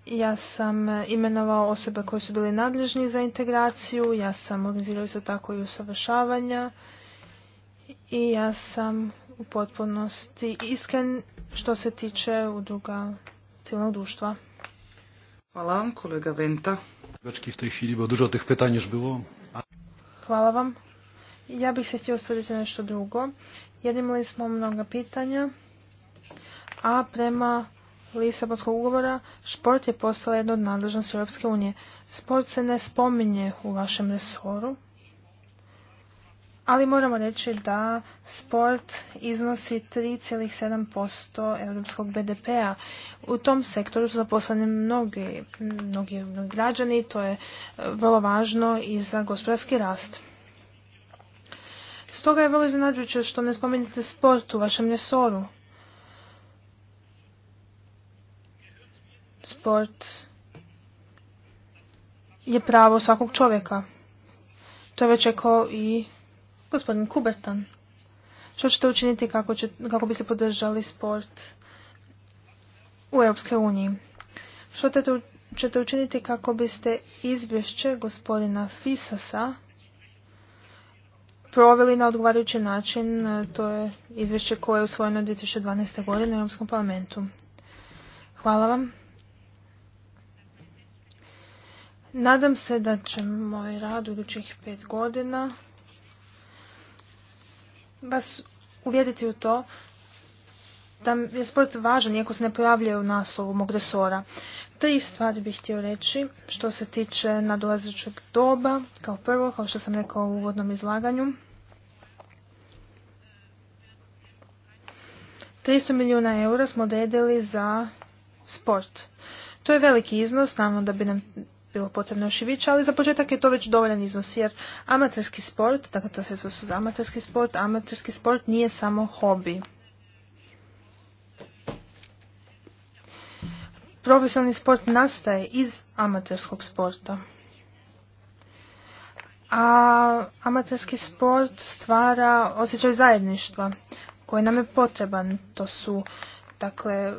Ja sam e, imenovao osobe koje su bili nadležni za integraciju, ja sam organizirao isto tako i usavršavanja i ja sam u potpunosti iskren što se tiče udruga civilnog društva. Hvala vam, kolega Venta. Hvala vam. Ja bih se htio osvrnuti nešto drugo. Jer imali smo mnoga pitanja, a prema Lisabonskog ugovora šport je postala jedna od nadležnosti Europske unije. Sport se ne spominje u vašem resoru, ali moramo reći da sport iznosi 3,7% europskog BDP-a. U tom sektoru su zaposleni mnogi, mnogi građani, to je e, vrlo važno i za gospodarski rast. Stoga je vrlo iznenađujuće što ne spominjete sport u vašem resoru. sport je pravo svakog čovjeka. To je već rekao i gospodin Kubertan. Što ćete učiniti kako, će, kako biste podržali sport u Europskoj uniji? Što ćete učiniti kako biste izvješće gospodina Fisasa proveli na odgovarajući način? To je izvješće koje je usvojeno 2012. godine u Europskom parlamentu. Hvala vam. Nadam se da će moj rad u idućih pet godina vas uvjeriti u to da je sport važan, iako se ne pojavljuje u naslovu mog resora. Tri stvari bih htio reći što se tiče nadolazećeg doba, kao prvo, kao što sam rekao u uvodnom izlaganju. 300 milijuna eura smo odredili za sport. To je veliki iznos, naravno da bi nam bilo potrebno još i više, ali za početak je to već dovoljan iznos jer amaterski sport, dakle ta sredstva su za amaterski sport, amaterski sport nije samo hobi. Profesionalni sport nastaje iz amaterskog sporta. A amaterski sport stvara osjećaj zajedništva koji nam je potreban. To su dakle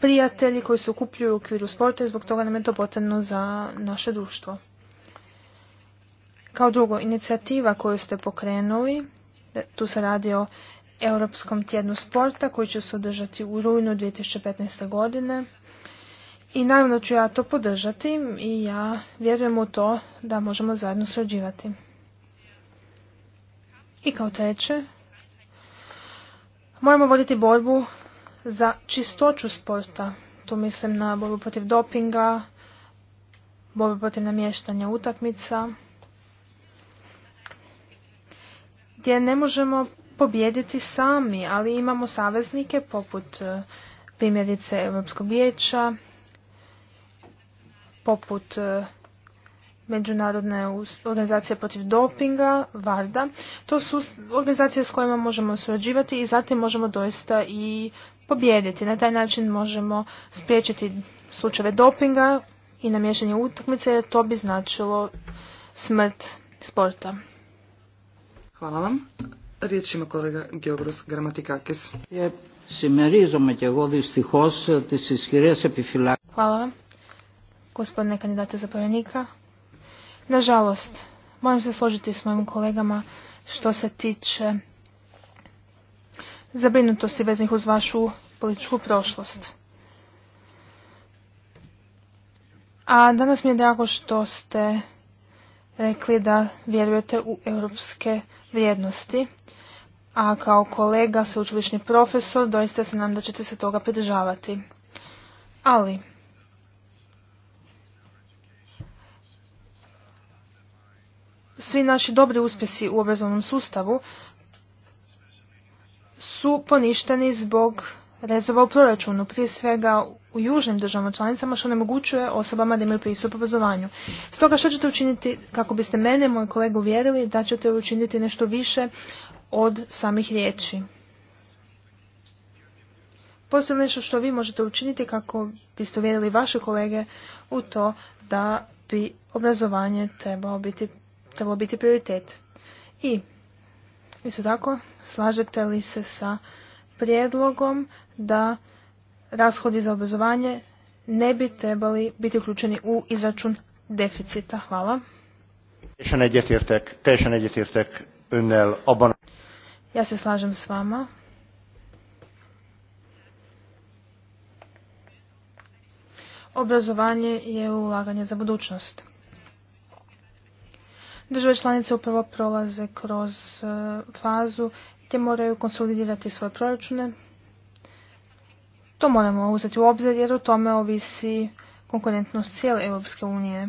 prijatelji koji se okupljuju u okviru sporta i zbog toga nam je to potrebno za naše društvo. Kao drugo, inicijativa koju ste pokrenuli, e, tu se radi o Europskom tjednu sporta koji će se održati u rujnu 2015. godine. I naravno ću ja to podržati i ja vjerujem u to da možemo zajedno surađivati. I kao treće, moramo voditi borbu za čistoću sporta. Tu mislim na borbu protiv dopinga, borbu protiv namještanja utakmica, gdje ne možemo pobijediti sami, ali imamo saveznike poput e, primjerice Europskog vijeća, poput e, Međunarodne organizacije protiv dopinga, VARDA. To su organizacije s kojima možemo surađivati i zatim možemo doista i pobijediti. Na taj način možemo spriječiti slučajeve dopinga i namješanje utakmice jer to bi značilo smrt sporta. Hvala vam. Riječ ima kolega Georgos Gramatikakis. Hvala vam. Gospodine kandidate zapovjednika, Nažalost, moram se složiti s mojim kolegama što se tiče zabrinutosti veznih uz vašu političku prošlost. A danas mi je drago što ste rekli da vjerujete u europske vrijednosti, a kao kolega sveučilišni profesor doista se nam da ćete se toga pridržavati. Ali, svi naši dobri uspjesi u obrazovnom sustavu su poništeni zbog rezova u proračunu, prije svega u južnim državama članicama što onemogućuje osobama da imaju pristup obrazovanju. Stoga što ćete učiniti kako biste mene, moj kolegu, uvjerili da ćete učiniti nešto više od samih riječi? Postoji nešto što vi možete učiniti kako biste uvjerili vaše kolege u to da bi obrazovanje trebao biti trebalo biti prioritet. I isto tako, slažete li se sa prijedlogom da rashodi za obrazovanje ne bi trebali biti uključeni u izračun deficita? Hvala. Ja se slažem s vama. Obrazovanje je ulaganje za budućnost. Države članice upravo prolaze kroz e, fazu gdje moraju konsolidirati svoje proračune. To moramo uzeti u obzir jer o tome ovisi konkurentnost cijele Europske unije.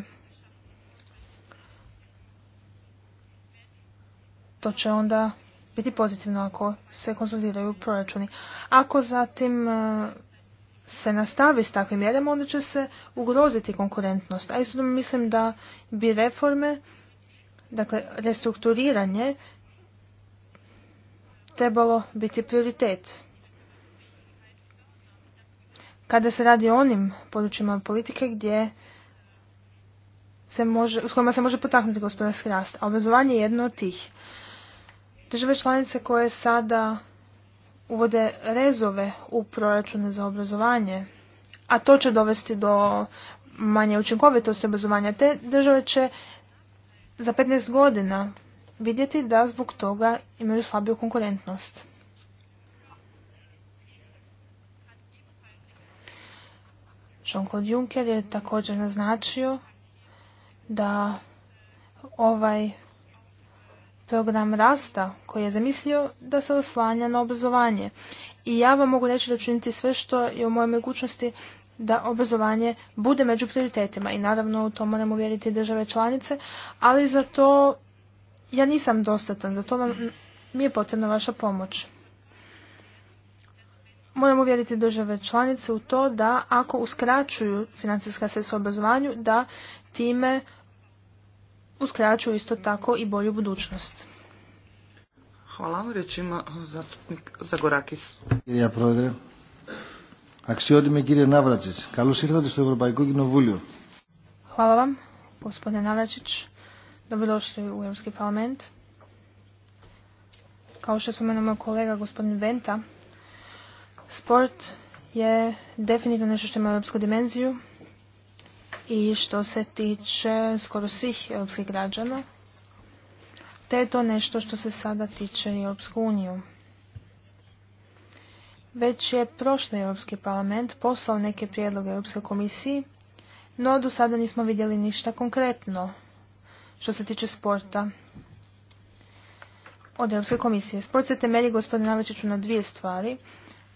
To će onda biti pozitivno ako se konsolidiraju proračuni. Ako zatim e, se nastavi s takvim mjerama, onda će se ugroziti konkurentnost. A isto mislim da bi reforme Dakle, restrukturiranje trebalo biti prioritet. Kada se radi o onim područjima politike gdje se može, s kojima se može potaknuti gospodarski rast, a obrazovanje je jedno od tih. Države članice koje sada uvode rezove u proračune za obrazovanje, a to će dovesti do manje učinkovitosti obrazovanja, te države će za 15 godina vidjeti da zbog toga imaju slabiju konkurentnost. Jean-Claude Juncker je također naznačio da ovaj program rasta koji je zamislio da se oslanja na obrazovanje. I ja vam mogu reći da činiti sve što je u mojoj mogućnosti da obrazovanje bude među prioritetima i naravno u to moramo uvjeriti države članice, ali za to ja nisam dostatan, za to vam, mi je potrebna vaša pomoć. Moramo uvjeriti države članice u to da ako uskraćuju financijska sredstva obrazovanju, da time uskraćuju isto tako i bolju budućnost. Hvala vam, zastupnik Zagorakis. Ja Hvala vam, gospodine Dobrodošli u Europski parlament. Kao što je spomenuo moj kolega, gospodin Venta, sport je definitivno nešto što ima europsku dimenziju i što se tiče skoro svih europskih građana, te je to nešto što se sada tiče i Europsku uniju. Već je prošli Europski parlament poslao neke prijedloge Europske komisiji, no do sada nismo vidjeli ništa konkretno što se tiče sporta od Europske komisije. Sport se temelji, gospodine na dvije stvari,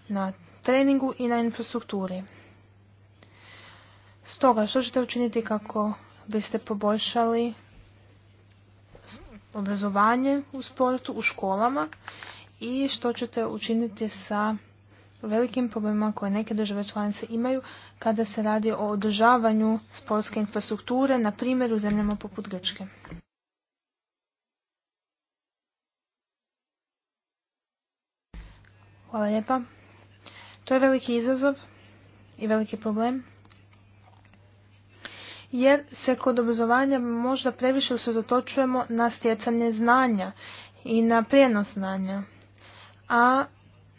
na treningu i na infrastrukturi. Stoga, što ćete učiniti kako biste poboljšali obrazovanje u sportu, u školama i što ćete učiniti sa velikim problemima koje neke države članice imaju kada se radi o održavanju sportske infrastrukture, na primjer u zemljama poput Grčke. Hvala lijepa. To je veliki izazov i veliki problem. Jer se kod obrazovanja možda previše usredotočujemo na stjecanje znanja i na prijenos znanja. A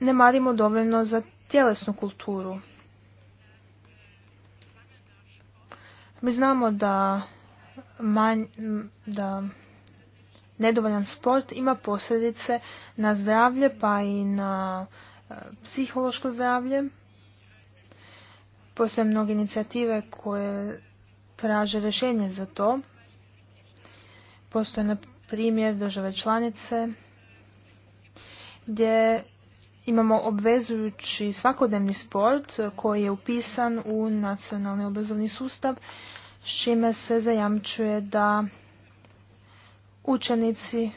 ne marimo dovoljno za tjelesnu kulturu. Mi znamo da, manj, da nedovoljan sport ima posljedice na zdravlje pa i na e, psihološko zdravlje. Postoje mnoge inicijative koje traže rješenje za to. Postoje na primjer države članice gdje imamo obvezujući svakodnevni sport koji je upisan u nacionalni obrazovni sustav s čime se zajamčuje da učenici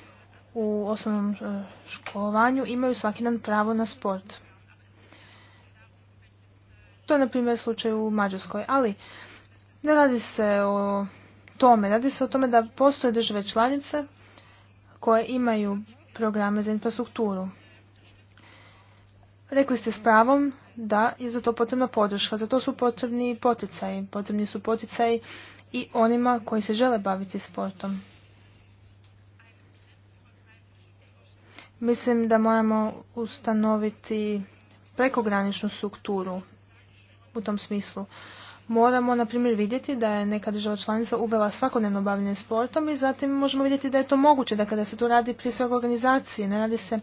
u osnovnom e, školovanju imaju svaki dan pravo na sport. To je na primjer slučaj u Mađarskoj, ali ne radi se o tome, radi se o tome da postoje države članice koje imaju programe za infrastrukturu. Rekli ste s pravom da je za to potrebna podrška, za to su potrebni poticaji. Potrebni su poticaji i onima koji se žele baviti sportom. Mislim da moramo ustanoviti prekograničnu strukturu u tom smislu. Moramo, na primjer, vidjeti da je neka država članica uvela svakodnevno bavljanje sportom i zatim možemo vidjeti da je to moguće, da kada se to radi prije svega organizacije, ne radi se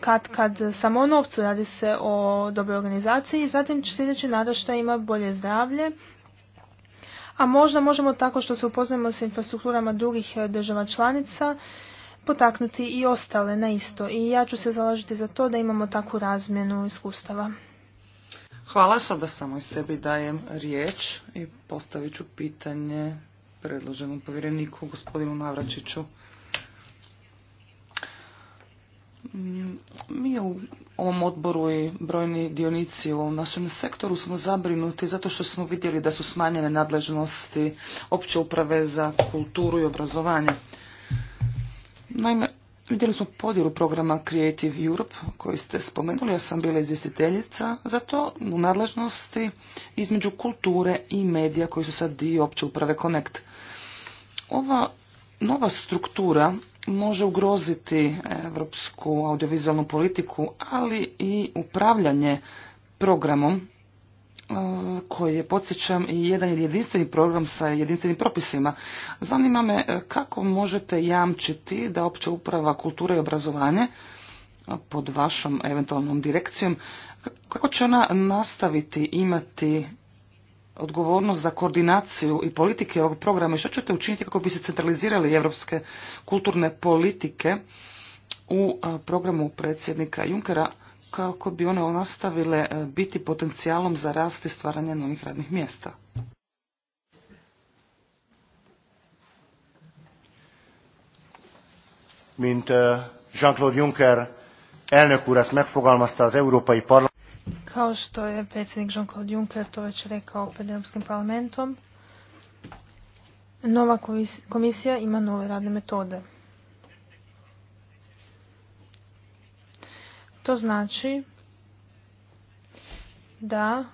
kad kad samo o novcu, radi se o dobroj organizaciji, zatim sljedeći naraštaj ima bolje zdravlje, a možda možemo tako što se upoznajemo s infrastrukturama drugih e, država članica potaknuti i ostale na isto. I ja ću se zalažiti za to da imamo takvu razmjenu iskustava. Hvala sada samo i sebi dajem riječ i postavit ću pitanje predloženom povjereniku gospodinu Navračiću. Mi u ovom odboru i brojni dionici u ovom našem sektoru smo zabrinuti zato što smo vidjeli da su smanjene nadležnosti opće uprave za kulturu i obrazovanje. Naime, vidjeli smo podjelu programa Creative Europe koji ste spomenuli, ja sam bila izvjestiteljica, zato u nadležnosti između kulture i medija koji su sad dio opće uprave Connect. Ova nova struktura može ugroziti europsku audiovizualnu politiku, ali i upravljanje programom e, koji je, podsjećam, jedan jedinstveni program sa jedinstvenim propisima. Zanima me e, kako možete jamčiti da opća uprava kulture i obrazovanje pod vašom eventualnom direkcijom, kako će ona nastaviti imati odgovornost za koordinaciju i politike ovog programa i što ćete učiniti kako bi se centralizirali europske kulturne politike u e, programu predsjednika Junkera kako bi one nastavile e, biti potencijalom za rast i stvaranje novih radnih mjesta. Mint e, Jean-Claude Juncker elnök úr ezt megfogalmazta az Európai kao što je predsjednik Jean-Claude Juncker to već rekao pred Europskim parlamentom, nova komisija ima nove radne metode. To znači da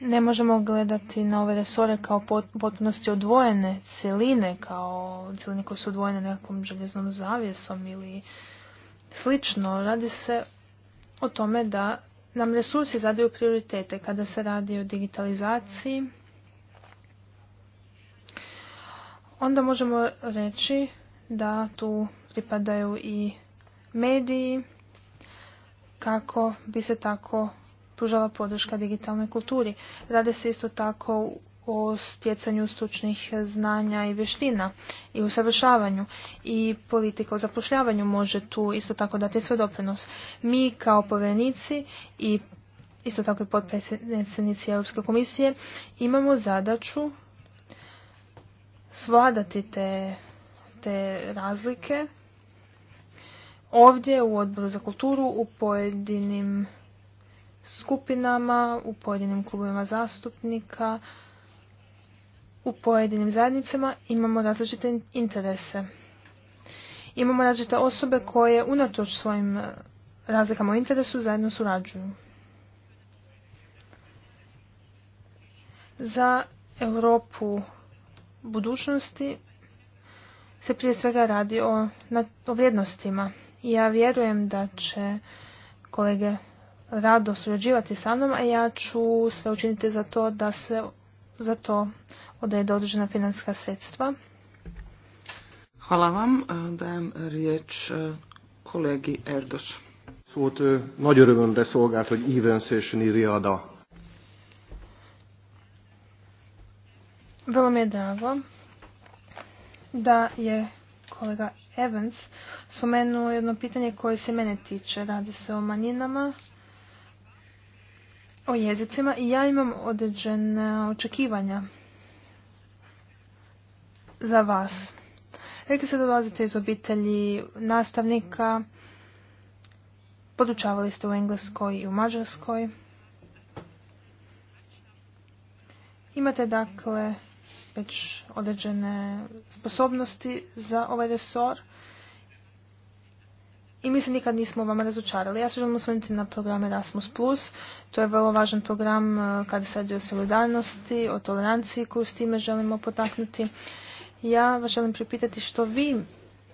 ne možemo gledati na ove resore kao potpunosti odvojene celine, kao celine koje su odvojene nekakvom željeznom zavjesom ili slično. Radi se o tome da nam resursi zadaju prioritete kada se radi o digitalizaciji. Onda možemo reći da tu pripadaju i mediji kako bi se tako pružala podrška digitalnoj kulturi. Rade se isto tako o stjecanju stručnih znanja i vještina i usavršavanju i politika o zapošljavanju može tu isto tako dati svoj doprinos. Mi kao povjerenici i isto tako i potpredsjednici Europske komisije imamo zadaću svladati te, te razlike ovdje u odboru za kulturu u pojedinim skupinama, u pojedinim klubovima zastupnika, u pojedinim zajednicama imamo različite interese. Imamo različite osobe koje unatoč svojim e, razlikama u interesu zajedno surađuju. Za Europu budućnosti se prije svega radi o, o vrijednostima. I ja vjerujem da će kolege rado surađivati sa mnom, a ja ću sve učiniti za to da se za to odrede određena financijska sredstva. Hvala vam. Dajem riječ e, kolegi Erdoš. da e, nagy örömömre szolgált, hogy Evans és Niriada. Vrlo mi je drago da je kolega Evans spomenuo jedno pitanje koje se mene tiče. Radi se o manjinama, o jezicima i ja imam određene očekivanja za vas. Rekli ste da dolazite iz obitelji nastavnika, podučavali ste u Engleskoj i u Mađarskoj. Imate dakle već određene sposobnosti za ovaj resor i mi se nikad nismo vama razočarali. Ja se želim osvrnuti na program Erasmus+. To je vrlo važan program eh, kada se radi o solidarnosti, o toleranciji koju s time želimo potaknuti ja vas želim pripitati što vi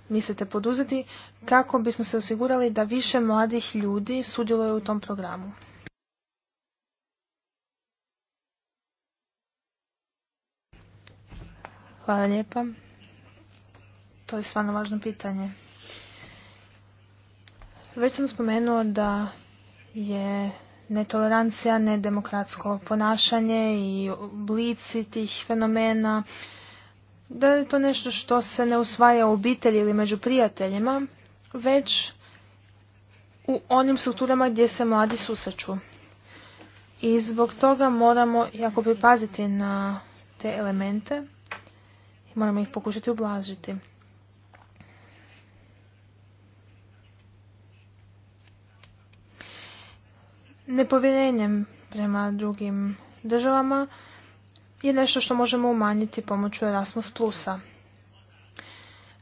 mislite poduzeti kako bismo se osigurali da više mladih ljudi sudjeluje u tom programu. Hvala lijepa. To je stvarno važno pitanje. Već sam spomenuo da je netolerancija, nedemokratsko ponašanje i oblici tih fenomena da je to nešto što se ne usvaja u obitelji ili među prijateljima, već u onim strukturama gdje se mladi susreću. I zbog toga moramo jako pripaziti na te elemente i moramo ih pokušati ublažiti. Nepovjerenjem prema drugim državama je nešto što možemo umanjiti pomoću Erasmus Plusa.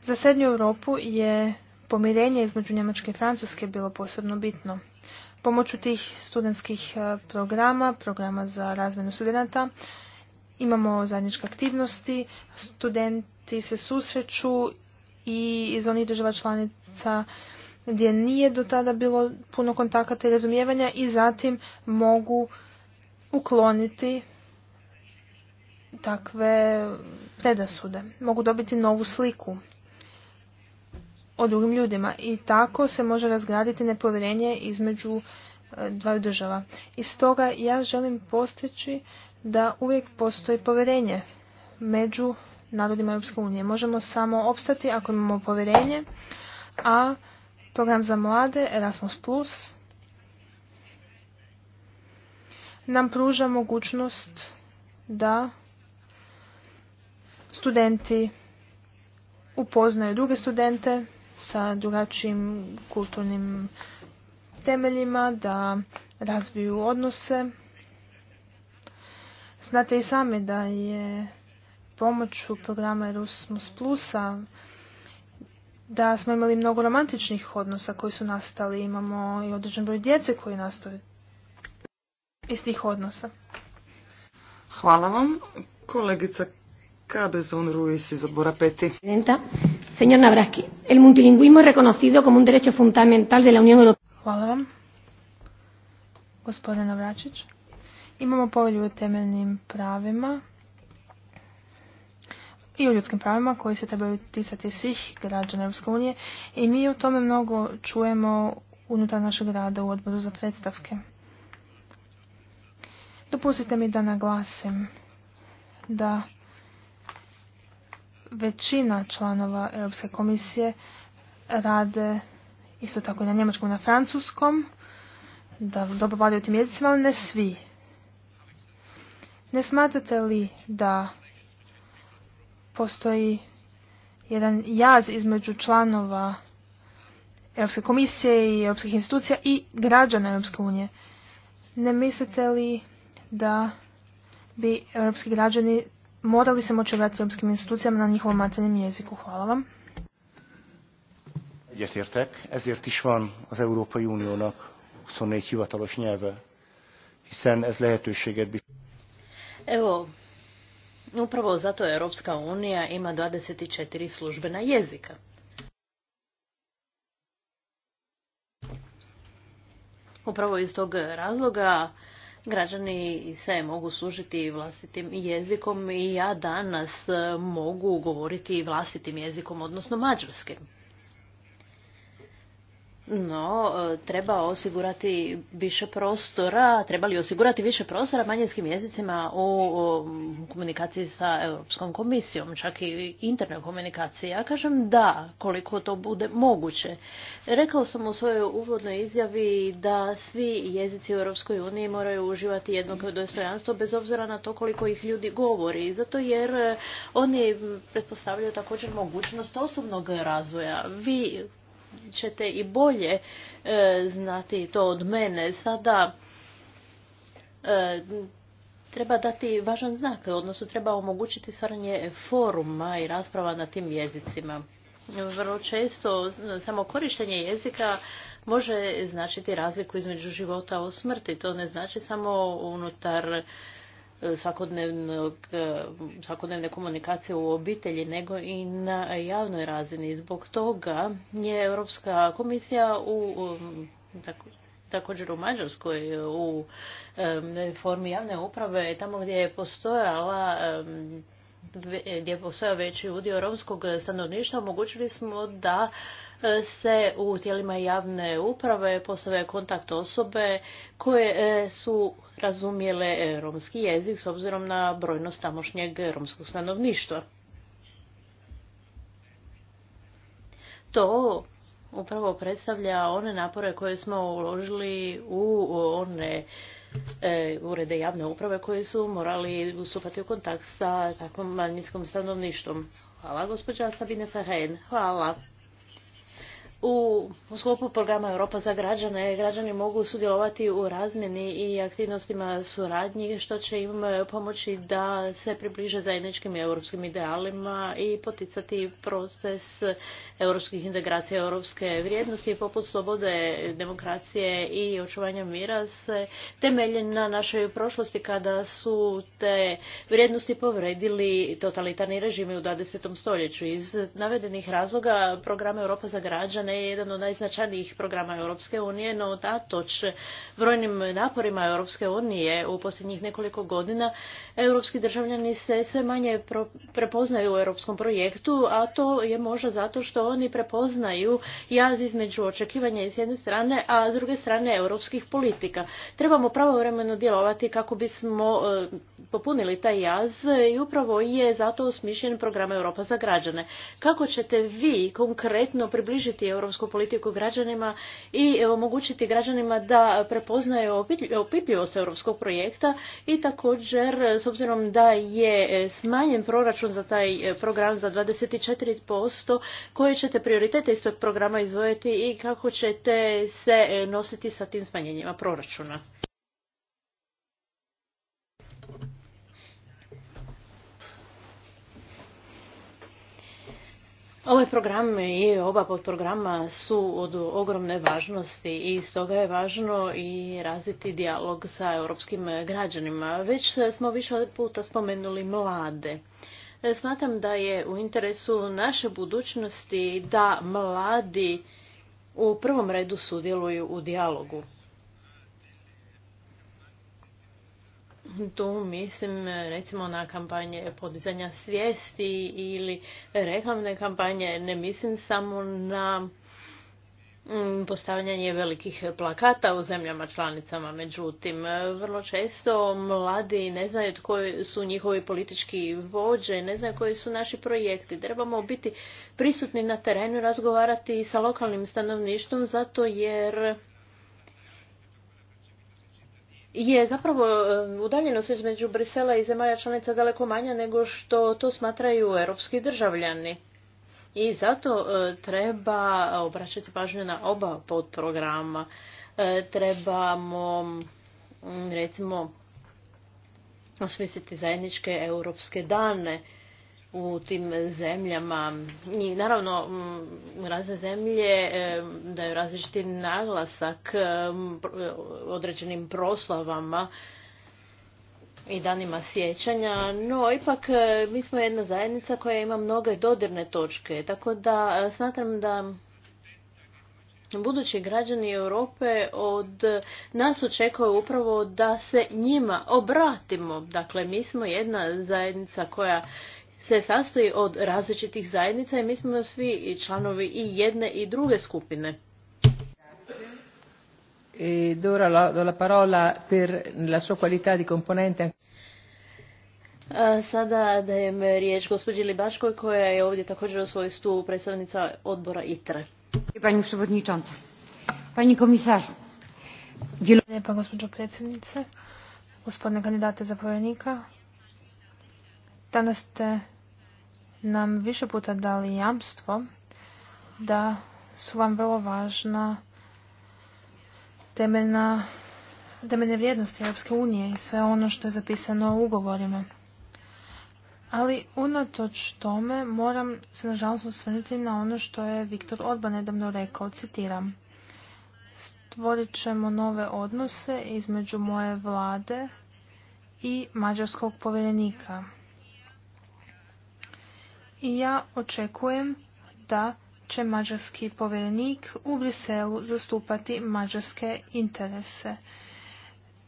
Za srednju Europu je pomirenje između Njemačke i Francuske bilo posebno bitno. Pomoću tih studentskih e, programa, programa za razmjenu studenta, imamo zajedničke aktivnosti, studenti se susreću i iz onih država članica gdje nije do tada bilo puno kontakata i razumijevanja i zatim mogu ukloniti takve predasude. Mogu dobiti novu sliku o drugim ljudima i tako se može razgraditi nepovjerenje između e, dvaju država. I stoga ja želim postići da uvijek postoji povjerenje među narodima Europske unije. Možemo samo opstati ako imamo povjerenje, a program za mlade Erasmus Plus nam pruža mogućnost da studenti upoznaju druge studente sa drugačijim kulturnim temeljima, da razviju odnose. Znate i sami da je u programa Erasmus Plusa da smo imali mnogo romantičnih odnosa koji su nastali, imamo i određen broj djece koji nastaju iz tih odnosa. Hvala vam. Kolegica Cabezón Ruiz iz odbora peti. Señor Navraski, el multilingüismo es reconocido como un derecho fundamental de la Unión Europea. Hvala vam. Navračić. Imamo povelju o temeljnim pravima i o ljudskim pravima koji se trebaju ticati svih građana Europske unije i mi o tome mnogo čujemo unutar našeg rada u odboru za predstavke. Dopustite mi da naglasim da većina članova Europske komisije rade isto tako i na njemačkom i na francuskom, da dobro vladaju tim jezicima, ali ne svi. Ne smatrate li da postoji jedan jaz između članova Europske komisije i europskih institucija i građana Europske unije? Ne mislite li da bi europski građani morali se moći vratiti europskim institucijama na njihovom maternjem jeziku. Hvala vam. Egyetértek, ezért is van az Európai Uniónak 24 hivatalos nyelve, hiszen ez lehetőséget biztosít. Evo, upravo zato Európska unija ima 24 službena jezika. Upravo iz tog razloga građani se mogu služiti vlastitim jezikom i ja danas mogu govoriti vlastitim jezikom, odnosno mađarskim no e, treba osigurati više prostora, treba li osigurati više prostora manjinskim jezicima u komunikaciji sa Europskom komisijom, čak i internoj komunikaciji. Ja kažem da, koliko to bude moguće. Rekao sam u svojoj uvodnoj izjavi da svi jezici u Europskoj uniji moraju uživati jednako dostojanstvo bez obzira na to koliko ih ljudi govori, zato jer oni pretpostavljaju također mogućnost osobnog razvoja. Vi ćete i bolje e, znati to od mene. Sada e, treba dati važan znak, odnosno treba omogućiti stvaranje foruma i rasprava na tim jezicima. Vrlo često samo korištenje jezika može značiti razliku između života u smrti. To ne znači samo unutar Eh, svakodnevne komunikacije u obitelji, nego i na javnoj razini. Zbog toga je Europska komisija u također u Mađarskoj u reformi javne uprave, tamo gdje je postojala gdje je postojao veći udio romskog stanovništva, omogućili smo da se u tijelima javne uprave postave kontakt osobe koje e, su razumjele e, romski jezik s obzirom na brojnost tamošnjeg romskog stanovništva. To upravo predstavlja one napore koje smo uložili u one e, urede javne uprave koje su morali usupati u kontakt sa takvom manjinskom stanovništvom. Hvala gospođa Sabine Fahen. Hvala. U, sklopu programa Europa za građane građani mogu sudjelovati u razmjeni i aktivnostima suradnji što će im e, pomoći da se približe zajedničkim europskim idealima i poticati proces europskih integracija europske vrijednosti poput slobode, demokracije i očuvanja mira se temelje na našoj prošlosti kada su te vrijednosti povredili totalitarni režimi u 20. stoljeću. Iz navedenih razloga program Europa za građane je jedan od najznačajnijih programa Europske unije, no datoč brojnim naporima Europske unije u posljednjih nekoliko godina, europski državljani se sve manje prepoznaju u europskom projektu, a to je možda zato što oni prepoznaju jaz između očekivanja s jedne strane, a s druge strane europskih politika. Trebamo pravovremeno djelovati kako bismo e, popunili taj jaz i upravo je zato osmišljen program Europa za građane. Kako ćete vi konkretno približiti europsku politiku građanima i omogućiti građanima da prepoznaju opipljivost europskog projekta i također s obzirom da je smanjen proračun za taj program za 24%, koje ćete prioritete iz tog programa izdvojiti i kako ćete se nositi sa tim smanjenjima proračuna? Ovaj program i oba podprograma su od ogromne važnosti i stoga je važno i razviti dijalog sa europskim građanima. Već smo više puta spomenuli mlade. Smatram da je u interesu naše budućnosti da mladi u prvom redu sudjeluju u dijalogu. Tu mislim recimo na kampanje podizanja svijesti ili reklamne kampanje. Ne mislim samo na mm, postavljanje velikih plakata u zemljama članicama. Međutim, vrlo često mladi ne znaju koji su njihovi politički vođe, ne znaju koji su naši projekti. Trebamo biti prisutni na terenu, razgovarati sa lokalnim stanovništvom, zato jer je zapravo udaljenost između Brisela i zemalja članica daleko manja nego što to smatraju europski državljani. I zato e, treba obraćati pažnju na oba podprograma. E, trebamo recimo osvisiti zajedničke europske dane u tim zemljama. I naravno, razne zemlje e, daju različiti naglasak e, e, određenim proslavama i danima sjećanja, no ipak mi smo jedna zajednica koja ima mnoge dodirne točke, tako da smatram da budući građani Europe od nas očekuju upravo da se njima obratimo. Dakle, mi smo jedna zajednica koja se sastoji od različitih zajednica i mi smo svi i članovi i jedne i druge skupine. E do la parola per la sua qualità di sada dajem riječ gospođi Libačkoj koja je ovdje također u svojstvu predstavnica odbora ITRE. Pani przewodnicząca, pani komisarzu. Lijepa gospođo predsjednice, gospodine kandidate za povjenika, Danas ste nam više puta dali jamstvo da su vam vrlo važna temeljna, temeljne vrijednosti Europske unije i sve ono što je zapisano u ugovorima. Ali unatoč tome moram se nažalost osvrnuti na ono što je Viktor Orban nedavno rekao, citiram. Stvorit ćemo nove odnose između moje vlade i mađarskog povjerenika i ja očekujem da će mađarski povjerenik u Briselu zastupati mađarske interese.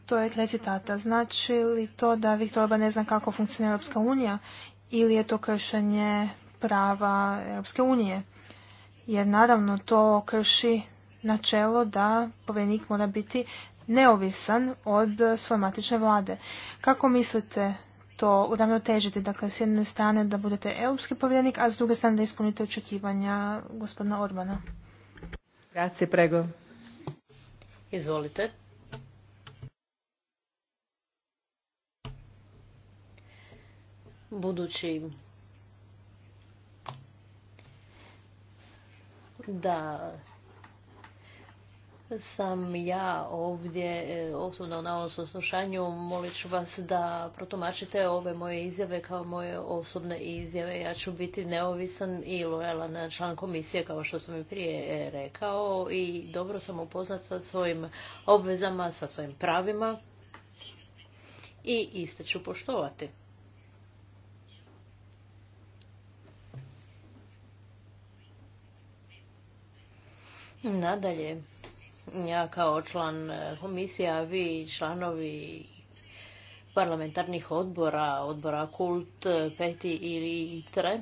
To je kraj citata. Znači li to da Viktor Orban ne zna kako funkcionira Europska unija ili je to kršenje prava Europske unije? Jer naravno to krši načelo da povjerenik mora biti neovisan od svoje matične vlade. Kako mislite to uravnotežiti. Dakle, s jedne strane da budete europski povjerenik, a s druge strane da ispunite očekivanja gospodina Orbana. Grazie, prego. Izvolite. Budući da sam ja ovdje e, osobno na ovom saslušanju. Molit ću vas da protumačite ove moje izjave kao moje osobne izjave. Ja ću biti neovisan i lojalan član komisije kao što sam i prije e, rekao i dobro sam upoznat sa svojim obvezama, sa svojim pravima i iste ću poštovati. Nadalje, ja kao član e, a vi članovi parlamentarnih odbora, odbora Kult, e, Peti ili Tre,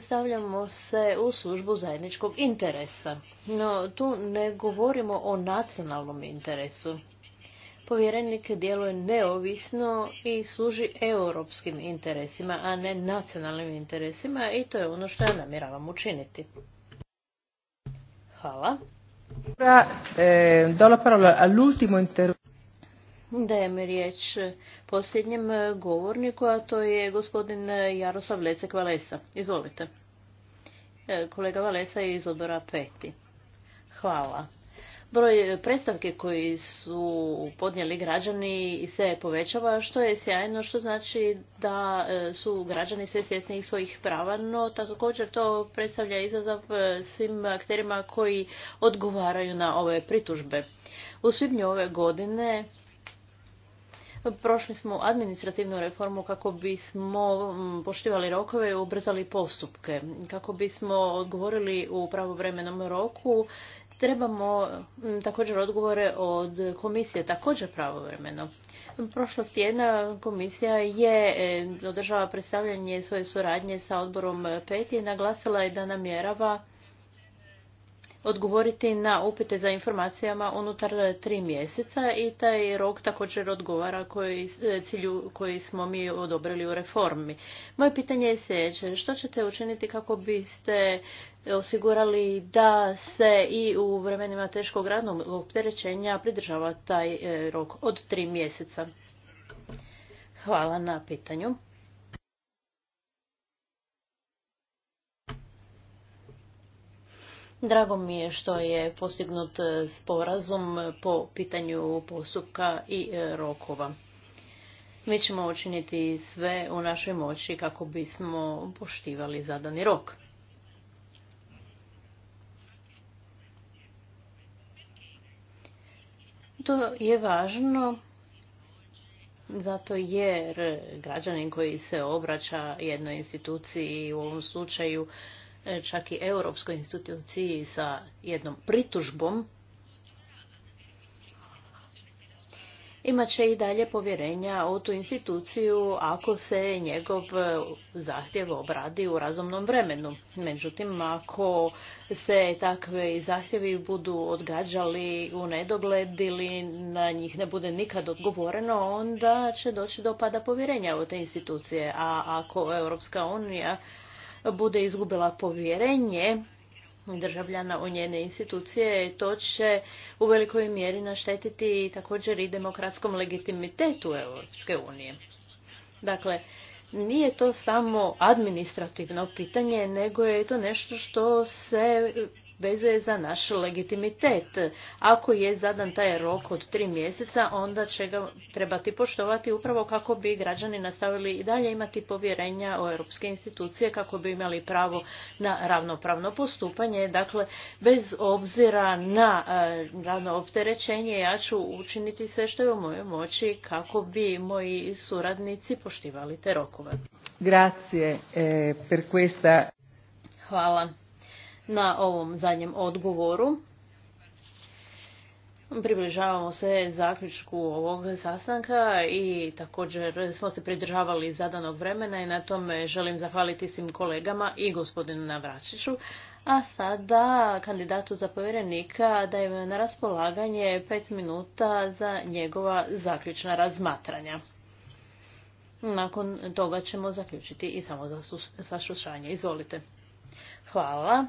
stavljamo se u službu zajedničkog interesa. No, tu ne govorimo o nacionalnom interesu. Povjerenik djeluje neovisno i služi europskim interesima, a ne nacionalnim interesima i to je ono što ja namjeravam učiniti. Hvala. Eh, Dajem riječ posljednjem govorniku, a to je gospodin Jaroslav Lecek Valesa. Izvolite. Eh, kolega Valesa je iz odbora peti. Hvala. Broj predstavke koji su podnijeli građani se povećava, što je sjajno, što znači da e, su građani sve svjesni svojih prava, no također to predstavlja izazov e, svim akterima koji odgovaraju na ove pritužbe. U svibnju ove godine prošli smo administrativnu reformu kako bismo poštivali rokove i ubrzali postupke, kako bismo odgovorili u pravovremenom roku Trebamo mm, također odgovore od komisije, također pravovremeno. Prošlog tjedna komisija je e, održala predstavljanje svoje suradnje sa odborom PET i naglasila je da namjerava odgovoriti na upite za informacijama unutar tri mjeseca i taj rok također odgovara koji, e, cilju koji smo mi odobrili u reformi. Moje pitanje je sljedeće. Što ćete učiniti kako biste osigurali da se i u vremenima teškog radnog opterećenja pridržava taj e, rok od tri mjeseca? Hvala na pitanju. Drago mi je što je postignut e, sporazum po pitanju postupka i e, rokova. Mi ćemo učiniti sve u našoj moći kako bismo poštivali zadani rok. To je važno zato jer građanin koji se obraća jednoj instituciji u ovom slučaju E, čak i Europskoj instituciji sa jednom pritužbom, imat će i dalje povjerenja u tu instituciju ako se njegov zahtjev obradi u razumnom vremenu. Međutim, ako se takve zahtjevi budu odgađali u nedogled ili na njih ne bude nikad odgovoreno, onda će doći do pada povjerenja u te institucije. A ako Europska unija bude izgubila povjerenje državljana u njene institucije, to će u velikoj mjeri naštetiti također i demokratskom legitimitetu Europske unije. Dakle, nije to samo administrativno pitanje, nego je to nešto što se vezuje za naš legitimitet. Ako je zadan taj rok od tri mjeseca, onda će ga trebati poštovati upravo kako bi građani nastavili i dalje imati povjerenja u europske institucije, kako bi imali pravo na ravnopravno postupanje. Dakle, bez obzira na e, radno opterećenje, ja ću učiniti sve što je u mojoj moći kako bi moji suradnici poštivali te rokove. Grazie e, per questa... Hvala na ovom zadnjem odgovoru. Približavamo se zaključku ovog sastanka i također smo se pridržavali zadanog vremena i na tome želim zahvaliti svim kolegama i gospodinu Navračiću. A sada kandidatu za povjerenika dajem na raspolaganje pet minuta za njegova zaključna razmatranja. Nakon toga ćemo zaključiti i samo za sašušanje. Izvolite. Hvala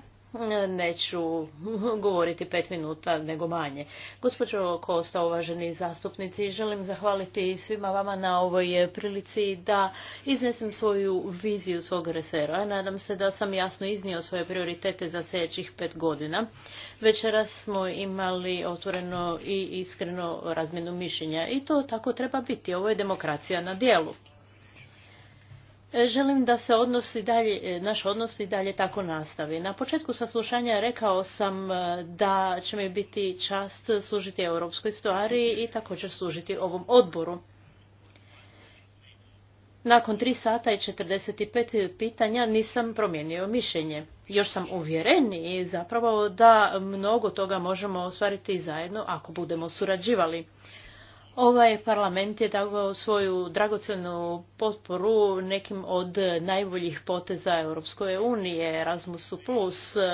neću govoriti pet minuta, nego manje. Gospođo Kosta, uvaženi zastupnici, želim zahvaliti svima vama na ovoj prilici da iznesem svoju viziju svog resera. Nadam se da sam jasno iznio svoje prioritete za sljedećih pet godina. Večeras smo imali otvoreno i iskreno razmjenu mišljenja i to tako treba biti. Ovo je demokracija na dijelu. Želim da se odnosi dalje, e, naš odnos i dalje tako nastavi. Na početku saslušanja rekao sam e, da će mi biti čast služiti europskoj stvari i također služiti ovom odboru. Nakon 3 sata i 45 pitanja nisam promijenio mišljenje. Još sam uvjeren i zapravo da mnogo toga možemo ostvariti zajedno ako budemo surađivali. Ovaj parlament je dao svoju dragocjenu potporu nekim od najboljih poteza Europskoj unije, Erasmusu+,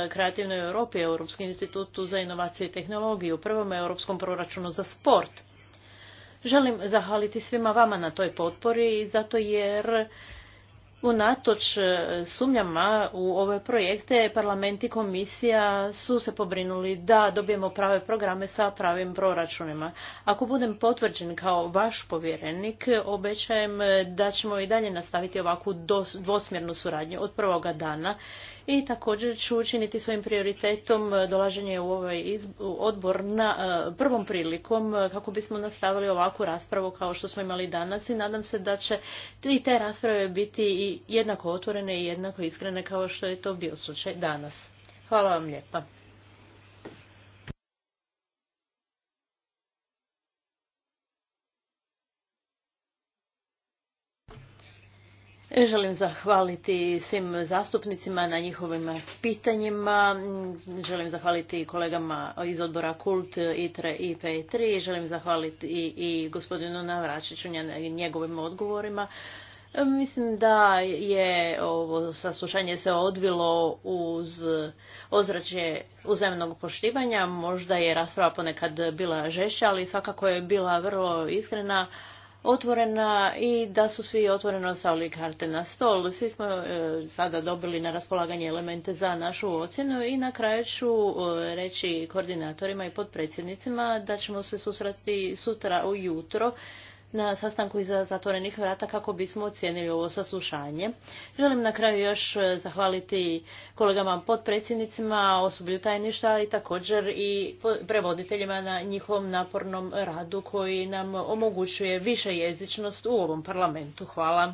Kreativnoj Europi, Europskom institutu za inovacije i tehnologiju, prvom europskom proračunu za sport. Želim zahvaliti svima vama na toj potpori, zato jer Unatoč e, sumnjama u ove projekte, parlament i komisija su se pobrinuli da dobijemo prave programe sa pravim proračunima. Ako budem potvrđen kao vaš povjerenik, obećajem e, da ćemo i dalje nastaviti ovakvu dvosmjernu suradnju od prvoga dana i također ću učiniti svojim prioritetom e, dolaženje u ovaj odbor na e, prvom prilikom e, kako bismo nastavili ovakvu raspravu kao što smo imali danas i nadam se da će i te rasprave biti i jednako otvorene i jednako iskrene kao što je to bio slučaj danas. Hvala vam lijepa. E, želim zahvaliti svim zastupnicima na njihovim pitanjima. Želim zahvaliti kolegama iz odbora Kult, ITRE i P3. Želim zahvaliti i, gospodinu Navračiću na njegovim odgovorima. E, mislim da je ovo saslušanje se odvilo uz ozračje uzemnog poštivanja. Možda je rasprava ponekad bila žešća, ali svakako je bila vrlo iskrena otvorena i da su svi otvoreno stavili karte na stol. Svi smo e, sada dobili na raspolaganje elemente za našu ocjenu i na kraju ću e, reći koordinatorima i potpredsjednicima da ćemo se susresti sutra ujutro na sastanku iza zatvorenih vrata kako bismo ocijenili ovo saslušanje. Želim na kraju još e, zahvaliti kolegama potpredsjednicima, osoblju tajništa i također i prevoditeljima na njihovom napornom radu koji nam omogućuje više jezičnost u ovom parlamentu. Hvala.